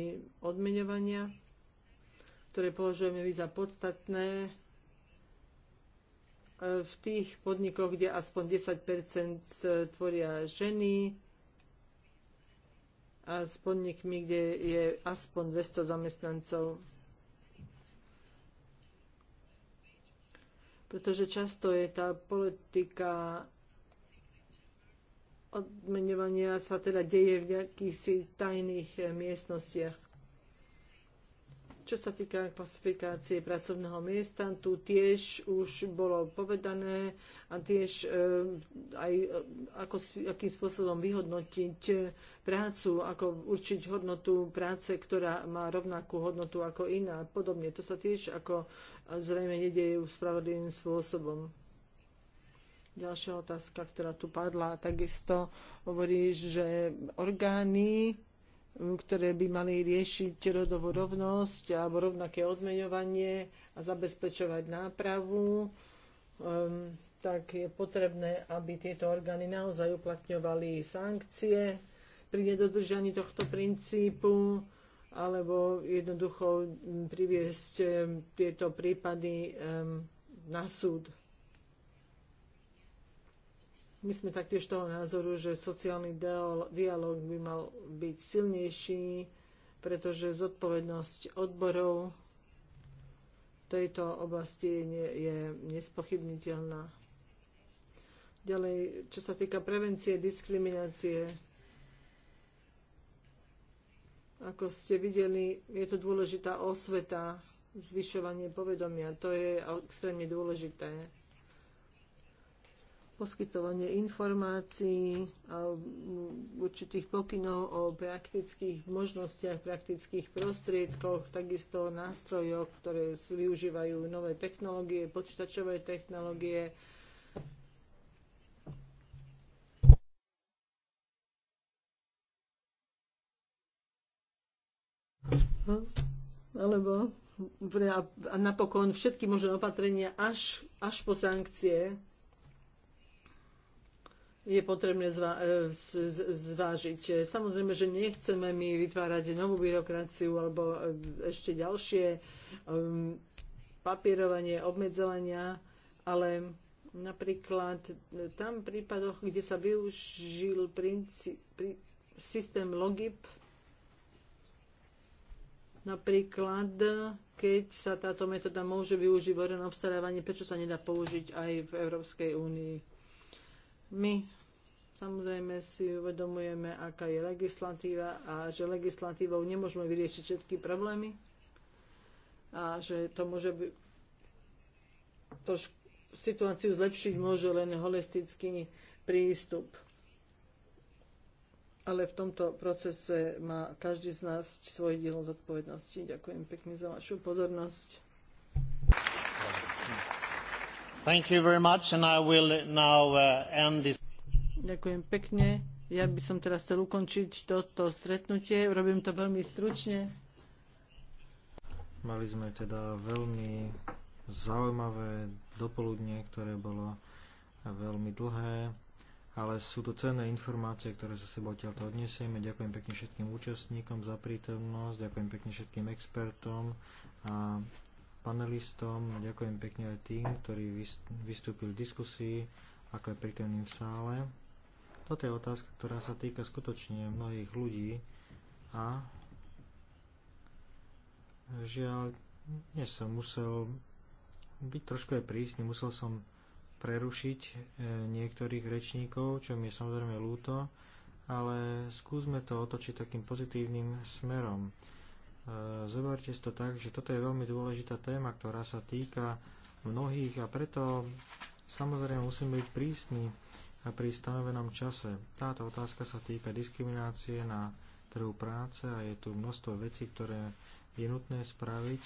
odmeňovania, ktoré považujeme vy za podstatné e, v tých podnikoch, kde aspoň 10 tvoria ženy, a s podnikmi, kde je aspoň 200 zamestnancov. Pretože často je tá politika odmenovania sa teda deje v nejakých si tajných miestnostiach. Čo sa týka klasifikácie pracovného miesta, tu tiež už bolo povedané a tiež e, aj e, ako, akým spôsobom vyhodnotiť prácu, ako určiť hodnotu práce, ktorá má rovnakú hodnotu ako iná a podobne. To sa tiež ako zrejme nedieje spravodlivým spôsobom. Ďalšia otázka, ktorá tu padla, takisto hovorí, že orgány ktoré by mali riešiť rodovú rovnosť alebo rovnaké odmeňovanie a zabezpečovať nápravu, tak je potrebné, aby tieto orgány naozaj uplatňovali sankcie pri nedodržaní tohto princípu alebo jednoducho priviesť tieto prípady na súd. My sme taktiež toho názoru, že sociálny dialog by mal byť silnejší, pretože zodpovednosť odborov v tejto oblasti je nespochybniteľná. Ďalej, čo sa týka prevencie diskriminácie, ako ste videli, je to dôležitá osveta, zvyšovanie povedomia. To je extrémne dôležité poskytovanie informácií a určitých pokynov o praktických možnostiach, praktických prostriedkoch, takisto nástrojoch, ktoré využívajú nové technológie, počítačové technológie, alebo a napokon všetky možné opatrenia až, až po sankcie je potrebné e, zvážiť. Samozrejme, že nechceme my vytvárať novú byrokraciu alebo e, ešte ďalšie um, papierovanie, obmedzovania, ale napríklad tam v prípadoch, kde sa využil princí, prí, systém Logip, napríklad keď sa táto metóda môže využiť v verejnom obstarávaní, prečo sa nedá použiť aj v Európskej únii. My Samozrejme si uvedomujeme, aká je legislatíva a že legislatívou nemôžeme vyriešiť všetky problémy a že to môže to š... situáciu zlepšiť môže len holistický prístup. Ale v tomto procese má každý z nás svoj diel zodpovednosti. Ďakujem pekne za vašu pozornosť. Thank you very much and I will now uh, end this Ďakujem pekne. Ja by som teraz chcel ukončiť toto stretnutie. Robím to veľmi stručne. Mali sme teda veľmi zaujímavé dopoludne, ktoré bolo veľmi dlhé, ale sú to cenné informácie, ktoré sa sebou odtiaľto odniesieme. Ďakujem pekne všetkým účastníkom za prítomnosť, ďakujem pekne všetkým expertom a panelistom, ďakujem pekne aj tým, ktorí vystúpili v diskusii, ako aj prítomným v sále. Toto je otázka, ktorá sa týka skutočne mnohých ľudí a žiaľ, dnes som musel byť trošku aj prísny, musel som prerušiť e, niektorých rečníkov, čo mi je samozrejme ľúto, ale skúsme to otočiť takým pozitívnym smerom. E, zoberte si to tak, že toto je veľmi dôležitá téma, ktorá sa týka mnohých a preto samozrejme musíme byť prísny a pri stanovenom čase. Táto otázka sa týka diskriminácie na trhu práce a je tu množstvo vecí, ktoré je nutné spraviť.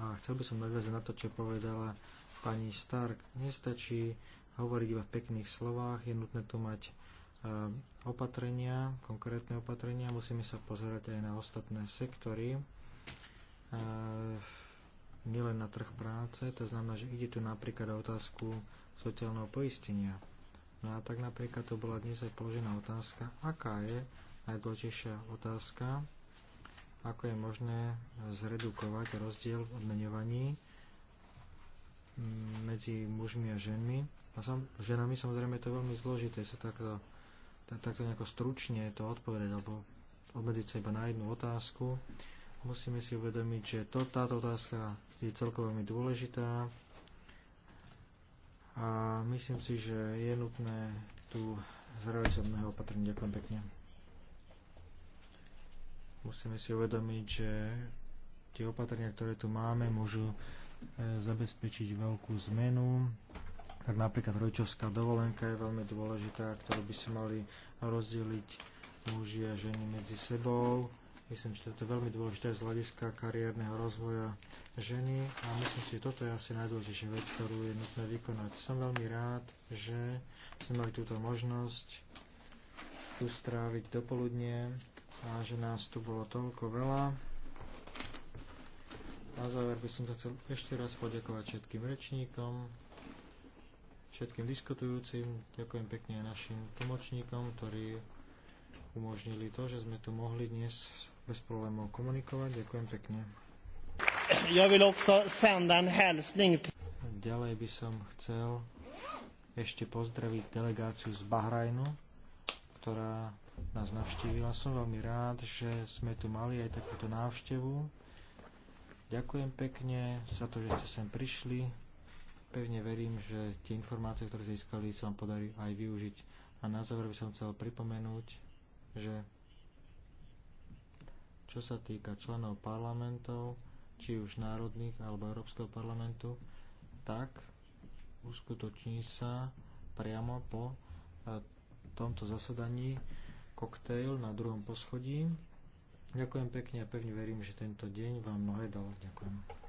A chcel by som nadviazať na to, čo povedala pani Stark. Nestačí hovoriť iba v pekných slovách, je nutné tu mať e, opatrenia, konkrétne opatrenia. Musíme sa pozerať aj na ostatné sektory, e, nielen na trh práce. To znamená, že ide tu napríklad o otázku sociálneho poistenia. No a tak napríklad tu bola dnes aj položená otázka, aká je najdôležitejšia otázka, ako je možné zredukovať rozdiel v odmenovaní mm, medzi mužmi a ženmi. A sam, ženami samozrejme je to veľmi zložité sa takto, tak, takto nejako stručne to odpovedať alebo obmedziť sa iba na jednu otázku. Musíme si uvedomiť, že to, táto otázka je celkovo veľmi dôležitá a myslím si, že je nutné tu zrealizovať mnohé opatrenia. Ďakujem pekne. Musíme si uvedomiť, že tie opatrenia, ktoré tu máme, môžu e, zabezpečiť veľkú zmenu. Tak napríklad rodičovská dovolenka je veľmi dôležitá, ktorú by si mali rozdeliť muži a ženy medzi sebou Myslím, že toto je veľmi dôležité z hľadiska kariérneho rozvoja ženy a myslím si, že toto je asi najdôležitejšia vec, ktorú je nutné vykonať. Som veľmi rád, že sme mali túto možnosť tu stráviť dopoludne a že nás tu bolo toľko veľa. Na záver by som sa chcel ešte raz poďakovať všetkým rečníkom, všetkým diskutujúcim, ďakujem pekne našim tlmočníkom, ktorí umožnili to, že sme tu mohli dnes bez problémov komunikovať. Ďakujem pekne. Ja också sända en hälsning. Ďalej by som chcel ešte pozdraviť delegáciu z Bahrajnu, ktorá nás navštívila. Som veľmi rád, že sme tu mali aj takúto návštevu. Ďakujem pekne za to, že ste sem prišli. Pevne verím, že tie informácie, ktoré získali, sa vám podarí aj využiť. A na záver by som chcel pripomenúť, že čo sa týka členov parlamentov, či už národných alebo Európskeho parlamentu, tak uskutoční sa priamo po e, tomto zasadaní koktejl na druhom poschodí. Ďakujem pekne a pevne verím, že tento deň vám mnohé dal. Ďakujem.